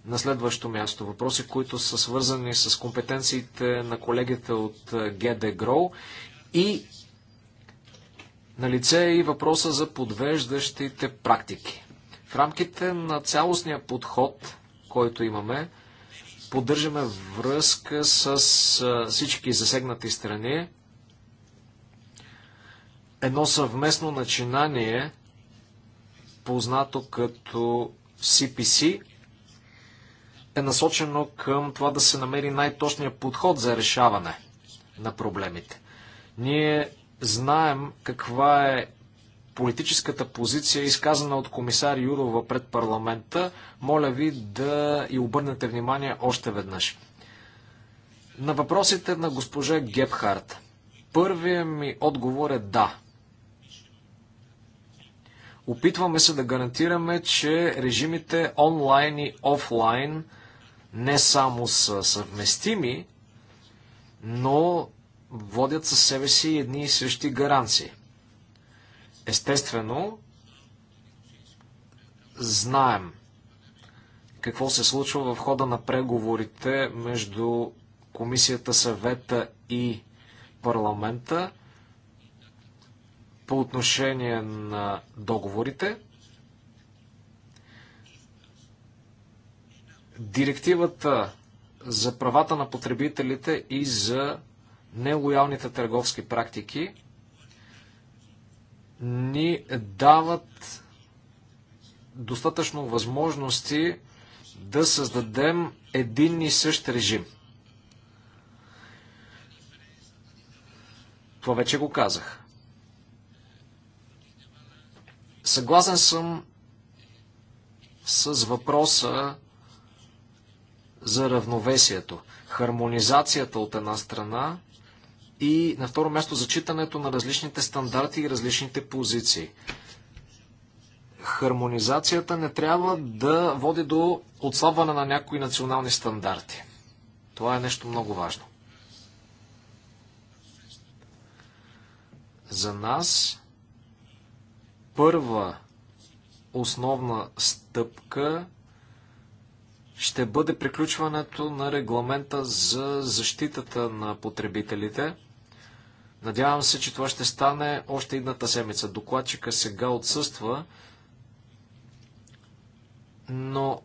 На следващо място въпроси, които са свързани с компетенциите на колегите от GD Grow и на лице е и въпроса за подвеждащите практики. В рамките на цялостния подход, който имаме, поддържаме връзка с всички засегнати страни, едно съвместно начинание, познато като CPC, е насочено към това да се намери най-точният подход за решаване на проблемите. Ние знаем каква е политическата позиция, изказана от комисар Юрова пред парламента. Моля ви да и обърнете внимание още веднъж. На въпросите на госпожа Гепхарт. Първият ми отговор е да. Опитваме се да гарантираме, че режимите онлайн и офлайн не само са съвместими, но водят със себе си едни и същи гаранции. Естествено, знаем какво се случва в хода на преговорите между Комисията, съвета и парламента по отношение на договорите. Директивата за правата на потребителите и за нелоялните търговски практики ни дават достатъчно възможности да създадем един и същ режим. Това вече го казах. Съгласен съм с въпроса за равновесието. Хармонизацията от една страна и на второ място зачитането на различните стандарти и различните позиции. Хармонизацията не трябва да води до отслабване на някои национални стандарти. Това е нещо много важно. За нас първа основна стъпка ще бъде приключването на регламента за защитата на потребителите. Надявам се, че това ще стане още едната седмица. Докладчика сега отсъства, но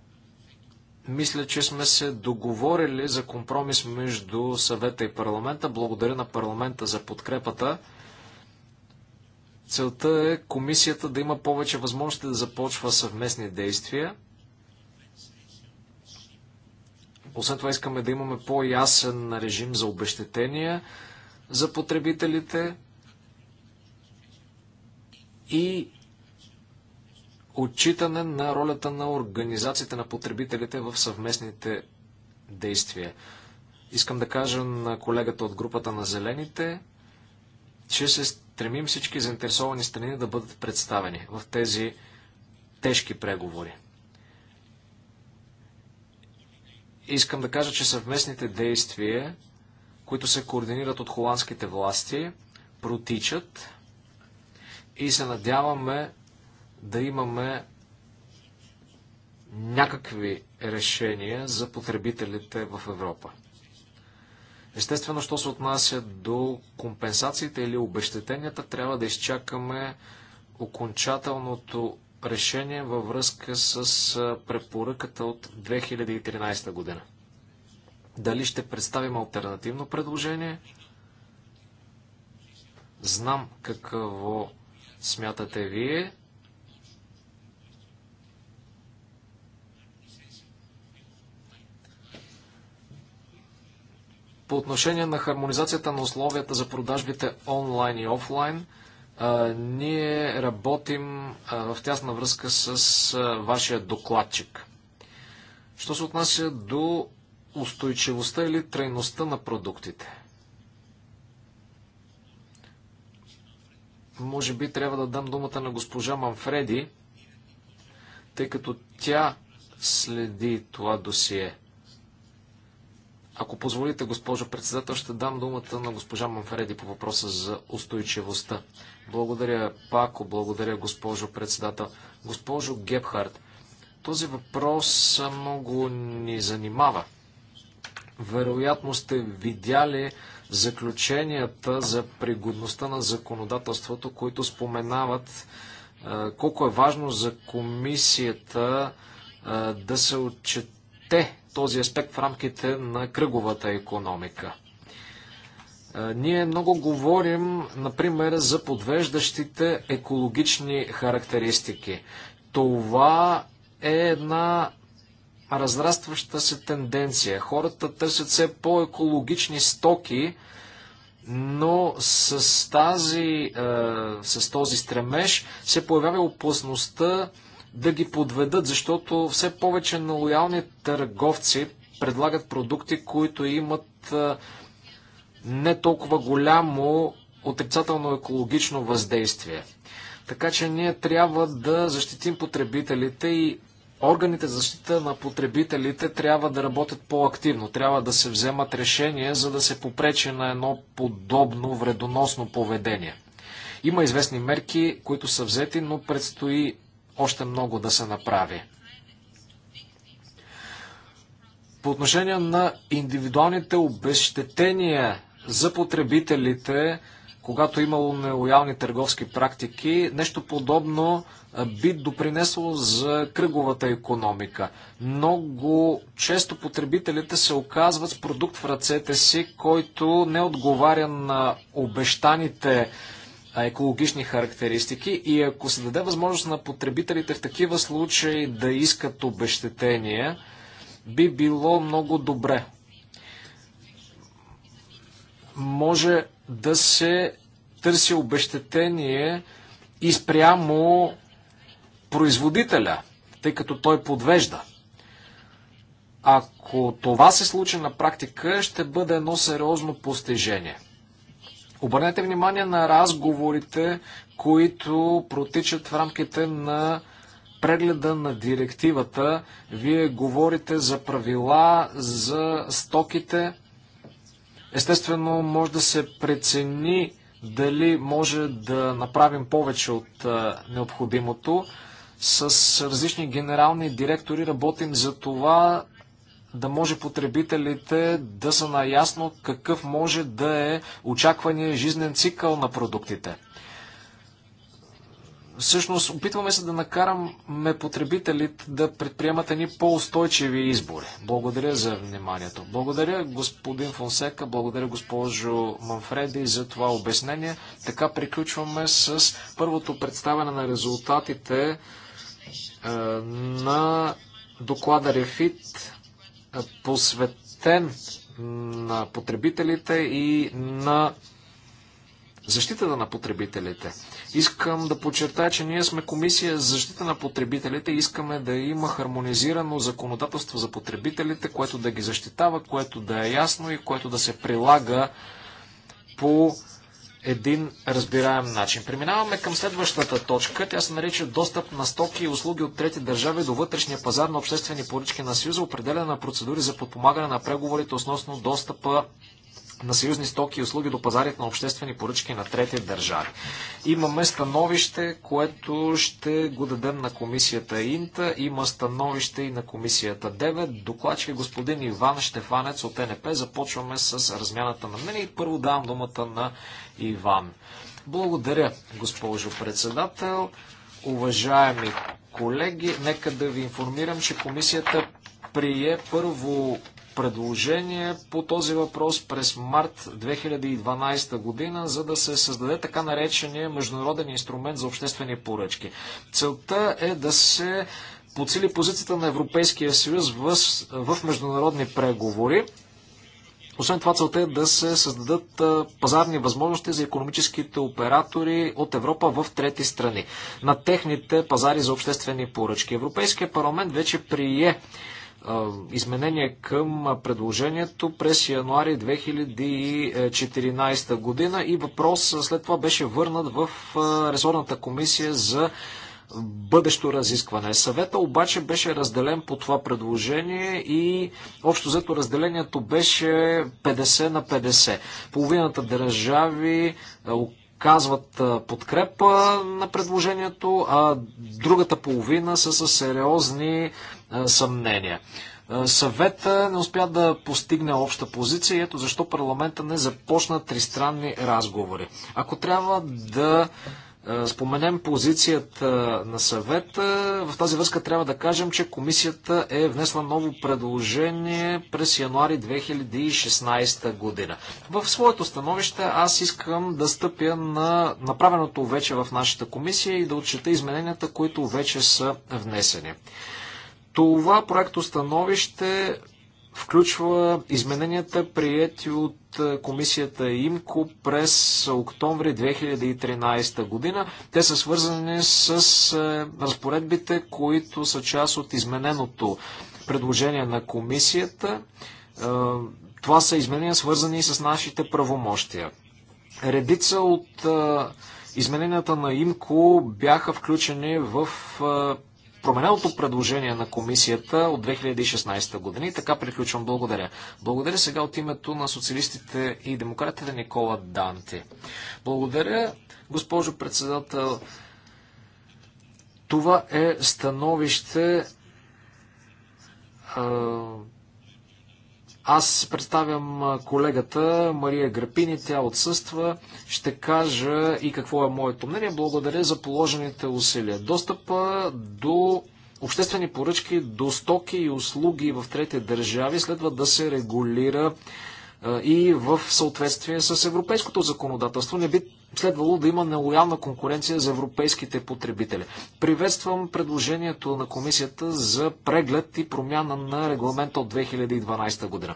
мисля, че сме се договорили за компромис между съвета и парламента. Благодаря на парламента за подкрепата. Целта е комисията да има повече възможности да започва съвместни действия. Освен това искаме да имаме по-ясен режим за обещетения за потребителите и отчитане на ролята на организацията на потребителите в съвместните действия. Искам да кажа на колегата от групата на зелените, че се стремим всички заинтересовани страни да бъдат представени в тези тежки преговори. Искам да кажа, че съвместните действия, които се координират от холандските власти, протичат и се надяваме да имаме някакви решения за потребителите в Европа. Естествено, що се отнася до компенсациите или обещетенията, трябва да изчакаме окончателното решение във връзка с препоръката от 2013 година. Дали ще представим альтернативно предложение? Знам какво смятате вие. По отношение на хармонизацията на условията за продажбите онлайн и офлайн, ние работим в тясна връзка с вашия докладчик. Що се отнася до устойчивостта или трайността на продуктите? Може би трябва да дам думата на госпожа Манфреди, тъй като тя следи това досие. Ако позволите, госпожо председател, ще дам думата на госпожа Манфреди по въпроса за устойчивостта. Благодаря, Пако, благодаря, госпожо председател. Госпожо Гепхард, този въпрос много ни занимава. Вероятно сте видяли заключенията за пригодността на законодателството, които споменават е, колко е важно за комисията е, да се отчете този аспект в рамките на кръговата економика. Ние много говорим, например, за подвеждащите екологични характеристики. Това е една разрастваща се тенденция. Хората търсят все по-екологични стоки, но с, тази, с този стремеж се появява опасността да ги подведат, защото все повече на лоялни търговци предлагат продукти, които имат не толкова голямо отрицателно екологично въздействие. Така че ние трябва да защитим потребителите и органите за защита на потребителите трябва да работят по-активно. Трябва да се вземат решения, за да се попречи на едно подобно вредоносно поведение. Има известни мерки, които са взети, но предстои още много да се направи. По отношение на индивидуалните обещетения за потребителите, когато имало нелоялни търговски практики, нещо подобно би допринесло за кръговата економика. Много често потребителите се оказват с продукт в ръцете си, който не отговаря на обещаните екологични характеристики и ако се даде възможност на потребителите в такива случаи да искат обещетения, би било много добре. Може да се търси обещетение и спрямо производителя, тъй като той подвежда. Ако това се случи на практика, ще бъде едно сериозно постижение – Обърнете внимание на разговорите, които протичат в рамките на прегледа на директивата. Вие говорите за правила, за стоките. Естествено, може да се прецени дали може да направим повече от необходимото. С различни генерални директори работим за това да може потребителите да са наясно какъв може да е очаквания жизнен цикъл на продуктите. Всъщност, опитваме се да накараме потребителите да предприемат едни по-устойчиви избори. Благодаря за вниманието. Благодаря господин Фонсека, благодаря госпожо Манфреди за това обяснение. Така приключваме с първото представяне на резултатите е, на доклада Рефит посветен на потребителите и на защитата на потребителите. Искам да подчертая, че ние сме комисия за защита на потребителите и искаме да има хармонизирано законодателство за потребителите, което да ги защитава, което да е ясно и което да се прилага по един разбираем начин. Преминаваме към следващата точка. Тя се нарича достъп на стоки и услуги от трети държави до вътрешния пазар на обществени поръчки на Съюза, определена на процедури за подпомагане на преговорите относно достъпа на съюзни стоки и услуги до пазарите на обществени поръчки на трети държави. Имаме становище, което ще го дадем на комисията Инта. Има становище и на комисията 9. Докладчик е господин Иван Штефанец от НП. Започваме с размяната на мнение и първо давам думата на Иван. Благодаря, госпожо председател. Уважаеми колеги, нека да ви информирам, че комисията прие първо предложение по този въпрос през март 2012 година, за да се създаде така наречения Международен инструмент за обществени поръчки. Целта е да се подсили позицията на Европейския съюз в, в международни преговори. Освен това, целта е да се създадат пазарни възможности за економическите оператори от Европа в трети страни на техните пазари за обществени поръчки. Европейския парламент вече прие изменение към предложението през януари 2014 година и въпрос след това беше върнат в Резорната комисия за бъдещо разискване. Съвета обаче беше разделен по това предложение и общо взето разделението беше 50 на 50. Половината държави Казват подкрепа на предложението, а другата половина са с сериозни съмнения. Съвета не успя да постигне обща позиция и ето защо парламента не започна тристранни разговори. Ако трябва да е, споменем позицията на съвета. В тази връзка трябва да кажем, че комисията е внесла ново предложение през януари 2016 година. В своето становище аз искам да стъпя на направеното вече в нашата комисия и да отчета измененията, които вече са внесени. Това проекто становище включва измененията, приети от е, комисията ИМКО през октомври 2013 година. Те са свързани с е, разпоредбите, които са част от измененото предложение на комисията. Е, това са изменения, свързани с нашите правомощия. Редица от измененията на ИМКО бяха включени в промененото предложение на комисията от 2016 година. И така приключвам. Благодаря. Благодаря сега от името на социалистите и демократите Никола Данти. Благодаря, госпожо председател. Това е становище аз представям колегата Мария Грапини, тя отсъства. Ще кажа и какво е моето мнение. Благодаря за положените усилия. Достъпа до обществени поръчки, до стоки и услуги в трети държави следва да се регулира и в съответствие с европейското законодателство. Не би следвало да има нелоялна конкуренция за европейските потребители. Приветствам предложението на комисията за преглед и промяна на регламента от 2012 година.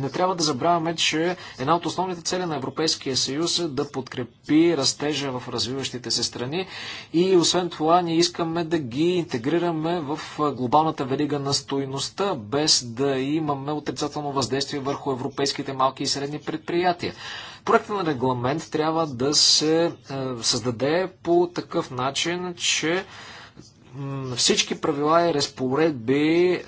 Не трябва да забравяме, че една от основните цели на Европейския съюз е да подкрепи растежа в развиващите се страни и освен това ние искаме да ги интегрираме в глобалната верига на стойността, без да имаме отрицателно въздействие върху европейските малки и средни предприятия. Проектът на регламент трябва да се създаде по такъв начин, че всички правила и разпоредби, е,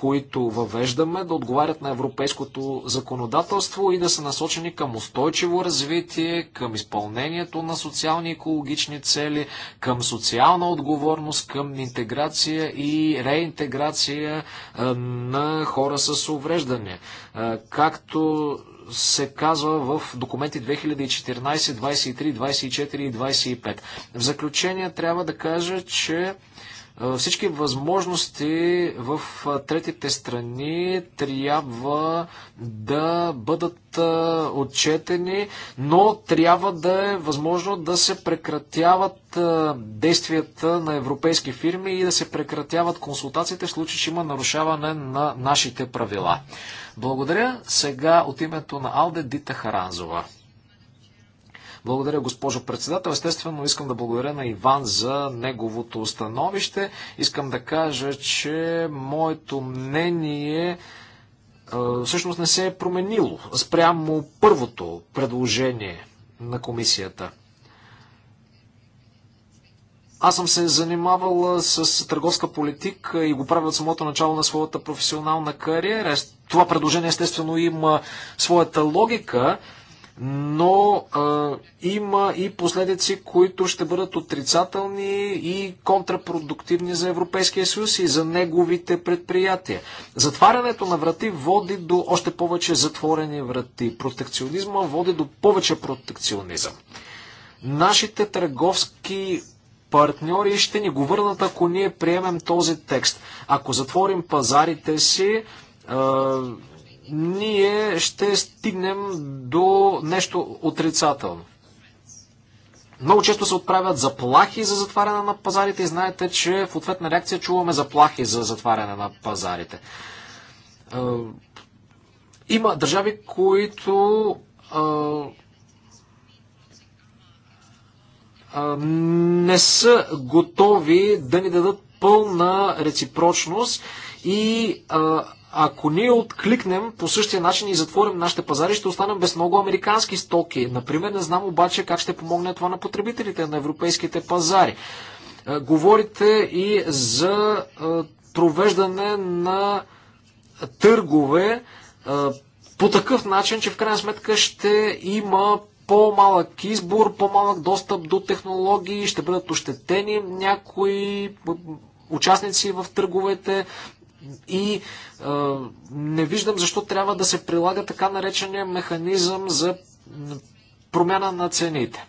които въвеждаме, да отговарят на европейското законодателство и да са насочени към устойчиво развитие, към изпълнението на социални и екологични цели, към социална отговорност, към интеграция и реинтеграция е, на хора с увреждане. Както се казва в документи 2014, 23, 24 и 25. В заключение трябва да кажа, че всички възможности в третите страни трябва да бъдат отчетени, но трябва да е възможно да се прекратяват действията на европейски фирми и да се прекратяват консултациите в случай, че има нарушаване на нашите правила. Благодаря. Сега от името на Алде Дита Харанзова. Благодаря, госпожо председател. Естествено, искам да благодаря на Иван за неговото становище. Искам да кажа, че моето мнение е, всъщност не се е променило спрямо първото предложение на комисията. Аз съм се занимавал с търговска политика и го правя от самото начало на своята професионална кариера. Е, това предложение естествено има своята логика, но а, има и последици, които ще бъдат отрицателни и контрапродуктивни за Европейския съюз и за неговите предприятия. Затварянето на врати води до още повече затворени врати. Протекционизма води до повече протекционизъм. Нашите търговски партньори ще ни го върнат, ако ние приемем този текст. Ако затворим пазарите си, ние ще стигнем до нещо отрицателно. Много често се отправят заплахи за затваряне на пазарите и знаете, че в ответна реакция чуваме заплахи за затваряне на пазарите. Е, има държави, които е, е, не са готови да ни дадат пълна реципрочност и ако ние откликнем по същия начин и затворим нашите пазари, ще останем без много американски стоки. Например, не знам обаче как ще помогне това на потребителите на европейските пазари. Е, говорите и за е, провеждане на търгове е, по такъв начин, че в крайна сметка ще има по-малък избор, по-малък достъп до технологии, ще бъдат ощетени някои участници в търговете. И е, не виждам защо трябва да се прилага така наречения механизъм за промяна на цените.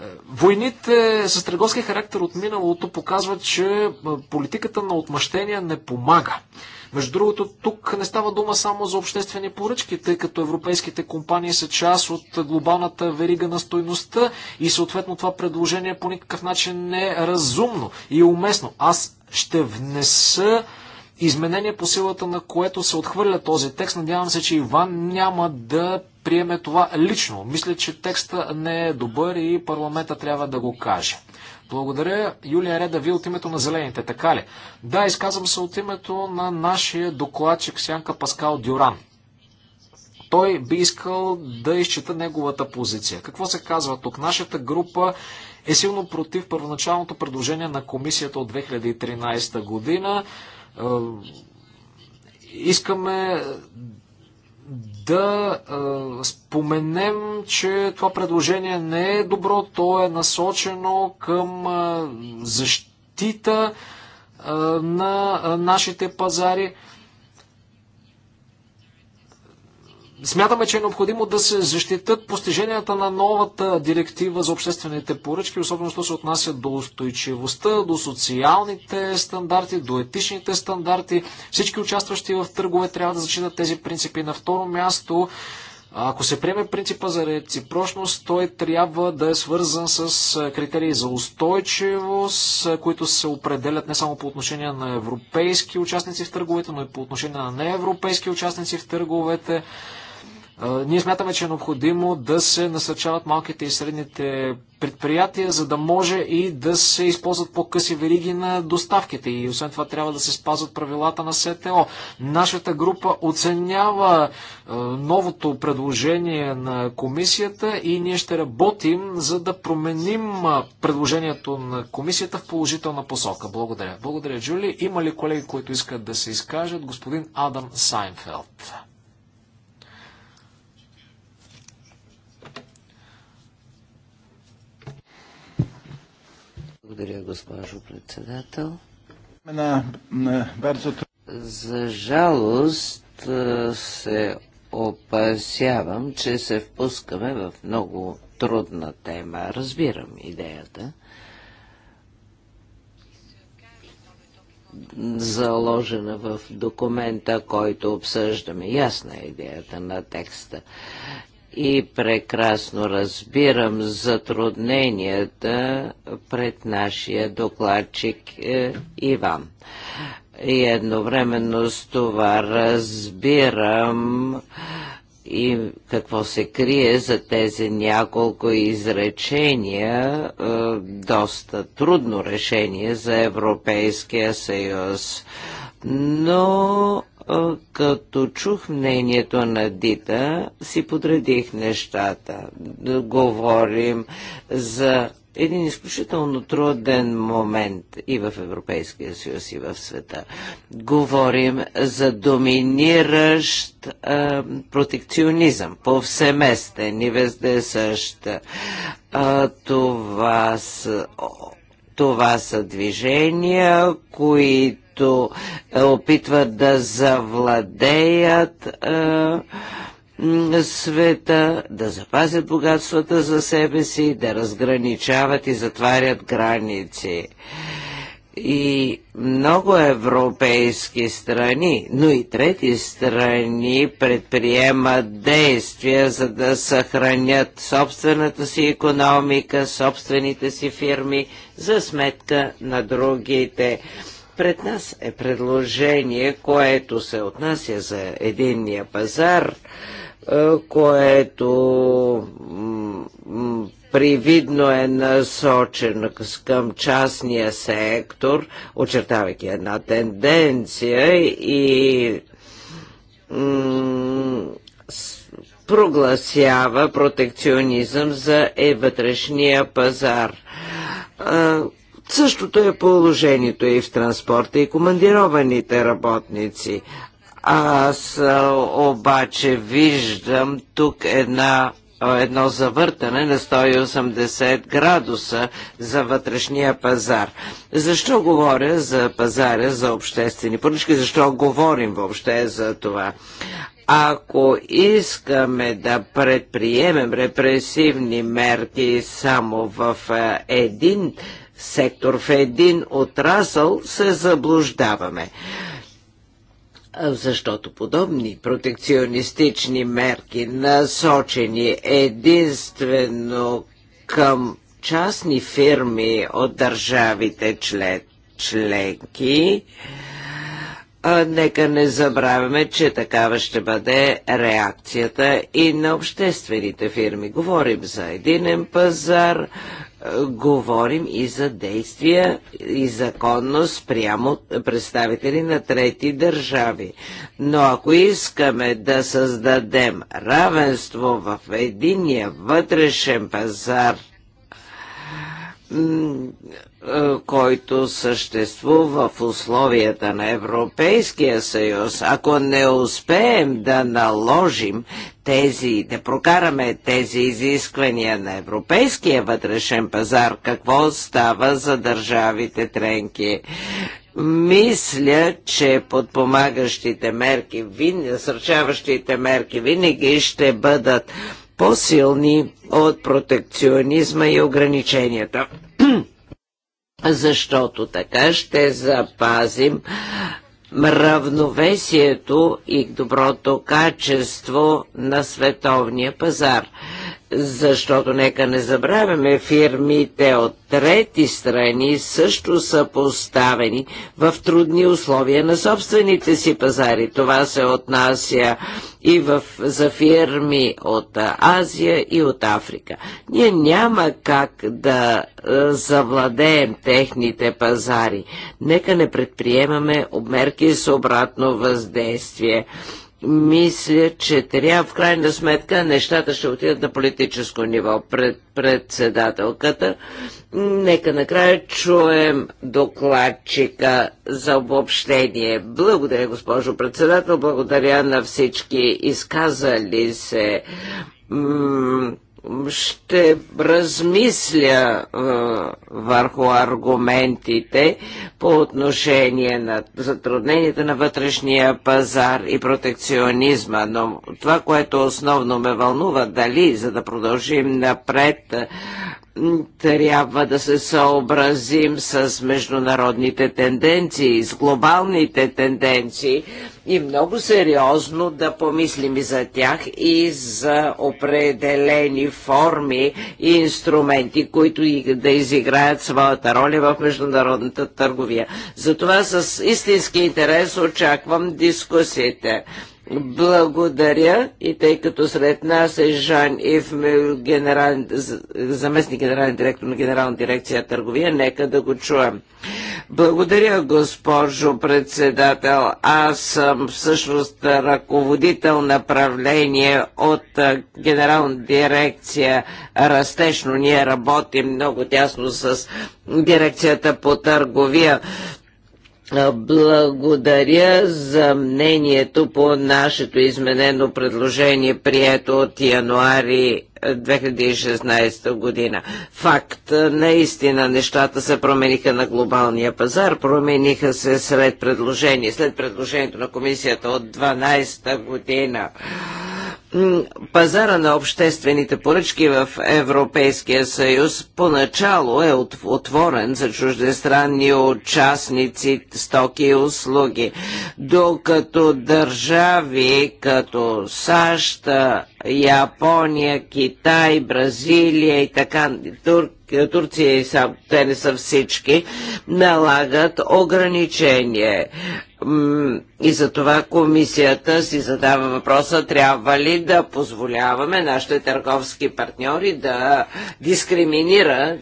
Е, войните с търговски характер от миналото показват, че е, политиката на отмъщение не помага. Между другото, тук не става дума само за обществени поръчки, тъй като европейските компании са част от глобалната верига на стойността и съответно това предложение по никакъв начин не е разумно и уместно. Аз ще внеса изменение по силата на което се отхвърля този текст. Надявам се, че Иван няма да приеме това лично. Мисля, че текста не е добър и парламента трябва да го каже. Благодаря, Юлия Реда, ви от името на Зелените, така ли? Да, изказвам се от името на нашия докладчик Сянка Паскал Дюран. Той би искал да изчита неговата позиция. Какво се казва тук? Нашата група е силно против първоначалното предложение на комисията от 2013 година. Е, искаме да е, споменем, че това предложение не е добро, то е насочено към е, защита на нашите пазари. Смятаме, че е необходимо да се защитат постиженията на новата директива за обществените поръчки, особено що се отнася до устойчивостта, до социалните стандарти, до етичните стандарти. Всички участващи в търгове трябва да зачитат тези принципи. На второ място, ако се приеме принципа за реципрочност, той трябва да е свързан с критерии за устойчивост, които се определят не само по отношение на европейски участници в търговете, но и по отношение на неевропейски участници в търговете. Ние смятаме, че е необходимо да се насърчават малките и средните предприятия, за да може и да се използват по-къси вериги на доставките. И освен това трябва да се спазват правилата на СТО. Нашата група оценява новото предложение на комисията и ние ще работим, за да променим предложението на комисията в положителна посока. Благодаря. Благодаря, Джули. Има ли колеги, които искат да се изкажат? Господин Адам Сайнфелд. Благодаря, госпожо председател. За жалост се опасявам, че се впускаме в много трудна тема. Разбирам идеята. заложена в документа, който обсъждаме. Ясна е идеята на текста и прекрасно разбирам затрудненията пред нашия докладчик е, Иван. И едновременно с това разбирам и какво се крие за тези няколко изречения, е, доста трудно решение за Европейския съюз. Но като чух мнението на Дита, си подредих нещата. Говорим за един изключително труден момент и в Европейския съюз, и в света. Говорим за доминиращ а, протекционизъм, повсеместен и вездесъщ. А, това са това са движения, които които е, опитват да завладеят е, света, да запазят богатствата за себе си, да разграничават и затварят граници. И много европейски страни, но и трети страни предприемат действия, за да съхранят собствената си економика, собствените си фирми за сметка на другите пред нас е предложение, което се отнася за единния пазар, е, което привидно е насочен към частния сектор, очертавайки една тенденция и прогласява протекционизъм за е вътрешния пазар е, Същото е положението и в транспорта и командированите работници. Аз обаче виждам тук една едно завъртане на 180 градуса за вътрешния пазар. Защо говоря за пазаря за обществени поръчки? Защо говорим въобще за това? Ако искаме да предприемем репресивни мерки само в един сектор, в един отрасъл се заблуждаваме защото подобни протекционистични мерки, насочени единствено към частни фирми от държавите член, членки, а, нека не забравяме, че такава ще бъде реакцията и на обществените фирми. Говорим за единен пазар, говорим и за действия и законност прямо представители на трети държави. Но ако искаме да създадем равенство в единия вътрешен пазар – който съществува в условията на Европейския съюз, ако не успеем да наложим тези, да прокараме тези изисквания на европейския вътрешен пазар, какво става за държавите тренки? Мисля, че подпомагащите мерки, насърчаващите мерки винаги ще бъдат по-силни от протекционизма и ограниченията. Защото така ще запазим равновесието и доброто качество на световния пазар защото нека не забравяме, фирмите от трети страни също са поставени в трудни условия на собствените си пазари. Това се отнася и в, за фирми от Азия и от Африка. Ние няма как да завладеем техните пазари. Нека не предприемаме обмерки с обратно въздействие мисля, че трябва в крайна сметка нещата ще отидат на политическо ниво пред председателката. Нека накрая чуем докладчика за обобщение. Благодаря, госпожо председател, благодаря на всички изказали се ще размисля е, върху аргументите по отношение на затрудненията на вътрешния пазар и протекционизма, но това, което основно ме вълнува, дали за да продължим напред трябва да се съобразим с международните тенденции, с глобалните тенденции и много сериозно да помислим и за тях и за определени форми и инструменти, които и да изиграят своята роля в международната търговия. Затова с истински интерес очаквам дискусиите. Благодаря и тъй като сред нас е Жан Ив генерал, заместник генерален директор на Генерална дирекция търговия, нека да го чуем. Благодаря, госпожо председател. Аз съм всъщност ръководител направление от Генерална дирекция Растешно, Ние работим много тясно с дирекцията по търговия. Благодаря за мнението по нашето изменено предложение, прието от януари 2016 година. Факт, наистина нещата се промениха на глобалния пазар, промениха се след предложение, след предложението на комисията от 12 година пазара на обществените поръчки в Европейския съюз поначало е отворен за чуждестранни участници, стоки и услуги, докато държави като САЩ, Япония, Китай, Бразилия и така, Тур, Турция и са, те не са всички, налагат ограничение. И за това комисията си задава въпроса, трябва ли да позволяваме нашите търговски партньори да дискриминира е,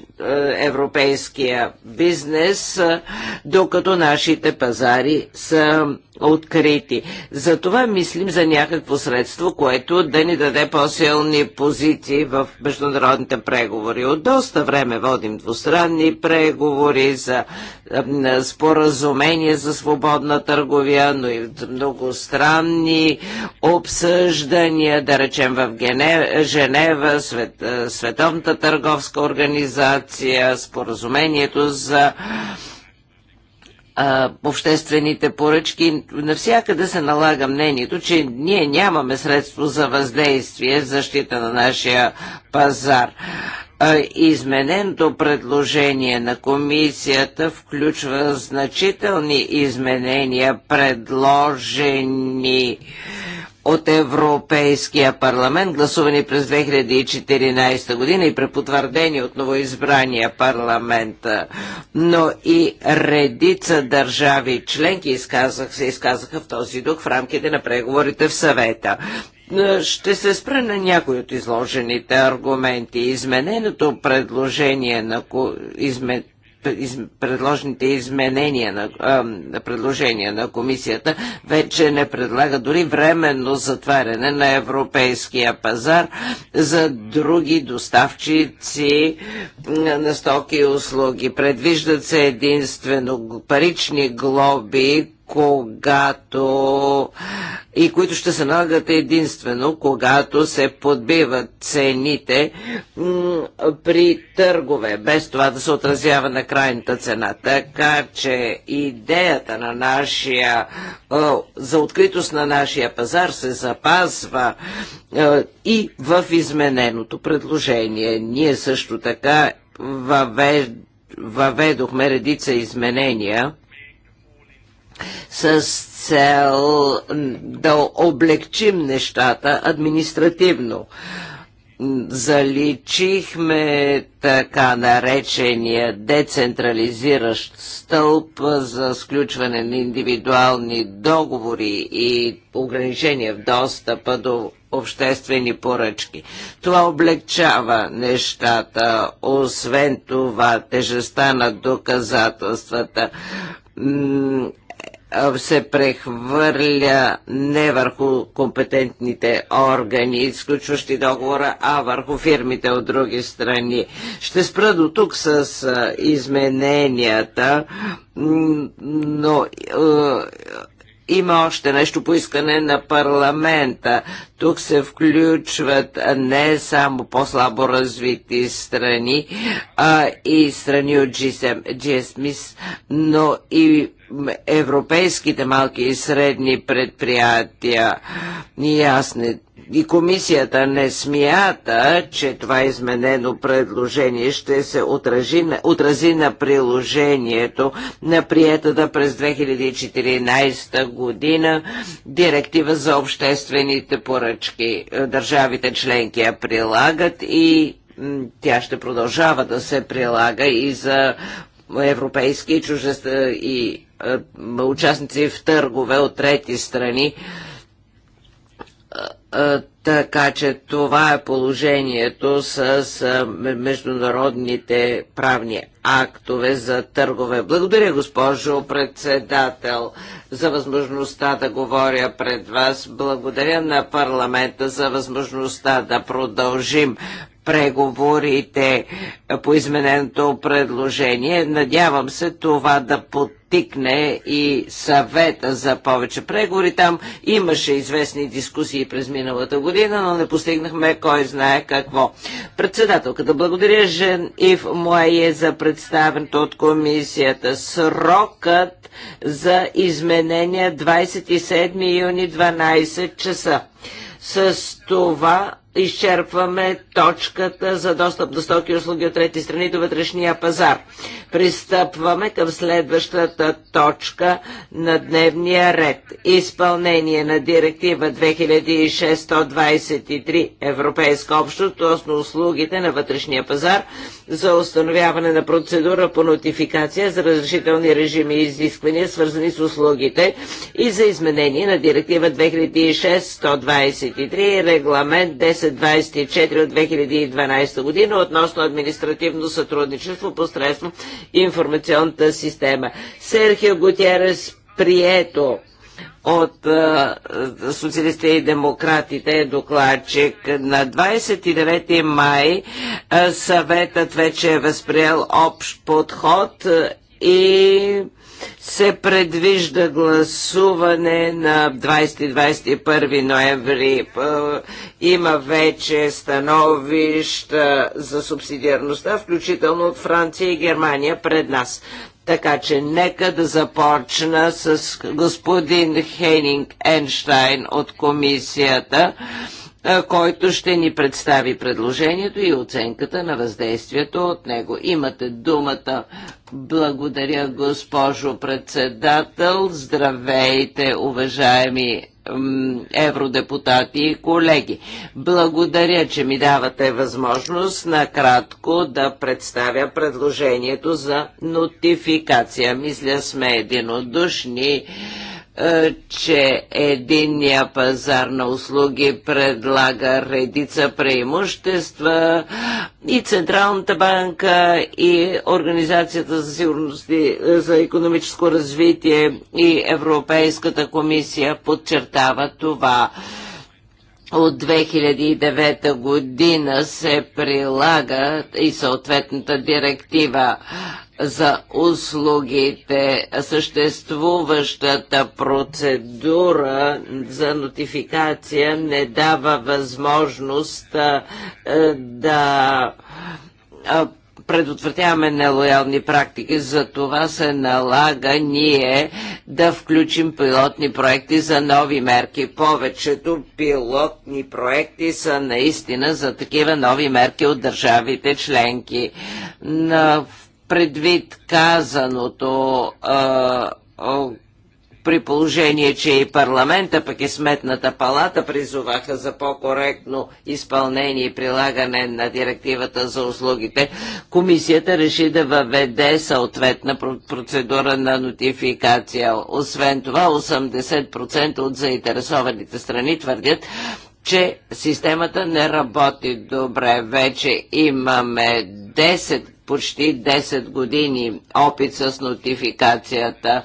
европейския бизнес, е, докато нашите пазари са открити. За това мислим за някакво средство, което да ни да даде по-силни позиции в международните преговори. От доста време водим двустранни преговори за споразумение за свободна търговия, но и многостранни обсъждания, да речем в Женева, Свет... Световната търговска организация, споразумението за а, обществените поръчки, навсякъде се налага мнението, че ние нямаме средство за въздействие в защита на нашия пазар. Измененото предложение на комисията включва значителни изменения, предложени от Европейския парламент, гласувани през 2014 година и препотвърдени от новоизбрания парламент, но и редица държави членки изказах, се изказаха в този дух в рамките на преговорите в съвета. Е, ще се спра на някои от изложените аргументи. Измененото предложение на изме предложените изменения на а, предложения на комисията вече не предлага дори временно затваряне на европейския пазар за други доставчици на стоки и услуги. Предвиждат се единствено парични глоби когато и които ще се налагат единствено, когато се подбиват цените при търгове, без това да се отразява на крайната цена. Така че идеята на нашия, за откритост на нашия пазар се запазва и в измененото предложение. Ние също така въведохме редица изменения – с цел да облегчим нещата административно. Заличихме така наречения децентрализиращ стълб за сключване на индивидуални договори и ограничения в достъпа до обществени поръчки. Това облегчава нещата, освен това тежестта на доказателствата се прехвърля не върху компетентните органи, изключващи договора, а върху фирмите от други страни. Ще спра до тук с измененията, но има още нещо по искане на парламента. Тук се включват не само по-слабо развити страни а и страни от GSMIS, но и европейските малки и средни предприятия. И аз не и комисията не смята, че това изменено предложение ще се отрази на, отрази на приложението на приятата през 2014 година директива за обществените поръчки. Държавите членки я прилагат и тя ще продължава да се прилага и за европейски и, чужеста, и участници в търгове от трети страни. Така че това е положението с международните правни актове за търгове. Благодаря, госпожо председател, за възможността да говоря пред вас. Благодаря на парламента за възможността да продължим преговорите е, по измененото предложение. Надявам се това да подтикне и съвета за повече преговори. Там имаше известни дискусии през миналата година, но не постигнахме кой знае какво. Председателката благодаря Жен Ив Муайе за представенето от комисията. Срокът за изменения 27 юни 12 часа. С това изчерпваме точката за достъп до стоки и услуги от трети страни до вътрешния пазар. Пристъпваме към следващата точка на дневния ред. Изпълнение на директива 2623 Европейска общност относно услугите на вътрешния пазар за установяване на процедура по нотификация за разрешителни режими и изисквания, свързани с услугите и за изменение на директива 2623 регламент 10 1024 от 2012 година относно административно сътрудничество посредством информационната система. Серхио Гутиерес прието от социалистите и демократите е докладчик. На 29 май съветът вече е възприел общ подход и се предвижда гласуване на 20-21 ноември. Е, има вече становища за субсидиарността, включително от Франция и Германия пред нас. Така че нека да започна с господин Хенинг Енштайн от комисията който ще ни представи предложението и оценката на въздействието от него. Имате думата. Благодаря, госпожо председател. Здравейте, уважаеми евродепутати и колеги. Благодаря, че ми давате възможност накратко да представя предложението за нотификация. Мисля, сме единодушни е, че единния пазар на услуги предлага редица преимущества и Централната банка и Организацията за сигурност и е, за економическо развитие и Европейската комисия подчертава това от 2009 година се прилага и съответната директива за услугите, съществуващата процедура за нотификация не дава възможност е, да предотвратяваме нелоялни практики, за това се налага ние да включим пилотни проекти за нови мерки. Повечето пилотни проекти са наистина за такива нови мерки от държавите членки. На предвид казаното, а, а, при положение, че и парламента, пък и сметната палата призоваха за по-коректно изпълнение и прилагане на директивата за услугите, комисията реши да въведе съответна процедура на нотификация. Освен това, 80% от заинтересованите страни твърдят, че системата не работи добре. Вече имаме 10, почти 10 години опит с нотификацията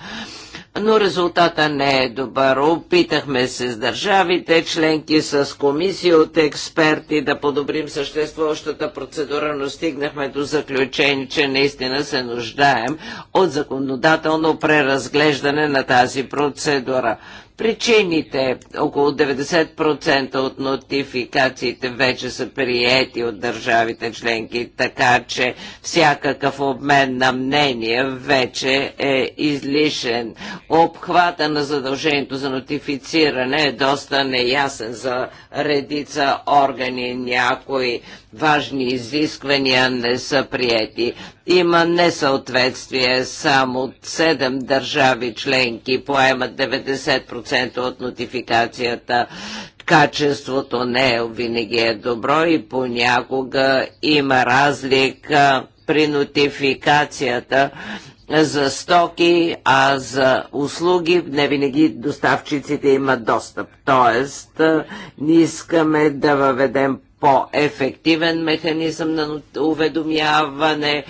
но резултата не е добър. Опитахме се с държавите, членки с комисии от експерти да подобрим съществуващата процедура, но стигнахме до заключение, че наистина се нуждаем от законодателно преразглеждане на тази процедура. Причините около 90% от нотификациите вече са приети от държавите членки, така че всякакъв обмен на мнение вече е излишен. Обхвата на задължението за нотифициране е доста неясен за редица органи. Някои важни изисквания не са приети. Има несъответствие. Само 7 държави членки поемат 90% от нотификацията. Качеството не е винаги е добро и понякога има разлика при нотификацията за стоки, а за услуги не винаги доставчиците имат достъп. Тоест, ние искаме да въведем по-ефективен механизъм на уведомяване,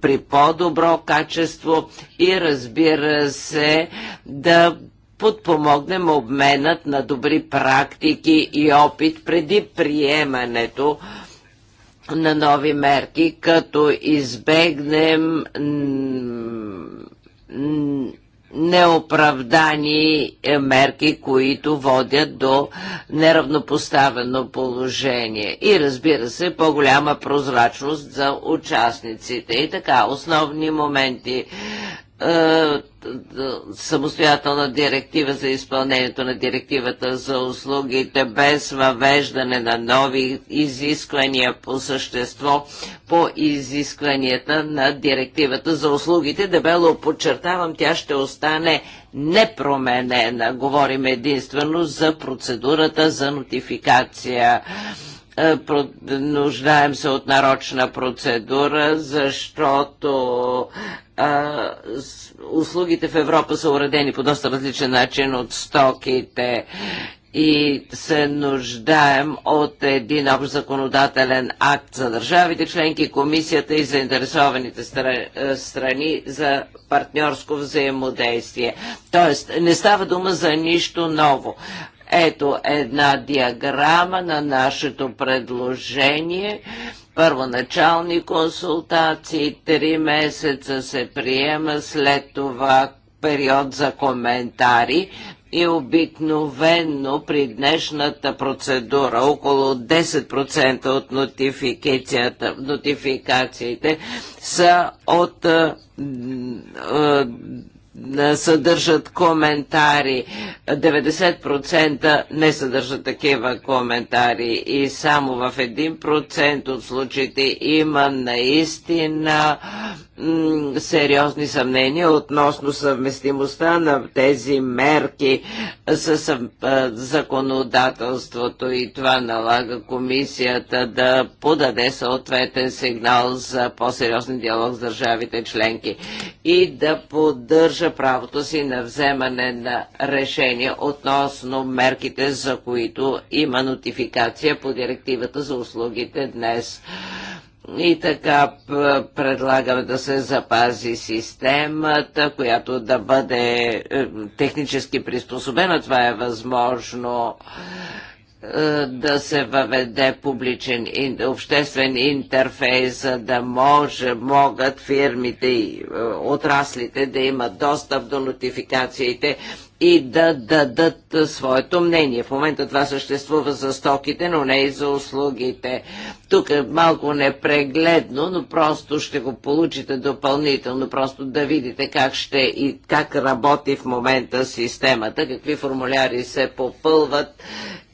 при по-добро качество и разбира се да подпомогнем обменът на добри практики и опит преди приемането на нови мерки, като избегнем неоправдани е, мерки, които водят до неравнопоставено положение. И разбира се, по-голяма прозрачност за участниците. И така, основни моменти е, самостоятелна директива за изпълнението на директивата за услугите без въвеждане на нови изисквания по същество по изискванията на директивата за услугите. Дебело подчертавам, тя ще остане непроменена. Говорим единствено за процедурата за нотификация е, нуждаем се от нарочна процедура, защото а, услугите в Европа са уредени по доста различен начин от стоките и се нуждаем от един общ законодателен акт за държавите членки, комисията и заинтересованите е, страни за партньорско взаимодействие. Тоест, не става дума за нищо ново. Ето една диаграма на нашето предложение. Първоначални консултации, три месеца се приема, след това период за коментари и обикновенно при днешната процедура около 10% от нотификациите са от е, е, съдържат коментари. 90% не съдържат такива коментари и само в 1% от случаите има наистина сериозни съмнения относно съвместимостта на тези мерки с законодателството и това налага комисията да подаде съответен сигнал за по-сериозен диалог с държавите членки и да поддържа правото си на вземане на решение относно мерките, за които има нотификация по директивата за услугите днес. И така предлагам да се запази системата, която да бъде е, технически приспособена. Това е възможно е, да се въведе публичен обществен интерфейс, за да може, могат фирмите и е, отраслите да имат достъп до нотификациите и да дадат своето мнение. В момента това съществува за стоките, но не и за услугите. Тук е малко непрегледно, но просто ще го получите допълнително, просто да видите как ще и как работи в момента системата, какви формуляри се попълват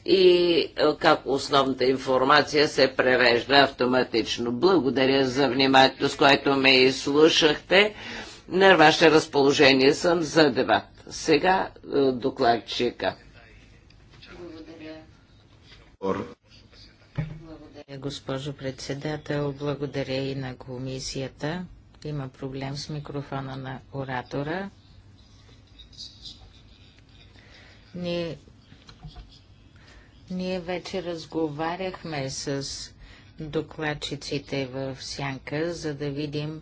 и е, как основната информация се превежда автоматично. Благодаря за вниманието, с което ме изслушахте. На ваше разположение съм за дебат. Сега е, докладчика. Благодаря. Благодаря, госпожо председател. Благодаря и на комисията. Има проблем с микрофона на оратора. Ние ние вече разговаряхме с докладчиците в Сянка, за да видим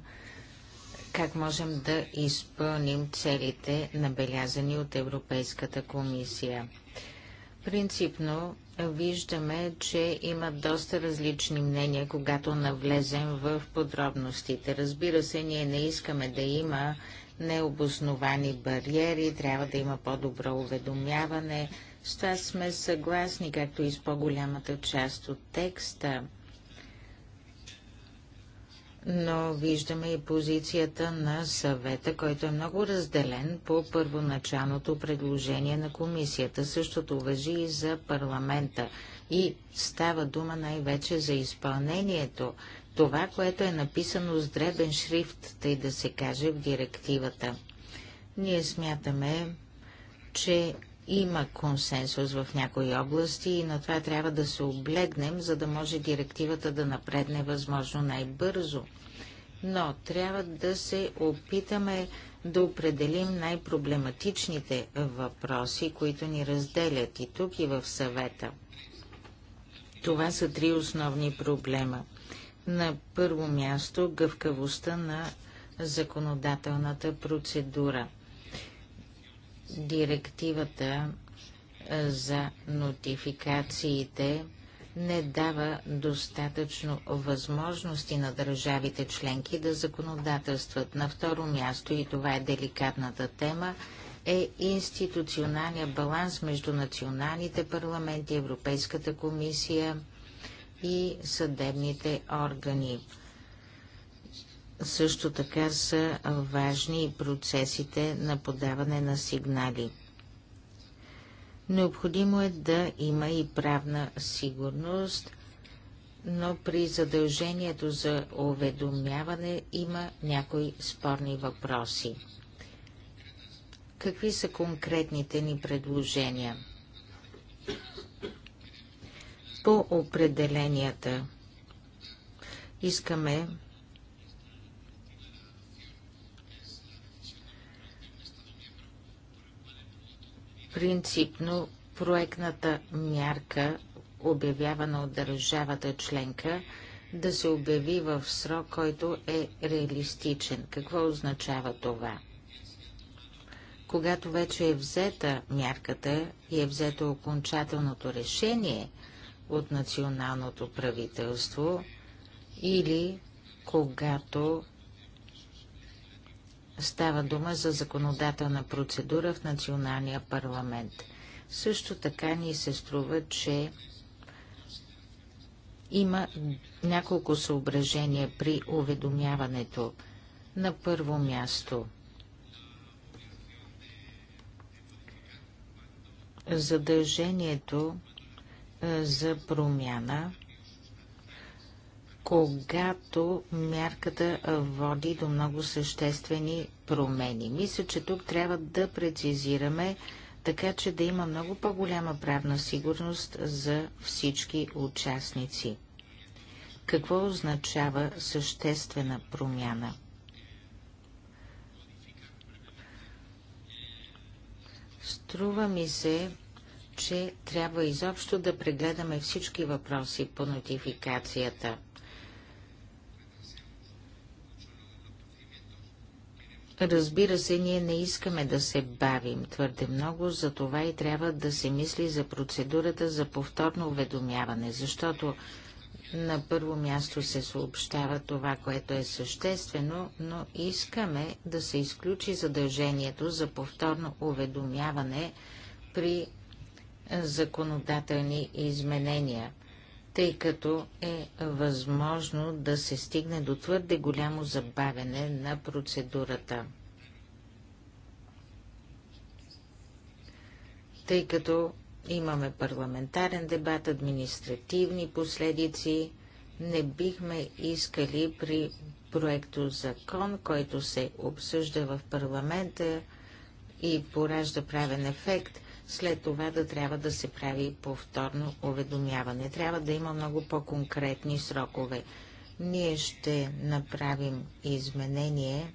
как можем да изпълним целите, набелязани от Европейската комисия. Принципно виждаме, че има доста различни мнения, когато навлезем в подробностите. Разбира се, ние не искаме да има необосновани бариери, трябва да има по-добро уведомяване, с това сме съгласни, както и с по-голямата част от текста. Но виждаме и позицията на съвета, който е много разделен по първоначалното предложение на комисията. Същото въжи и за парламента. И става дума най-вече за изпълнението. Това, което е написано с дребен шрифт, тъй да се каже в директивата. Ние смятаме, че има консенсус в някои области, и на това трябва да се облегнем, за да може директивата да напредне възможно най-бързо. Но трябва да се опитаме да определим най-проблематичните въпроси, които ни разделят и тук, и в съвета. Това са три основни проблема. На първо място гъвкавостта на законодателната процедура – Директивата е, за нотификациите не дава достатъчно възможности на държавите членки да законодателстват. На второ място, и това е деликатната тема, е институционалния баланс между националните парламенти, Европейската комисия и съдебните органи. Също така са важни и процесите на подаване на сигнали. Необходимо е да има и правна сигурност, но при задължението за уведомяване има някои спорни въпроси. Какви са конкретните ни предложения? По определенията искаме Принципно проектната мярка, обявявана от държавата членка, да се обяви в срок, който е реалистичен. Какво означава това? Когато вече е взета мярката и е взето окончателното решение от националното правителство или когато Става дума за законодателна процедура в националния парламент. Също така ни се струва, че има няколко съображения при уведомяването. На първо място задължението за промяна когато мярката води до много съществени промени. Мисля, че тук трябва да прецизираме, така че да има много по-голяма правна сигурност за всички участници. Какво означава съществена промяна? Струва ми се, че трябва изобщо да прегледаме всички въпроси по нотификацията – Разбира се, ние не искаме да се бавим твърде много, за това и трябва да се мисли за процедурата за повторно уведомяване, защото на първо място се съобщава това, което е съществено, но искаме да се изключи задължението за повторно уведомяване при законодателни изменения тъй като е възможно да се стигне до твърде голямо забавяне на процедурата. Тъй като имаме парламентарен дебат, административни последици, не бихме искали при проекто закон, който се обсъжда в парламента и поражда правен ефект – след това да трябва да се прави повторно уведомяване. Трябва да има много по-конкретни срокове. Ние ще направим изменение,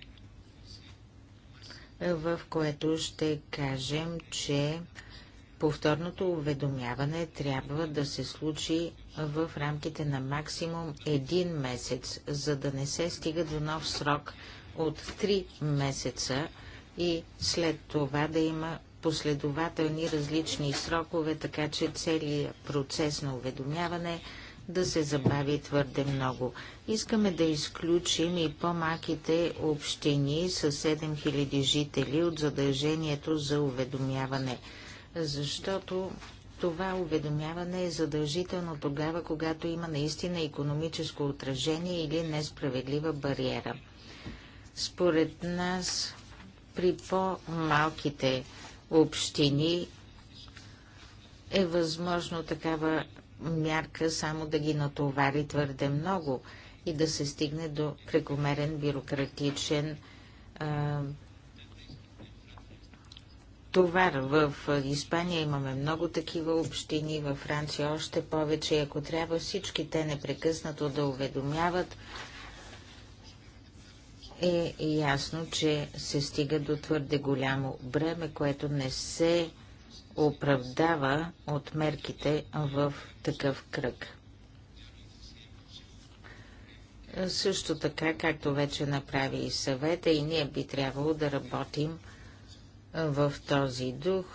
в което ще кажем, че повторното уведомяване трябва да се случи в рамките на максимум един месец, за да не се стига до нов срок от 3 месеца и след това да има последователни различни срокове, така че целият процес на уведомяване да се забави твърде много. Искаме да изключим и по-маките общини с 7000 жители от задължението за уведомяване, защото това уведомяване е задължително тогава, когато има наистина економическо отражение или несправедлива бариера. Според нас при по-малките общини е възможно такава мярка само да ги натовари твърде много и да се стигне до прекомерен бюрократичен а, товар. В Испания имаме много такива общини, във Франция още повече. Ако трябва всички те непрекъснато да уведомяват е ясно, че се стига до твърде голямо бреме, което не се оправдава от мерките в такъв кръг. Също така, както вече направи и съвета, и ние би трябвало да работим в този дух.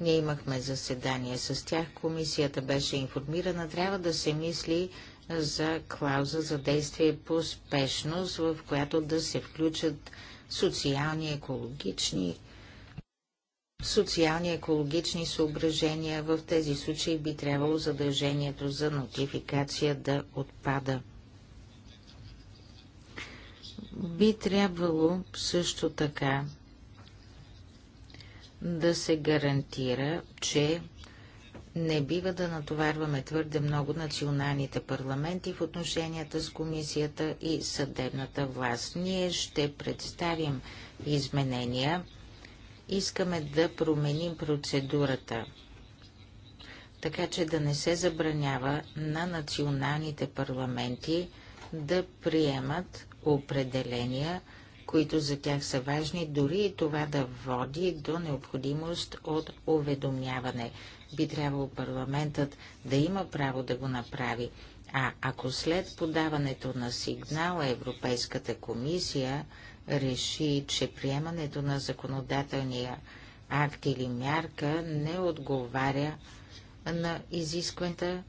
Ние имахме заседание с тях, комисията беше информирана, трябва да се мисли за клауза за действие по спешност, в която да се включат социални, екологични, социални, екологични съображения. В тези случаи би трябвало задължението за нотификация да отпада. Би трябвало също така да се гарантира, че не бива да натоварваме твърде много националните парламенти в отношенията с комисията и съдебната власт. Ние ще представим изменения. Искаме да променим процедурата, така че да не се забранява на националните парламенти да приемат определения, които за тях са важни, дори и това да води до необходимост от уведомяване би трябвало парламентът да има право да го направи. А ако след подаването на сигнала Европейската комисия реши, че приемането на законодателния акт или мярка не отговаря на изискванията,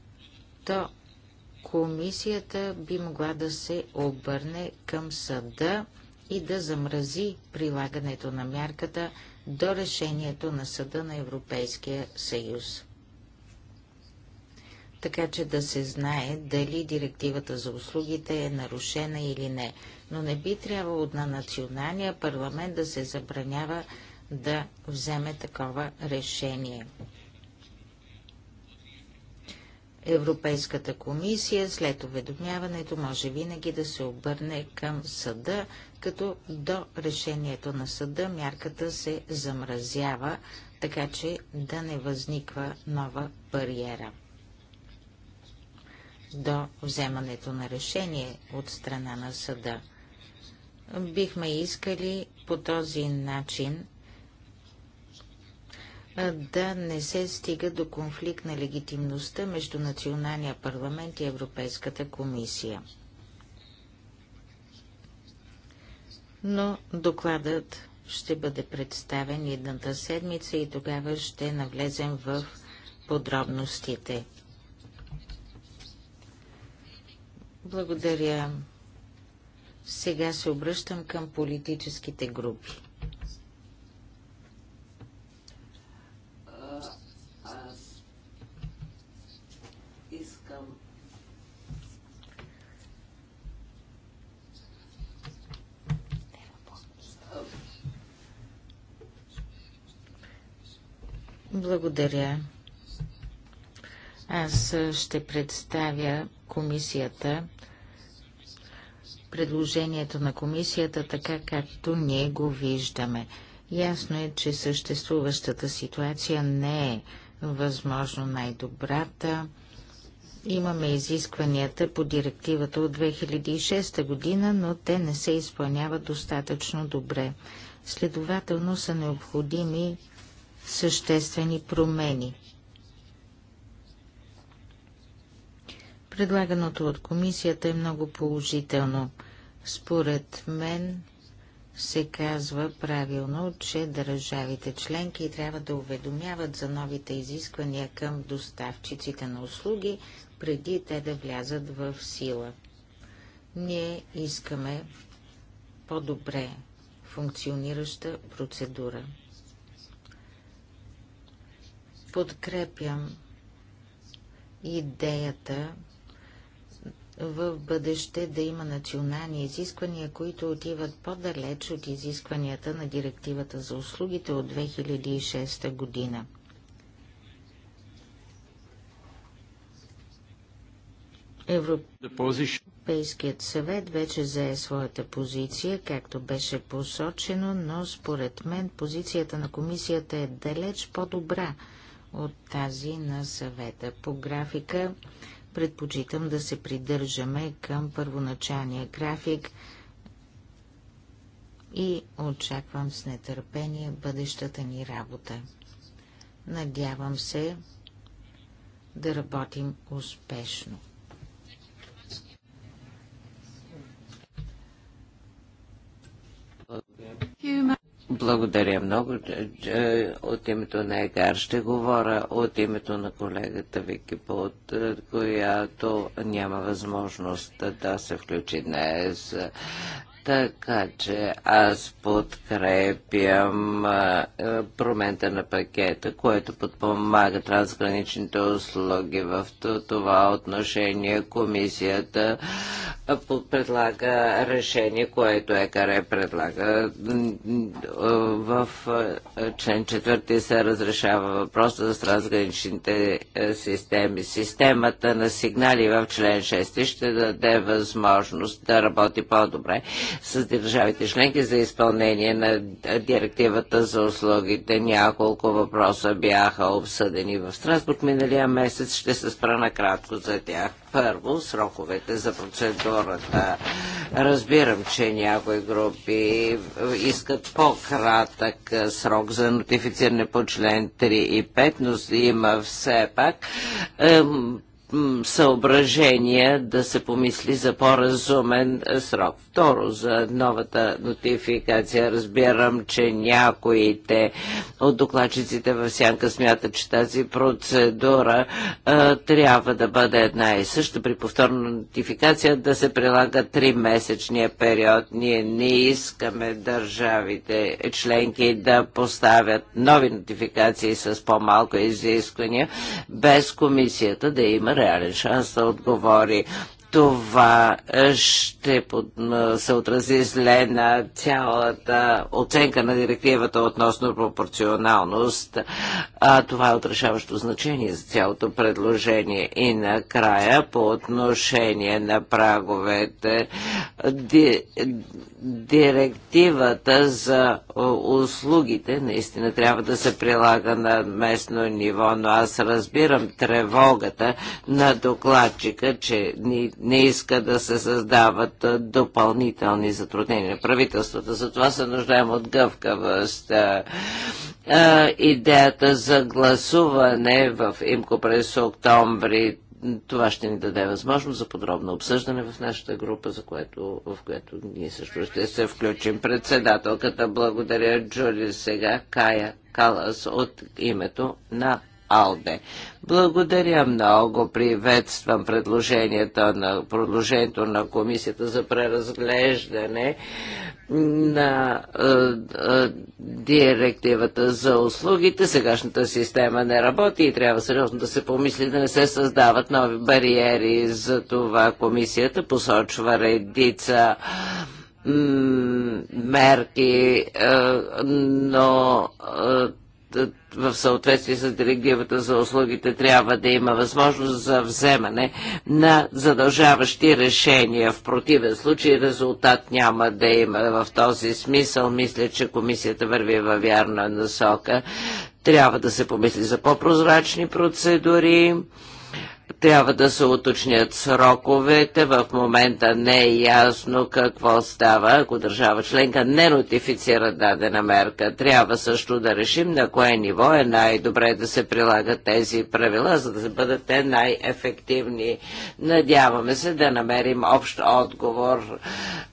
то комисията би могла да се обърне към съда и да замрази прилагането на мярката до решението на Съда на Европейския съюз. Така че да се знае дали директивата за услугите е нарушена или не. Но не би трябвало на националния парламент да се забранява да вземе такова решение. Европейската комисия след уведомяването може винаги да се обърне към съда като до решението на съда мярката се замразява, така че да не възниква нова бариера. До вземането на решение от страна на съда бихме искали по този начин да не се стига до конфликт на легитимността между Националния парламент и Европейската комисия. но докладът ще бъде представен едната седмица и тогава ще навлезем в подробностите. Благодаря. Сега се обръщам към политическите групи. Благодаря. Аз ще представя комисията, предложението на комисията, така както ние го виждаме. Ясно е, че съществуващата ситуация не е възможно най-добрата. Имаме изискванията по директивата от 2006 година, но те не се изпълняват достатъчно добре. Следователно са необходими съществени промени. Предлаганото от комисията е много положително. Според мен се казва правилно, че държавите членки трябва да уведомяват за новите изисквания към доставчиците на услуги, преди те да влязат в сила. Ние искаме по-добре функционираща процедура. Подкрепям идеята в бъдеще да има национални изисквания, които отиват по-далеч от изискванията на директивата за услугите от 2006 година. Европейският съвет вече зае своята позиция, както беше посочено, но според мен позицията на комисията е далеч по-добра от тази на съвета. По графика предпочитам да се придържаме към първоначалния график и очаквам с нетърпение бъдещата ни работа. Надявам се да работим успешно. Благодаря много. Е, е, от името на ЕГАР ще говоря от името на колегата Вики Пот, е, която няма възможност да се включи днес. Така че аз подкрепям промента на пакета, което подпомага трансграничните услуги. В това отношение комисията предлага решение, което ЕКАРЕ предлага. В член 4 се разрешава въпроса за трансграничните системи. Системата на сигнали в член 6 ще даде възможност да работи по-добре с държавите членки за изпълнение на директивата за услугите. Няколко въпроса бяха обсъдени в Страсбург миналия месец. Ще се спра накратко за тях. Първо, сроковете за процедурата. Разбирам, че някои групи искат по-кратък срок за нотифициране по член 3 и 5, но има все пак съображения да се помисли за по-разумен е, срок. Второ, за новата нотификация разбирам, че някоите от докладчиците в Сянка смятат, че тази процедура а, е, трябва да бъде една и също при повторна нотификация да се прилага 3-месечния период. Ние не искаме държавите членки да поставят нови нотификации с по-малко изисквания, без комисията да има реален шанс да отговори. Това е, ще под, е, се отрази зле на цялата оценка на директивата относно пропорционалност. А, това е отрешаващо значение за цялото предложение. И накрая, по отношение на праговете, ди, директивата за е, услугите наистина трябва да се прилага на местно ниво, но аз разбирам тревогата на докладчика, че ни не иска да се създават допълнителни затруднения на правителствата. Затова се нуждаем от гъвкавост. Идеята за гласуване в Имко през октомври това ще ни даде възможност за подробно обсъждане в нашата група, за което, в която ние също ще се включим. Председателката благодаря Джули сега Кая Калас от името на АЛДЕ. Благодаря много. Приветствам предложението на, предложението на Комисията за преразглеждане на е, е, директивата за услугите. Сегашната система не работи и трябва сериозно да се помисли да не се създават нови бариери. За това Комисията посочва редица мерки, е, но е, в съответствие с директивата за услугите трябва да има възможност за вземане на задължаващи решения. В противен случай резултат няма да има. В този смисъл мисля, че комисията върви във вярна насока. Трябва да се помисли за по-прозрачни процедури трябва да се уточнят сроковете. В момента не е ясно какво става, ако държава членка не нотифицира дадена мерка. Трябва също да решим на кое ниво е най-добре да се прилагат тези правила, за да бъдат те най-ефективни. Надяваме се да намерим общ отговор.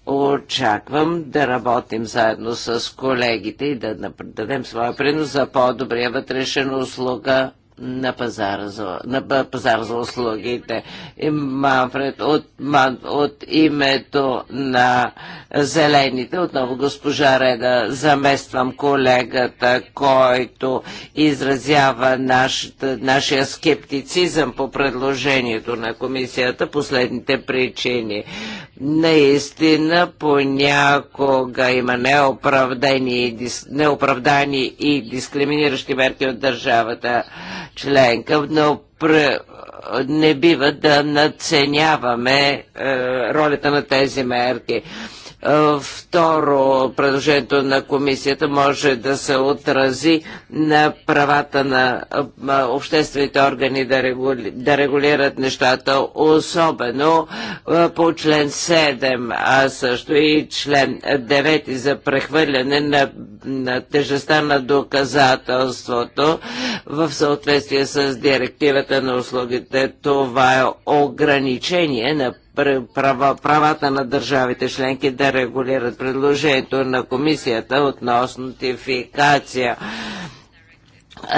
Очаквам да работим заедно с колегите и да дадем своя принос за по-добрия вътрешен услуга на пазара за, на пазара за услугите. И Манфред от, ман, от името на Зелените, отново госпожа Реда, замествам колегата, който изразява наш, нашия скептицизъм по предложението на комисията последните причини. Наистина понякога има неоправдани, неоправдани и дискриминиращи мерки от държавата членка, но не бива да надценяваме е, ролята на тези мерки. Е, второ, предложението на комисията може да се отрази на правата на е, обществените органи да, регули... да регулират нещата, особено е, по член 7, а също и член 9 за прехвърляне на, на тежестта на доказателството в съответствие с директивата на услугите. Това е ограничение на правата на държавите членки да регулират предложението на комисията относно нотификация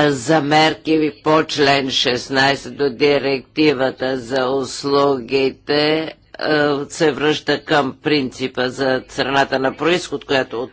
за мерки по член 16 до директивата за услугите е, се връща към принципа за страната на происход, която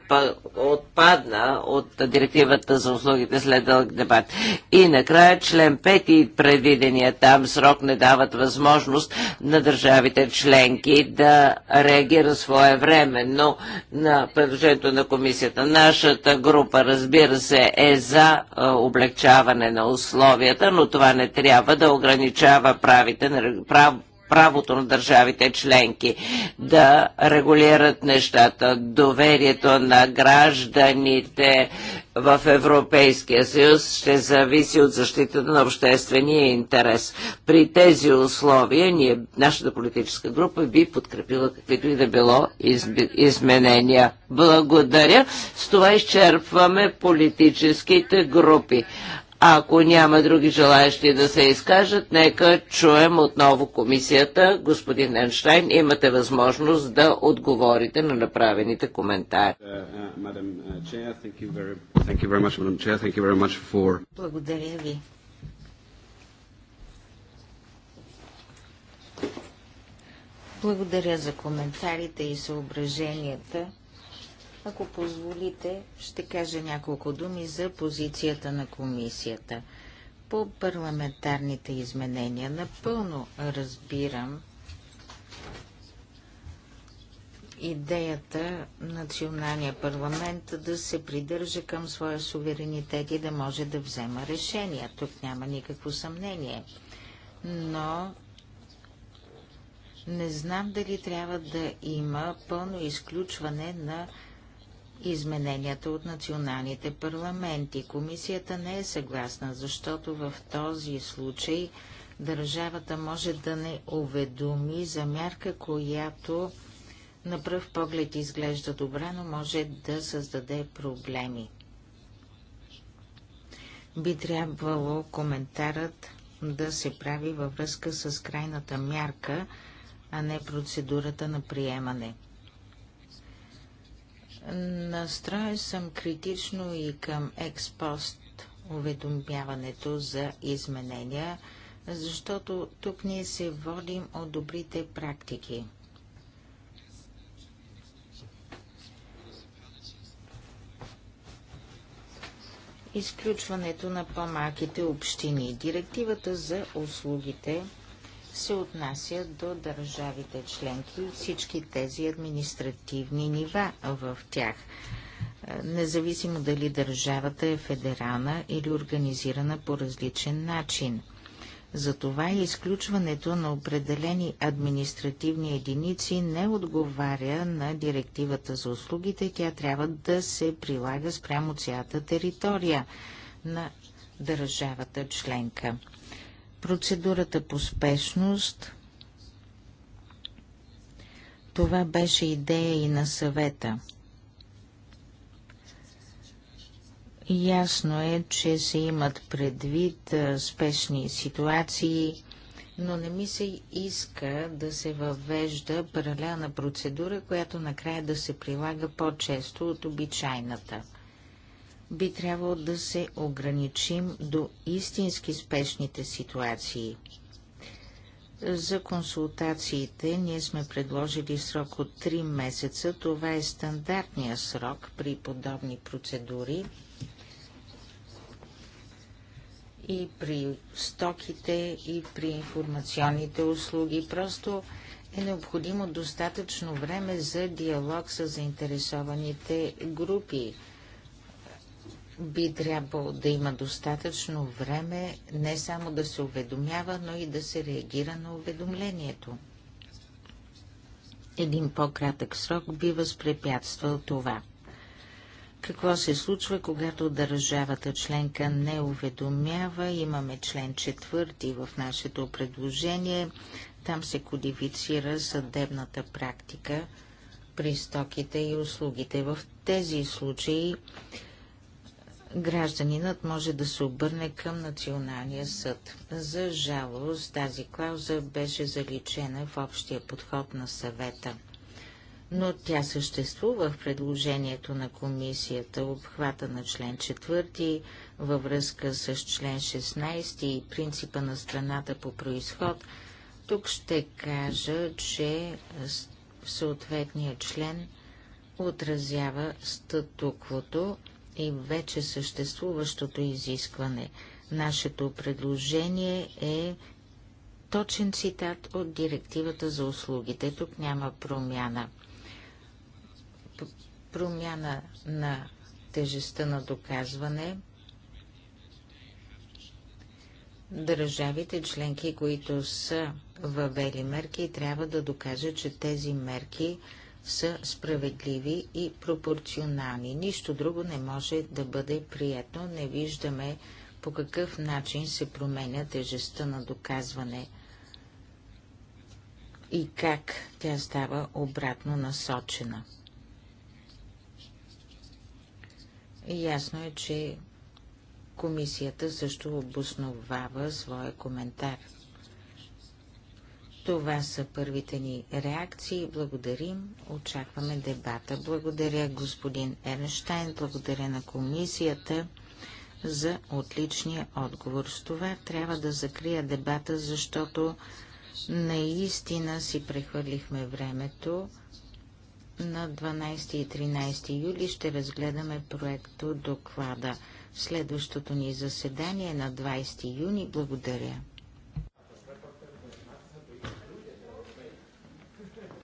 отпадна от директивата за услугите след дълъг дебат. И накрая член 5 и предвидения там срок не дават възможност на държавите членки да реагира своевременно на предложението на комисията. Нашата група, разбира се, е за е, облегчаване на условията, но това не трябва да ограничава правите на, прав, правото на държавите членки да регулират нещата, доверието на гражданите в Европейския съюз ще зависи от защитата на обществения интерес. При тези условия ние, нашата политическа група би подкрепила каквито и да било изменения. Благодаря. С това изчерпваме политическите групи. Ако няма други желаящи да се изкажат, нека чуем отново комисията. Господин Енштайн, имате възможност да отговорите на направените коментари. Uh, uh, uh, Благодаря ви. Благодаря за коментарите и съображенията. Ако позволите, ще кажа няколко думи за позицията на комисията. По парламентарните изменения напълно разбирам идеята националния парламент да се придържа към своя суверенитет и да може да взема решения. Тук няма никакво съмнение. Но не знам дали трябва да има пълно изключване на измененията от националните парламенти. Комисията не е съгласна, защото в този случай държавата може да не уведоми за мярка, която на пръв поглед изглежда добра, но може да създаде проблеми. Би трябвало коментарът да се прави във връзка с крайната мярка, а не процедурата на приемане. Настроен съм критично и към експост уведомяването за изменения, защото тук ние се водим от добрите практики. изключването на по-малките общини. Директивата за услугите се отнася до държавите членки и всички тези административни нива в тях, е, независимо дали държавата е федерална или организирана по различен начин. Затова и изключването на определени административни единици не отговаря на директивата за услугите. Тя трябва да се прилага спрямо цялата територия на държавата членка. Процедурата по спешност. Това беше идея и на съвета. Ясно е, че се имат предвид спешни ситуации, но не ми се иска да се въвежда паралелна процедура, която накрая да се прилага по-често от обичайната би трябвало да се ограничим до истински спешните ситуации. За консултациите ние сме предложили срок от 3 месеца. Това е стандартния срок при подобни процедури. И при стоките, и при информационните услуги. Просто е необходимо достатъчно време за диалог с заинтересованите групи би трябвало да има достатъчно време не само да се уведомява, но и да се реагира на уведомлението. Един по-кратък срок би възпрепятствал това. Какво се случва, когато държавата членка не уведомява? Имаме член четвърти в нашето предложение. Там се кодифицира съдебната практика при стоките и услугите. В тези случаи гражданинът може да се обърне към Националния съд. За жалост тази клауза беше заличена в общия подход на съвета. Но тя съществува в предложението на комисията, обхвата на член 4 във връзка с член 16 и принципа на страната по происход. Тук ще кажа, че съответният член отразява статуквото, и вече съществуващото изискване. Нашето предложение е точен цитат от директивата за услугите. Тук няма промяна. промяна на тежестта на доказване. Държавите членки, които са въвели мерки, трябва да докажат, че тези мерки са справедливи и пропорционални. Нищо друго не може да бъде приятно. Не виждаме по какъв начин се променя тежестта на доказване и как тя става обратно насочена. Ясно е, че комисията също обосновава своя коментар – това са първите ни реакции. Благодарим. Очакваме дебата. Благодаря господин Ернштайн. Благодаря на комисията за отличния отговор. С това трябва да закрия дебата, защото наистина си прехвърлихме времето. На 12 и 13 юли ще разгледаме проекто доклада. Следващото ни заседание е на 20 юни. Благодаря.